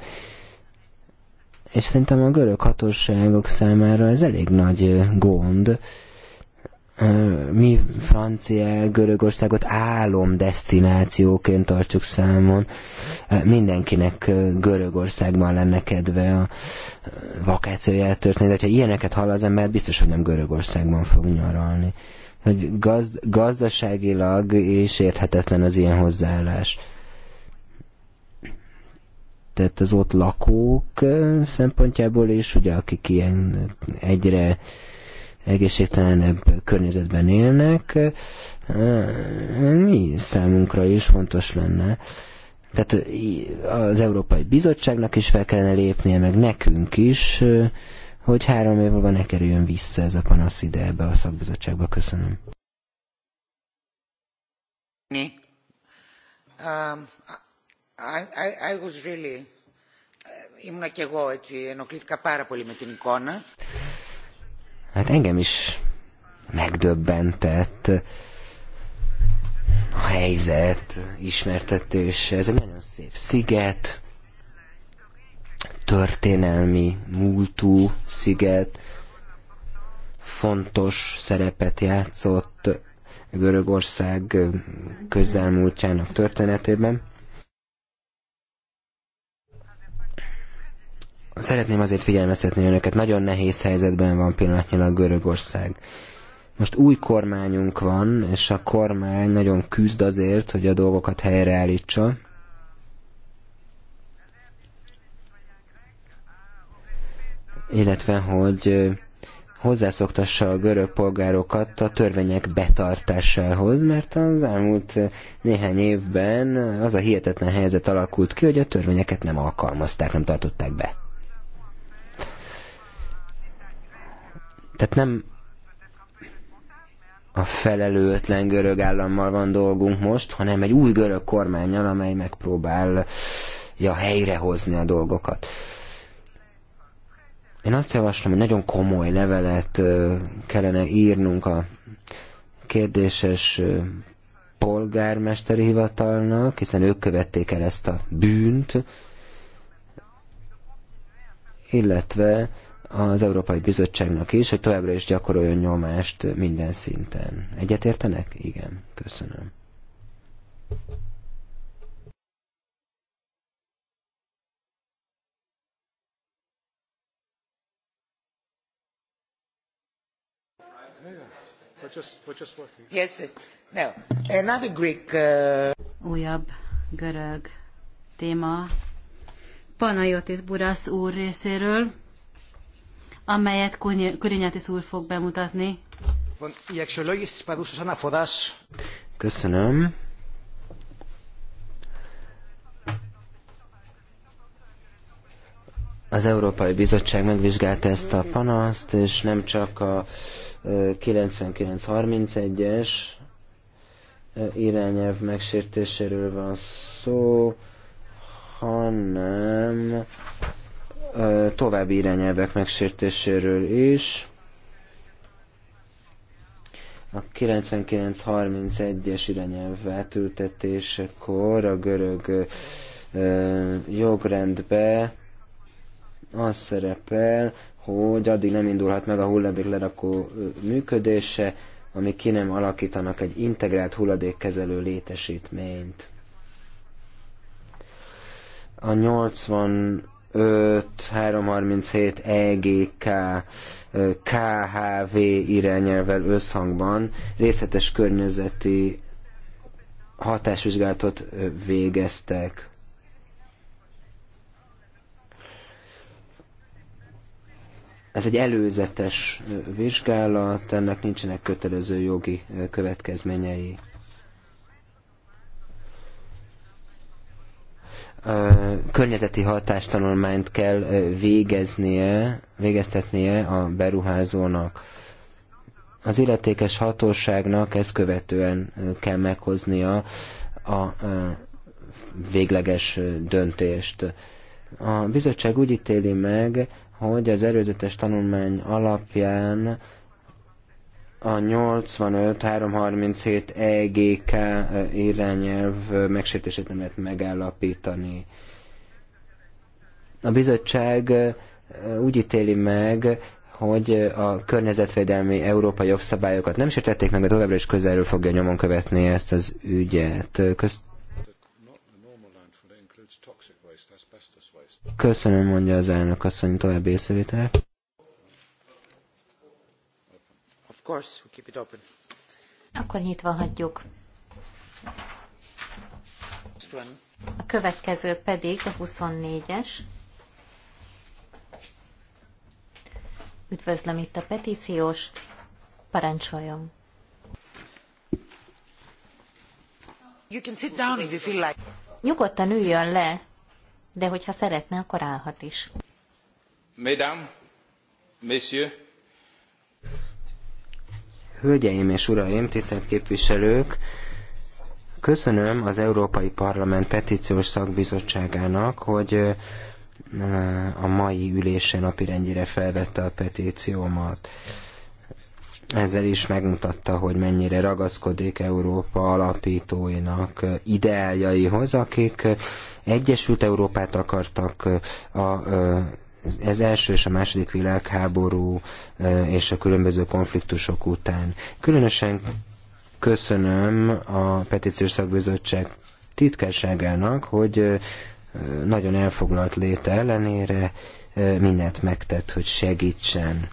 És szerintem a görög hatóságok számára ez elég nagy gond, mi Francia, Görögországot álomdestinációként tartjuk számon. Mindenkinek Görögországban lenne kedve a vakációját történni, de ha ilyeneket hall az ember, biztos, hogy nem Görögországban fog nyaralni. Hogy gazd gazdaságilag is érthetetlen az ilyen hozzáállás tehát az ott lakók szempontjából is, ugye akik ilyen egyre egészségtelenebb környezetben élnek, mi számunkra is fontos lenne. Tehát az Európai Bizottságnak is fel kellene lépnie, meg nekünk is, hogy három év múlva ne kerüljön vissza ez a panasz ide ebbe a szakbizottságba. Köszönöm. Um, I, I, I was really... Uh, ήμουνα κι εγώ έτσι, ενοχλήθηκα πάρα πολύ με την εικόνα hát engem is megdöbbentett a helyzet ismertetése. Ez egy nagyon szép sziget, történelmi múltú sziget, fontos szerepet játszott Görögország közelmúltjának történetében. Szeretném azért figyelmeztetni önöket, nagyon nehéz helyzetben van pillanatnyilag Görögország. Most új kormányunk van, és a kormány nagyon küzd azért, hogy a dolgokat helyreállítsa. Illetve, hogy hozzászoktassa a görög polgárokat a törvények betartásához, mert az elmúlt néhány évben az a hihetetlen helyzet alakult ki, hogy a törvényeket nem alkalmazták, nem tartották be. Tehát nem a felelőtlen görög állammal van dolgunk most, hanem egy új görög kormányjal, amely megpróbálja helyrehozni a dolgokat. Én azt javaslom, hogy nagyon komoly levelet kellene írnunk a kérdéses polgármesteri hivatalnak, hiszen ők követték el ezt a bűnt, illetve az Európai Bizottságnak is, hogy továbbra is gyakoroljon nyomást minden szinten. Egyetértenek? Igen, köszönöm. Uh, Újabb görög téma Panayotis Burasz úr részéről amelyet Kurinyátis úr fog bemutatni. Köszönöm. Az Európai Bizottság megvizsgálta ezt a panaszt, és nem csak a 9931-es irányelv megsértéséről van szó, hanem további irányelvek megsértéséről is. A 9931-es irányelv átültetésekor a görög jogrendbe az szerepel, hogy addig nem indulhat meg a hulladék lerakó működése, ami ki nem alakítanak egy integrált hulladékkezelő létesítményt. A 80 337 EGK KHV irányelvel összhangban részletes környezeti hatásvizsgálatot végeztek. Ez egy előzetes vizsgálat, ennek nincsenek kötelező jogi következményei. környezeti hatástanulmányt kell végeznie, végeztetnie a beruházónak. Az illetékes hatóságnak ezt követően kell meghoznia a végleges döntést. A bizottság úgy ítéli meg, hogy az előzetes tanulmány alapján a 85 EGK e, irányelv e, megsértését nem lehet megállapítani. A bizottság e, úgy ítéli meg, hogy a környezetvédelmi európai jogszabályokat nem sértették meg, mert továbbra is közelről fogja nyomon követni ezt az ügyet. Köszönöm, mondja az elnök asszony további észrevételek. course, we keep it open. Akkor nyitva hagyjuk. A következő pedig a 24-es. Üdvözlöm itt a petíciós. Parancsoljon. You can sit down if you feel like. Nyugodtan üljön le, de hogyha szeretne, akkor állhat is. Mesdames, messieurs, Hölgyeim és uraim, tisztelt képviselők! Köszönöm az Európai Parlament Petíciós Szakbizottságának, hogy a mai ülésen napirendjére felvette a petíciómat. Ezzel is megmutatta, hogy mennyire ragaszkodik Európa alapítóinak ideáljaihoz, akik Egyesült Európát akartak a ez első és a második világháború és a különböző konfliktusok után. Különösen köszönöm a Petíciós Szakbizottság titkárságának, hogy nagyon elfoglalt léte ellenére mindent megtett, hogy segítsen.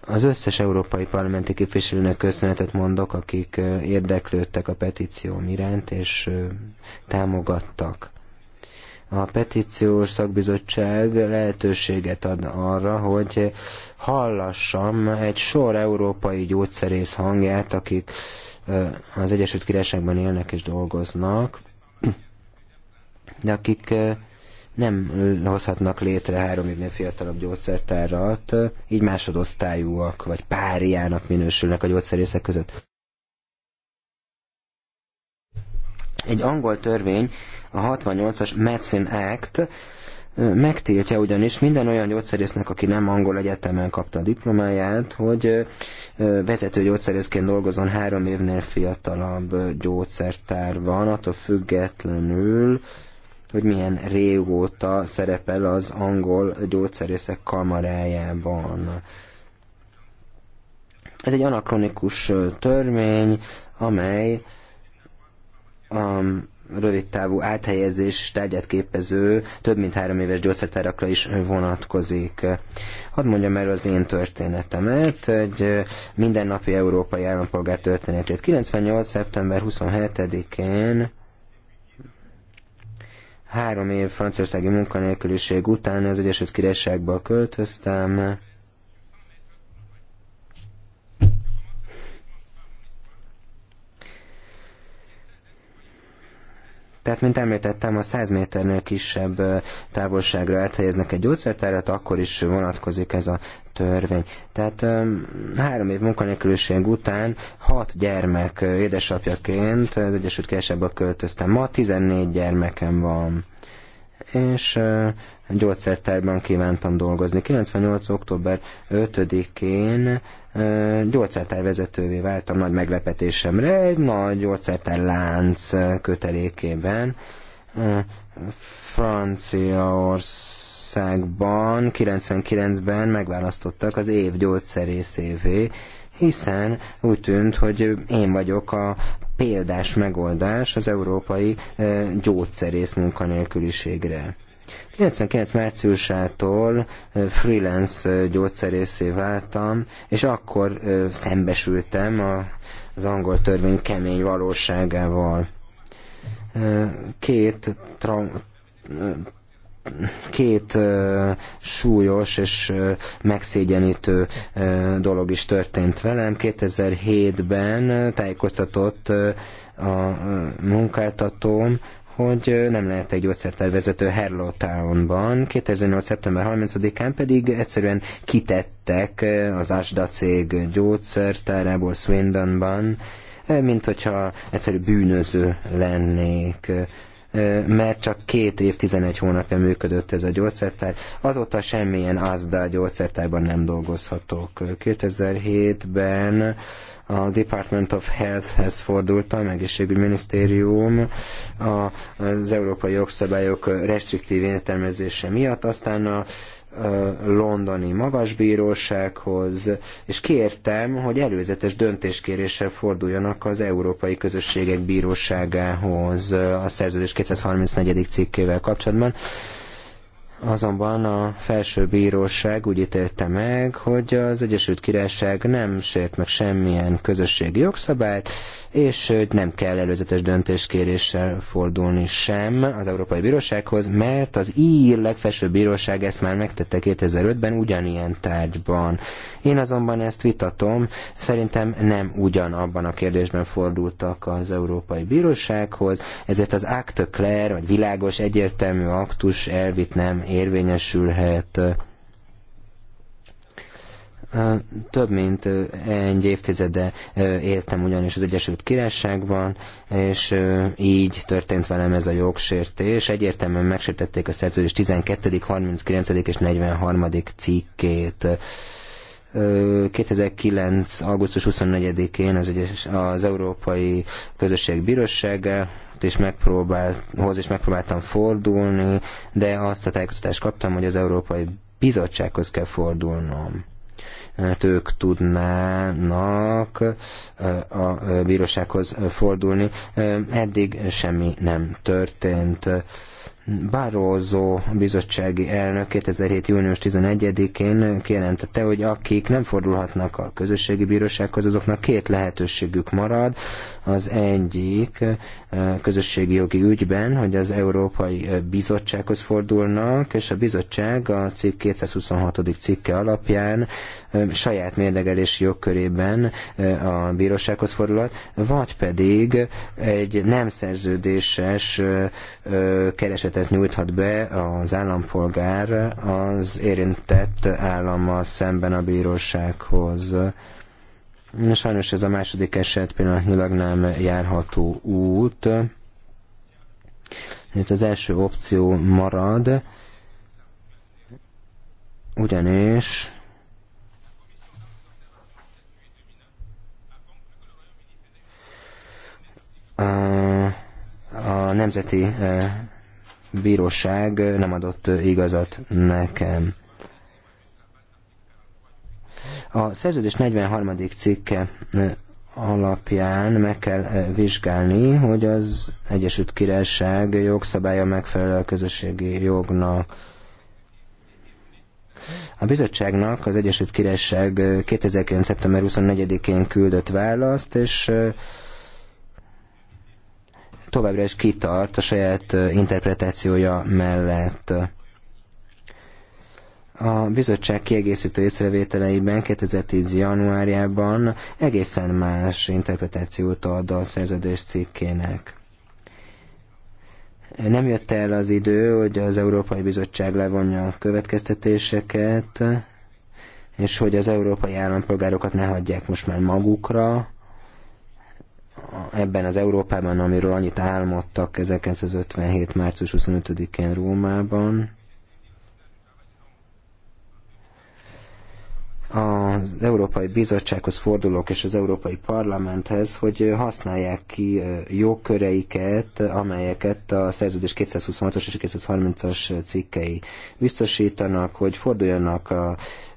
Az összes európai parlamenti képviselőnek köszönetet mondok, akik érdeklődtek a petícióm iránt, és támogattak a petíciós szakbizottság lehetőséget ad arra, hogy hallassam egy sor európai gyógyszerész hangját, akik az Egyesült Királyságban élnek és dolgoznak, de akik nem hozhatnak létre három évnél fiatalabb gyógyszertárat, így másodosztályúak, vagy páriának minősülnek a gyógyszerészek között. Egy angol törvény a 68-as Medicine Act megtiltja ugyanis minden olyan gyógyszerésznek, aki nem angol egyetemen kapta a diplomáját, hogy vezető gyógyszerészként dolgozon három évnél fiatalabb van, attól függetlenül, hogy milyen régóta szerepel az angol gyógyszerészek kamarájában. Ez egy anakronikus törvény, amely um, rövidtávú áthelyezés tárgyát képező több mint három éves gyógyszertárakra is vonatkozik. Hadd mondjam erről az én történetemet, egy mindennapi európai állampolgár történetét. 98. szeptember 27-én három év franciaországi munkanélküliség után az Egyesült Királyságba költöztem, Tehát, mint említettem, a 100 méternél kisebb távolságra elhelyeznek egy gyógyszertárat, akkor is vonatkozik ez a törvény. Tehát három év munkanélküliség után hat gyermek édesapjaként az Egyesült Királyságba költöztem. Ma 14 gyermekem van és gyógyszertárban kívántam dolgozni. 98. október 5-én gyógyszertár vezetővé váltam nagy meglepetésemre, egy nagy gyógyszertár lánc kötelékében. Franciaországban 99-ben megválasztottak az év gyógyszerészévé, hiszen úgy tűnt, hogy én vagyok a példás megoldás az európai gyógyszerész munkanélküliségre. 99 márciusától freelance gyógyszerészé váltam, és akkor szembesültem az angol törvény kemény valóságával. Két tra- két súlyos és megszégyenítő dolog is történt velem. 2007-ben tájékoztatott a munkáltatóm, hogy nem lehet egy gyógyszertervezető Herlow Townban. 2008. szeptember 30-án pedig egyszerűen kitettek az Asda cég gyógyszertárából Swindonban, mint hogyha egyszerű bűnöző lennék mert csak két év, tizenegy hónapja működött ez a gyógyszertár. Azóta semmilyen azda gyógyszertárban nem dolgozhatok. 2007-ben a Department of Health-hez fordultam, minisztérium az európai jogszabályok restriktív értelmezése miatt, aztán a londoni magasbírósághoz, és kértem, hogy előzetes döntéskéréssel forduljanak az Európai Közösségek Bíróságához a szerződés 234. cikkével kapcsolatban. Azonban a felső bíróság úgy ítélte meg, hogy az Egyesült Királyság nem sért meg semmilyen közösségi jogszabályt, és nem kell előzetes döntéskéréssel fordulni sem az Európai Bírósághoz, mert az ír legfelsőbb bíróság ezt már megtette 2005-ben ugyanilyen tárgyban. Én azonban ezt vitatom, szerintem nem ugyanabban a kérdésben fordultak az Európai Bírósághoz, ezért az acte clair, vagy világos egyértelmű aktus elvit nem érvényesülhet. Több mint egy évtizede éltem ugyanis az Egyesült Királyságban, és így történt velem ez a jogsértés. Egyértelműen megsértették a szerződés 12., 39. és 43. cikkét. 2009. augusztus 24-én az, az Európai Közösség Bírósága is hoz is megpróbáltam fordulni, de azt a tájékoztatást kaptam, hogy az Európai Bizottsághoz kell fordulnom mert ők tudnának a bírósághoz fordulni. Eddig semmi nem történt. Barroso bizottsági elnök 2007. június 11-én kijelentette, hogy akik nem fordulhatnak a közösségi bírósághoz, azoknak két lehetőségük marad. Az egyik közösségi jogi ügyben, hogy az Európai Bizottsághoz fordulnak, és a bizottság a cikk 226. cikke alapján saját mérlegelési jogkörében a bírósághoz fordulat, vagy pedig egy nem szerződéses keresetet nyújthat be az állampolgár az érintett állammal szemben a bírósághoz. Sajnos ez a második eset pillanatnyilag nem járható út. Itt az első opció marad, ugyanis a, a Nemzeti eh, Bíróság nem adott igazat nekem. A szerződés 43. cikke alapján meg kell vizsgálni, hogy az Egyesült Királyság jogszabálya megfelel a közösségi jognak. A bizottságnak az Egyesült Királyság 2009. szeptember 24-én küldött választ, és továbbra is kitart a saját interpretációja mellett. A bizottság kiegészítő észrevételeiben 2010. januárjában egészen más interpretációt ad a szerződés cikkének. Nem jött el az idő, hogy az Európai Bizottság levonja a következtetéseket, és hogy az európai állampolgárokat ne hagyják most már magukra, ebben az Európában, amiről annyit álmodtak 1957. március 25-én Rómában. az Európai Bizottsághoz fordulok és az Európai Parlamenthez, hogy használják ki jogköreiket, amelyeket a szerződés 226-os és 230-as cikkei biztosítanak, hogy forduljanak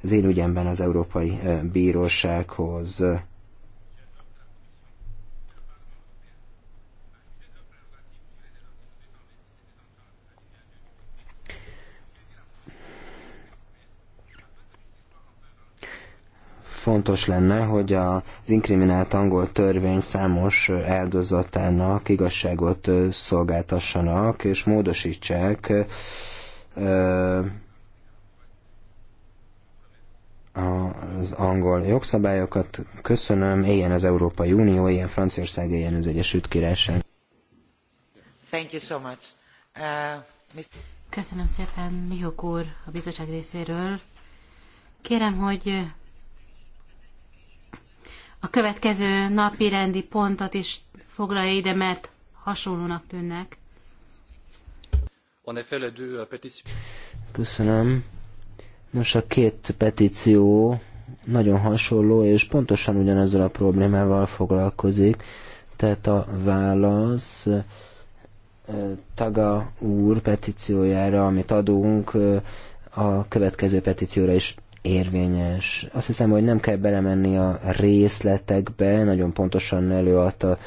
az én ügyemben az Európai Bírósághoz. fontos lenne, hogy az inkriminált angol törvény számos áldozatának igazságot szolgáltassanak és módosítsák az angol jogszabályokat. Köszönöm, éljen az Európai Unió, éljen Franciaország, éljen az Egyesült Királyság. Thank you so much. Uh, Mr. Köszönöm szépen, Mihok úr, a bizottság részéről. Kérem, hogy a következő napi rendi pontot is foglalja ide, mert hasonlónak tűnnek. Euh, Köszönöm. Nos, a két petíció nagyon hasonló, és pontosan ugyanezzel a problémával foglalkozik. Tehát a válasz Taga úr petíciójára, amit adunk, a következő petícióra is érvényes. Azt hiszem, hogy nem kell belemenni a részletekbe, nagyon pontosan előadta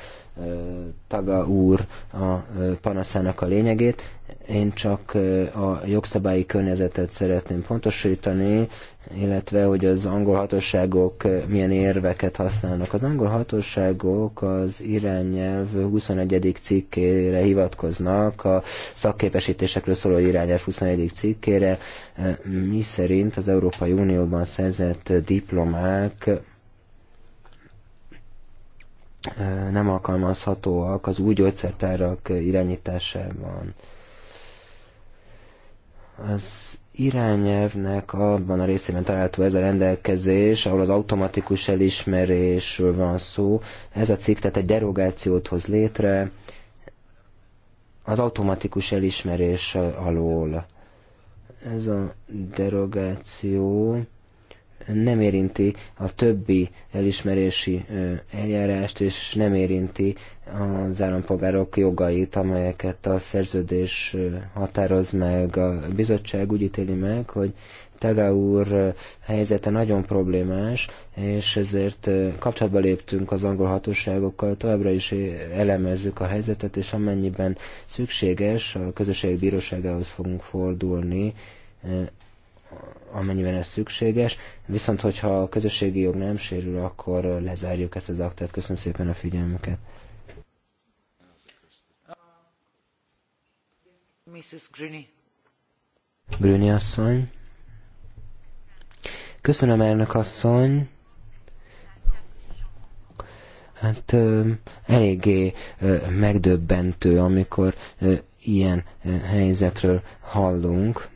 Taga úr a panaszának a lényegét. Én csak a jogszabályi környezetet szeretném pontosítani, illetve hogy az angol hatóságok milyen érveket használnak. Az angol hatóságok az irányelv 21. cikkére hivatkoznak, a szakképesítésekről szóló irányelv 21. cikkére, mi szerint az Európai Unióban szerzett diplomák nem alkalmazhatóak az új gyógyszertárak irányításában. Az irányelvnek abban a részében található ez a rendelkezés, ahol az automatikus elismerésről van szó. Ez a cikk tehát egy derogációt hoz létre az automatikus elismerés alól. Ez a derogáció nem érinti a többi elismerési eljárást, és nem érinti az állampolgárok jogait, amelyeket a szerződés határoz meg. A bizottság úgy ítéli meg, hogy Tega úr helyzete nagyon problémás, és ezért kapcsolatba léptünk az angol hatóságokkal, továbbra is elemezzük a helyzetet, és amennyiben szükséges, a közösségi bíróságához fogunk fordulni, amennyiben ez szükséges, viszont hogyha a közösségi jog nem sérül, akkor lezárjuk ezt az aktát. Köszönöm szépen a figyelmüket. Mrs. Grüni. Grüni asszony. Köszönöm, elnök asszony. Hát ö, eléggé ö, megdöbbentő, amikor ö, ilyen ö, helyzetről hallunk.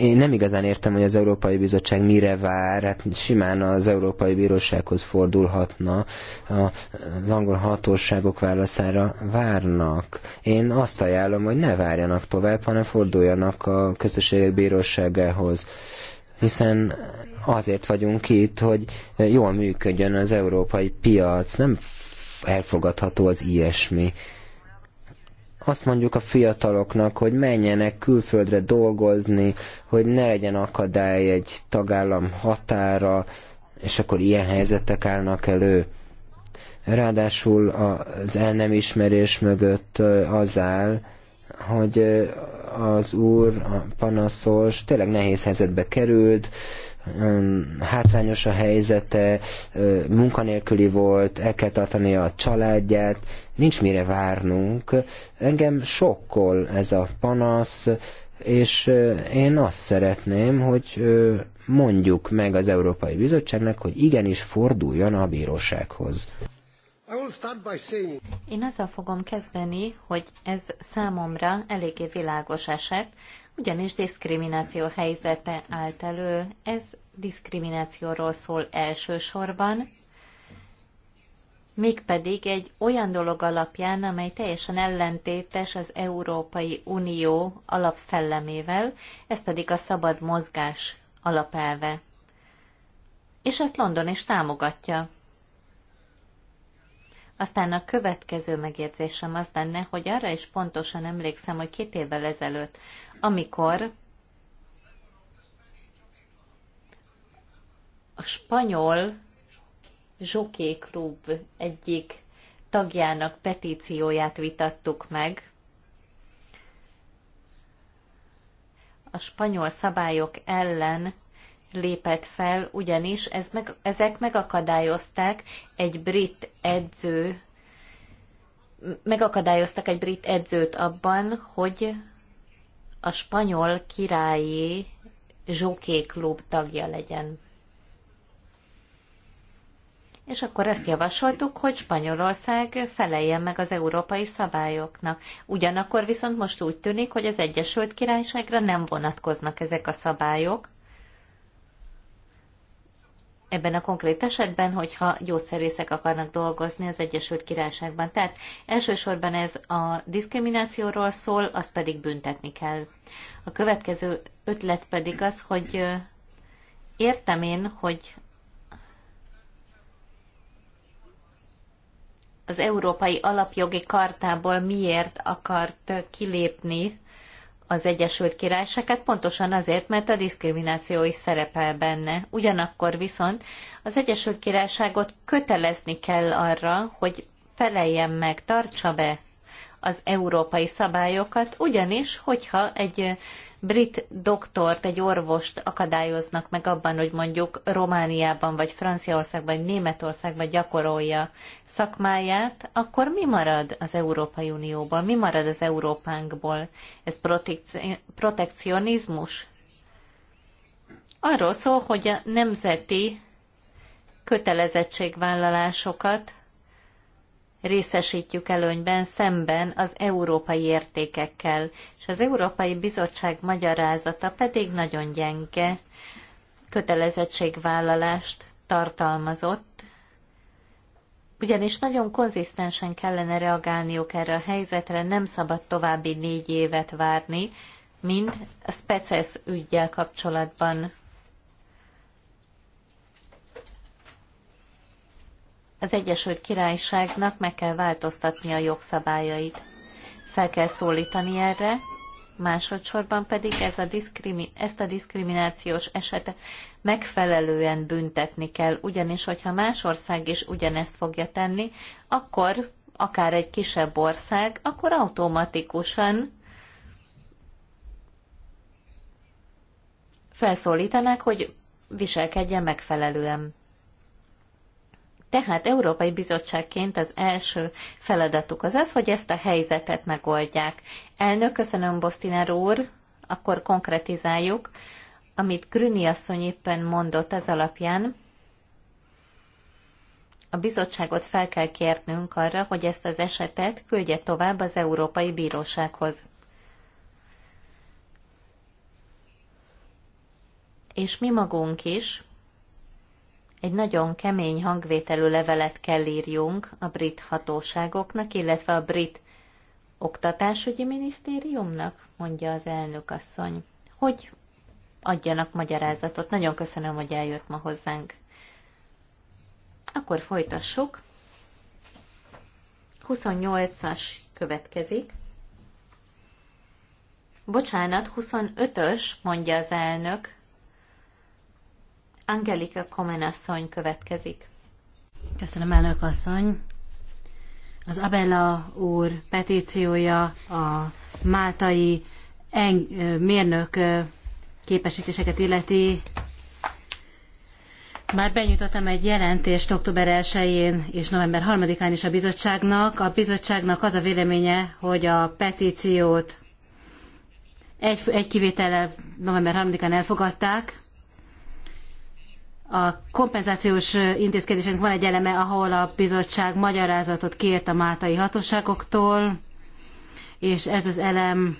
Én nem igazán értem, hogy az Európai Bizottság mire vár, hát simán az Európai Bírósághoz fordulhatna, a angol hatóságok válaszára várnak. Én azt ajánlom, hogy ne várjanak tovább, hanem forduljanak a közösségek bíróságához. Hiszen azért vagyunk itt, hogy jól működjön az európai piac, nem elfogadható az ilyesmi. Azt mondjuk a fiataloknak, hogy menjenek külföldre dolgozni, hogy ne legyen akadály egy tagállam határa, és akkor ilyen helyzetek állnak elő. Ráadásul az el nem ismerés mögött az áll, hogy az úr a panaszos tényleg nehéz helyzetbe került, hátrányos a helyzete, munkanélküli volt, el kell tartania a családját, Nincs mire várnunk. Engem sokkol ez a panasz, és én azt szeretném, hogy mondjuk meg az Európai Bizottságnak, hogy igenis forduljon a bírósághoz. Én azzal fogom kezdeni, hogy ez számomra eléggé világos eset, ugyanis diszkrimináció helyzete állt elő, ez diszkriminációról szól elsősorban, mégpedig egy olyan dolog alapján, amely teljesen ellentétes az Európai Unió alapszellemével, ez pedig a szabad mozgás alapelve. És ezt London is támogatja. Aztán a következő megjegyzésem az lenne, hogy arra is pontosan emlékszem, hogy két évvel ezelőtt, amikor a spanyol Zsoké Klub egyik tagjának petícióját vitattuk meg. A spanyol szabályok ellen lépett fel, ugyanis ez meg, ezek megakadályozták egy brit edző, megakadályoztak egy brit edzőt abban, hogy a spanyol királyi zsoké klub tagja legyen és akkor ezt javasoltuk, hogy Spanyolország feleljen meg az európai szabályoknak. Ugyanakkor viszont most úgy tűnik, hogy az Egyesült Királyságra nem vonatkoznak ezek a szabályok. Ebben a konkrét esetben, hogyha gyógyszerészek akarnak dolgozni az Egyesült Királyságban. Tehát elsősorban ez a diszkriminációról szól, azt pedig büntetni kell. A következő ötlet pedig az, hogy értem én, hogy az Európai Alapjogi Kartából miért akart kilépni az Egyesült Királyságát, pontosan azért, mert a diszkrimináció is szerepel benne. Ugyanakkor viszont az Egyesült Királyságot kötelezni kell arra, hogy feleljen meg, tartsa be az európai szabályokat, ugyanis, hogyha egy brit doktort, egy orvost akadályoznak meg abban, hogy mondjuk Romániában, vagy Franciaországban, vagy Németországban gyakorolja szakmáját, akkor mi marad az Európai Unióból, mi marad az Európánkból? Ez protek- protekcionizmus? Arról szól, hogy a nemzeti kötelezettségvállalásokat részesítjük előnyben szemben az európai értékekkel, és az Európai Bizottság magyarázata pedig nagyon gyenge kötelezettségvállalást tartalmazott, ugyanis nagyon konzisztensen kellene reagálniuk erre a helyzetre, nem szabad további négy évet várni, mind a Speces ügyjel kapcsolatban. az Egyesült Királyságnak meg kell változtatni a jogszabályait. Fel kell szólítani erre, másodszorban pedig ez a diszkrimi- ezt a diszkriminációs esetet megfelelően büntetni kell, ugyanis hogyha más ország is ugyanezt fogja tenni, akkor akár egy kisebb ország, akkor automatikusan felszólítanak, hogy viselkedjen megfelelően. Tehát Európai Bizottságként az első feladatuk az az, hogy ezt a helyzetet megoldják. Elnök, köszönöm Bosztiner úr, akkor konkretizáljuk, amit Grüni asszony éppen mondott az alapján. A bizottságot fel kell kérnünk arra, hogy ezt az esetet küldje tovább az Európai Bírósághoz. És mi magunk is egy nagyon kemény hangvételű levelet kell írjunk a brit hatóságoknak, illetve a brit oktatásügyi minisztériumnak, mondja az elnök asszony, hogy adjanak magyarázatot. Nagyon köszönöm, hogy eljött ma hozzánk. Akkor folytassuk. 28-as következik. Bocsánat, 25-ös, mondja az elnök. Angelika Komen asszony következik. Köszönöm, elnök asszony. Az Abella úr petíciója a máltai eng- mérnök képesítéseket illeti. Már benyújtottam egy jelentést október 1-én és november 3-án is a bizottságnak. A bizottságnak az a véleménye, hogy a petíciót egy, egy kivétellel november 3-án elfogadták, a kompenzációs intézkedésnek van egy eleme, ahol a bizottság magyarázatot kért a máltai hatóságoktól, és ez az elem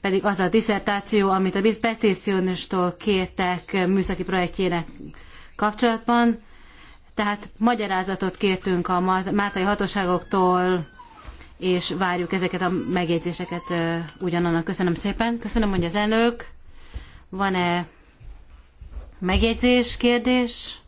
pedig az a diszertáció, amit a petíciónustól kértek műszaki projektjének kapcsolatban. Tehát magyarázatot kértünk a máltai hatóságoktól, és várjuk ezeket a megjegyzéseket ugyanannak. Köszönöm szépen. Köszönöm, hogy az elnök. Van-e Megjegyzés, kérdés?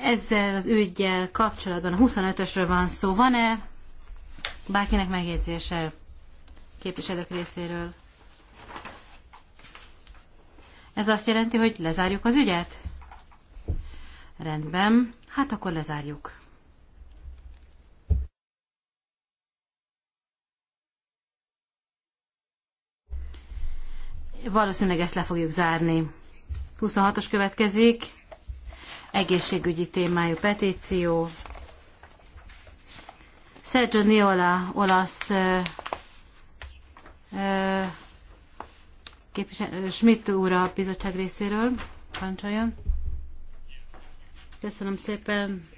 Ezzel az ügyjel kapcsolatban a 25-ösről van szó. Van-e bárkinek megjegyzése képviselők részéről? Ez azt jelenti, hogy lezárjuk az ügyet? Rendben, hát akkor lezárjuk. Valószínűleg ezt le fogjuk zárni. 26-os következik. Egészségügyi témájú petíció. Sergio Niola, olasz ö, ö, képviselő, Schmidt úr a bizottság részéről. Pancsoljon. Köszönöm szépen.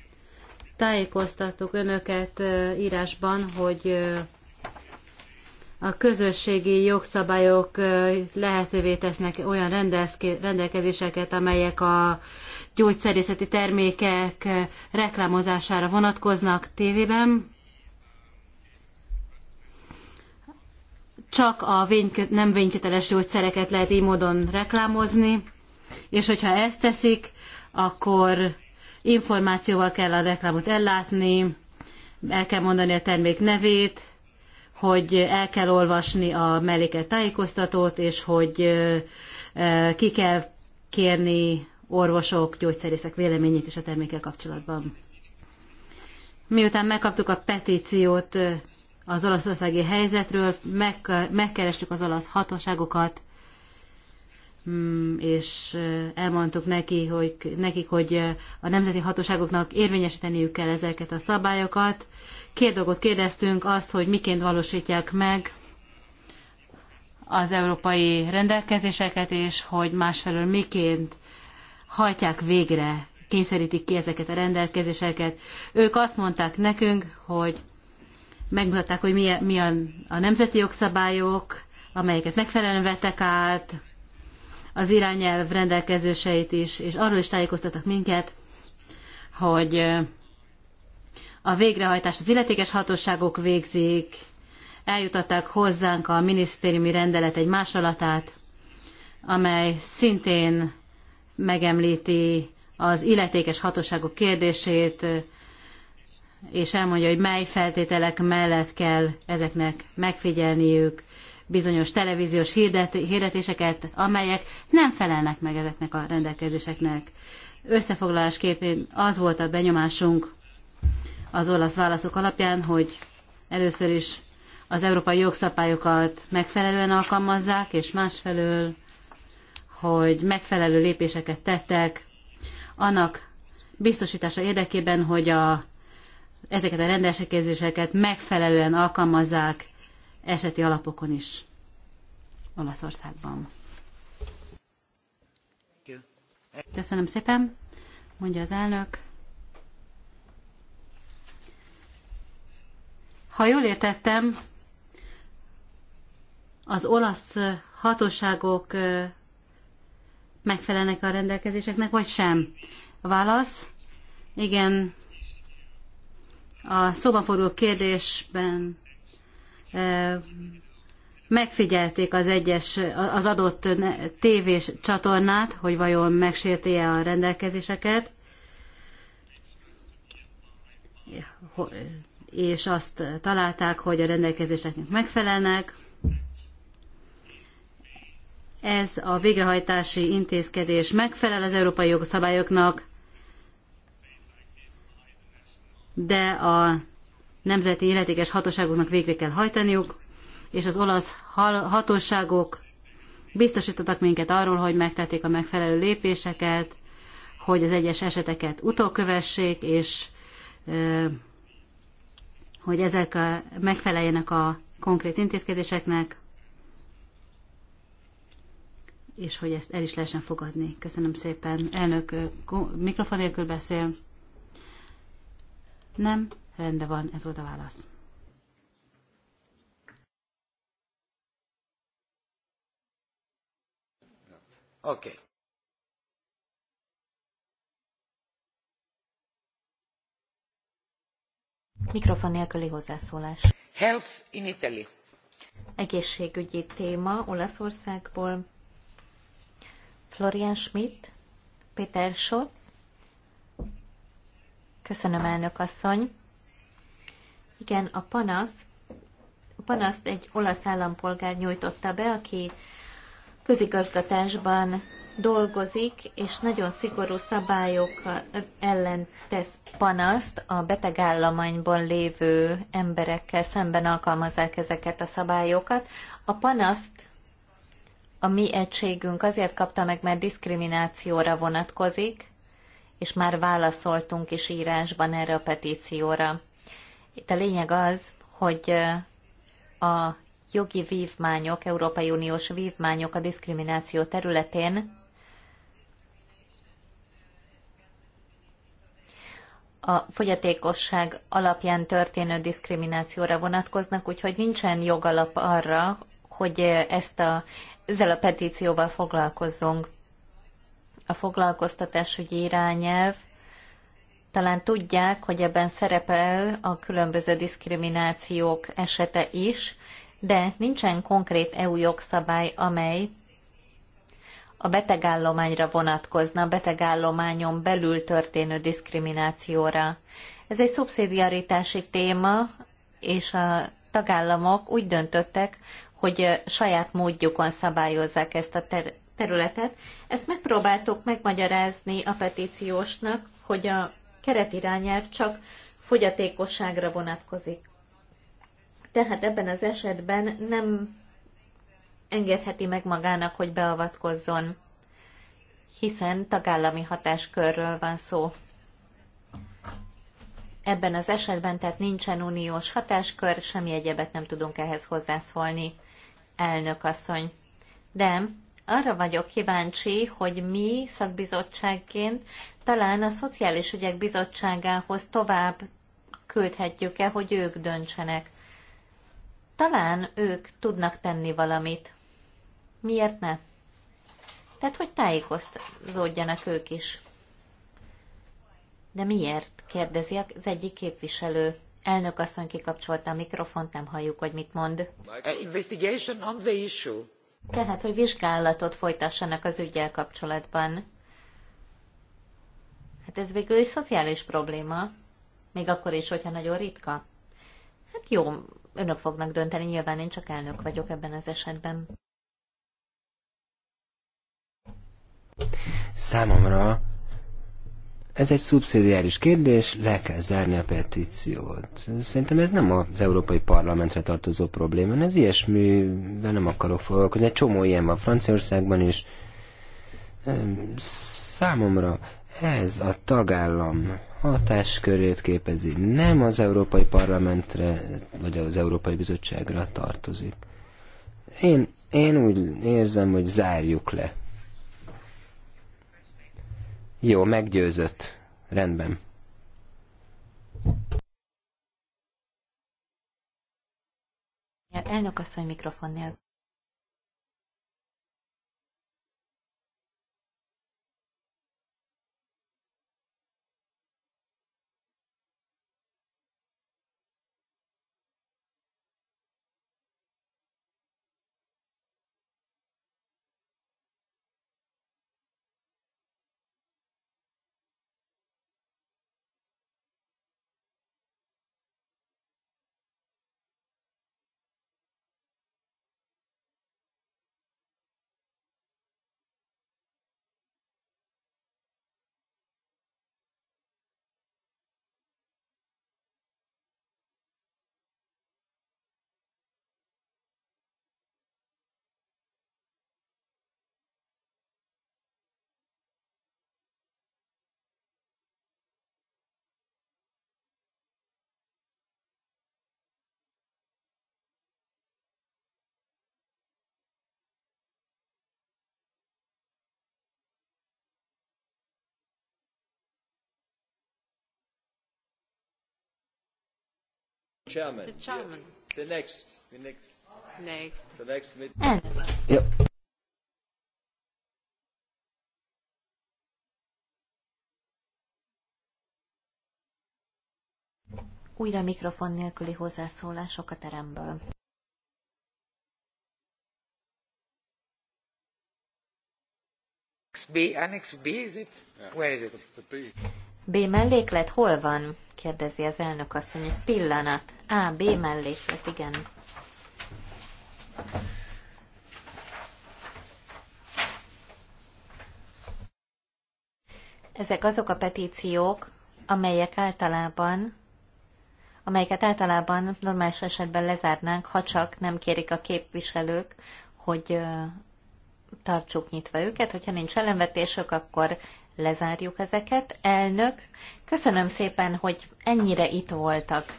Tájékoztattuk önöket írásban, hogy a közösségi jogszabályok lehetővé tesznek olyan rendelkezéseket, amelyek a gyógyszerészeti termékek reklámozására vonatkoznak tévében. Csak a vénykö, nem vényköteles gyógyszereket lehet így módon reklámozni, és hogyha ezt teszik, akkor információval kell a reklámot ellátni, el kell mondani a termék nevét, hogy el kell olvasni a melléket tájékoztatót, és hogy ki kell kérni orvosok, gyógyszerészek véleményét is a termékkel kapcsolatban. Miután megkaptuk a petíciót az olaszországi helyzetről, megkerestük az olasz hatóságokat, Mm, és elmondtuk neki, hogy, nekik, hogy a nemzeti hatóságoknak érvényesíteniük kell ezeket a szabályokat. Két dolgot kérdeztünk, azt, hogy miként valósítják meg az európai rendelkezéseket, és hogy másfelől miként hajtják végre, kényszerítik ki ezeket a rendelkezéseket. Ők azt mondták nekünk, hogy megmutatták, hogy milyen milyen a nemzeti jogszabályok, amelyeket megfelelően vettek át, az irányelv rendelkezéseit is, és arról is tájékoztattak minket, hogy a végrehajtást az illetékes hatóságok végzik, eljutatták hozzánk a minisztériumi rendelet egy másolatát, amely szintén megemlíti az illetékes hatóságok kérdését, és elmondja, hogy mely feltételek mellett kell ezeknek megfigyelniük, bizonyos televíziós hirdetéseket, amelyek nem felelnek meg ezeknek a rendelkezéseknek. Összefoglalásképpen az volt a benyomásunk az olasz válaszok alapján, hogy először is az európai jogszabályokat megfelelően alkalmazzák, és másfelől, hogy megfelelő lépéseket tettek annak biztosítása érdekében, hogy a, ezeket a rendelkezéseket megfelelően alkalmazzák eseti alapokon is Olaszországban. Köszönöm szépen, mondja az elnök. Ha jól értettem, az olasz hatóságok megfelelnek a rendelkezéseknek, vagy sem? válasz? Igen. A szóban forduló kérdésben megfigyelték az egyes, az adott tévés csatornát, hogy vajon megsérti-e a rendelkezéseket, és azt találták, hogy a rendelkezéseknek megfelelnek. Ez a végrehajtási intézkedés megfelel az európai jogszabályoknak, de a nemzeti illetékes hatóságoknak végre kell hajtaniuk, és az olasz hatóságok biztosítottak minket arról, hogy megtették a megfelelő lépéseket, hogy az egyes eseteket utókövessék, és hogy ezek a, megfeleljenek a konkrét intézkedéseknek, és hogy ezt el is lehessen fogadni. Köszönöm szépen. Elnök mikrofon nélkül beszél. Nem? Rendben van, ez volt a válasz. Oké. Okay. Mikrofon nélküli hozzászólás. Health in Italy. Egészségügyi téma Olaszországból. Florian Schmidt, Péter Schott. Köszönöm, elnök asszony. Igen, a panasz, a panaszt egy olasz állampolgár nyújtotta be, aki közigazgatásban dolgozik, és nagyon szigorú szabályok ellen tesz panaszt, a beteg állományban lévő emberekkel szemben alkalmazák ezeket a szabályokat. A panaszt a mi egységünk azért kapta meg, mert diszkriminációra vonatkozik, és már válaszoltunk is írásban erre a petícióra. Itt a lényeg az, hogy a jogi vívmányok, Európai Uniós vívmányok a diszkrimináció területén a fogyatékosság alapján történő diszkriminációra vonatkoznak, úgyhogy nincsen jogalap arra, hogy ezt a, ezzel a petícióval foglalkozzunk. A foglalkoztatásügyi irányelv talán tudják, hogy ebben szerepel a különböző diszkriminációk esete is, de nincsen konkrét EU jogszabály, amely a betegállományra vonatkozna, a betegállományon belül történő diszkriminációra. Ez egy szubszidiaritási téma, és a tagállamok úgy döntöttek, hogy saját módjukon szabályozzák ezt a területet. Ezt megpróbáltuk megmagyarázni a petíciósnak, hogy a keretirányelv csak fogyatékosságra vonatkozik. Tehát ebben az esetben nem engedheti meg magának, hogy beavatkozzon, hiszen tagállami hatáskörről van szó. Ebben az esetben tehát nincsen uniós hatáskör, semmi egyebet nem tudunk ehhez hozzászólni, elnök asszony. De arra vagyok kíváncsi, hogy mi szakbizottságként talán a Szociális Ügyek Bizottságához tovább küldhetjük-e, hogy ők döntsenek. Talán ők tudnak tenni valamit. Miért ne? Tehát, hogy tájékozódjanak ők is. De miért? kérdezi az egyik képviselő. Elnök asszony kikapcsolta a mikrofont, nem halljuk, hogy mit mond. Uh, investigation on the issue. Tehát, hogy vizsgálatot folytassanak az ügyel kapcsolatban. Hát ez végül egy szociális probléma, még akkor is, hogyha nagyon ritka. Hát jó, önök fognak dönteni, nyilván én csak elnök vagyok ebben az esetben. Számomra ez egy szubszidiáris kérdés, le kell zárni a petíciót. Szerintem ez nem az Európai Parlamentre tartozó probléma, ez ilyesmivel nem akarok foglalkozni. Egy csomó ilyen van Franciaországban is. Számomra ez a tagállam hatáskörét képezi, nem az Európai Parlamentre vagy az Európai Bizottságra tartozik. Én, én úgy érzem, hogy zárjuk le jó, meggyőzött. Rendben. Elnök asszony mikrofon nélkül. Chairman. The chairman. The next. The next. Next. The next meeting. Eh. Yep. Újra mikrofon nélküli hozzászólások a teremből. Annex B, Annex B is it? Yeah. Where is it? The B. B melléklet hol van? kérdezi az elnök asszony. Egy pillanat. A, B melléklet, igen. Ezek azok a petíciók, amelyek általában, amelyeket általában normális esetben lezárnánk, ha csak nem kérik a képviselők, hogy tartsuk nyitva őket, hogyha nincs ellenvetésük, akkor lezárjuk ezeket. Elnök, köszönöm szépen, hogy ennyire itt voltak.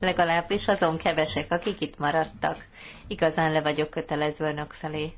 Legalábbis azon kevesek, akik itt maradtak. Igazán le vagyok kötelező önök felé.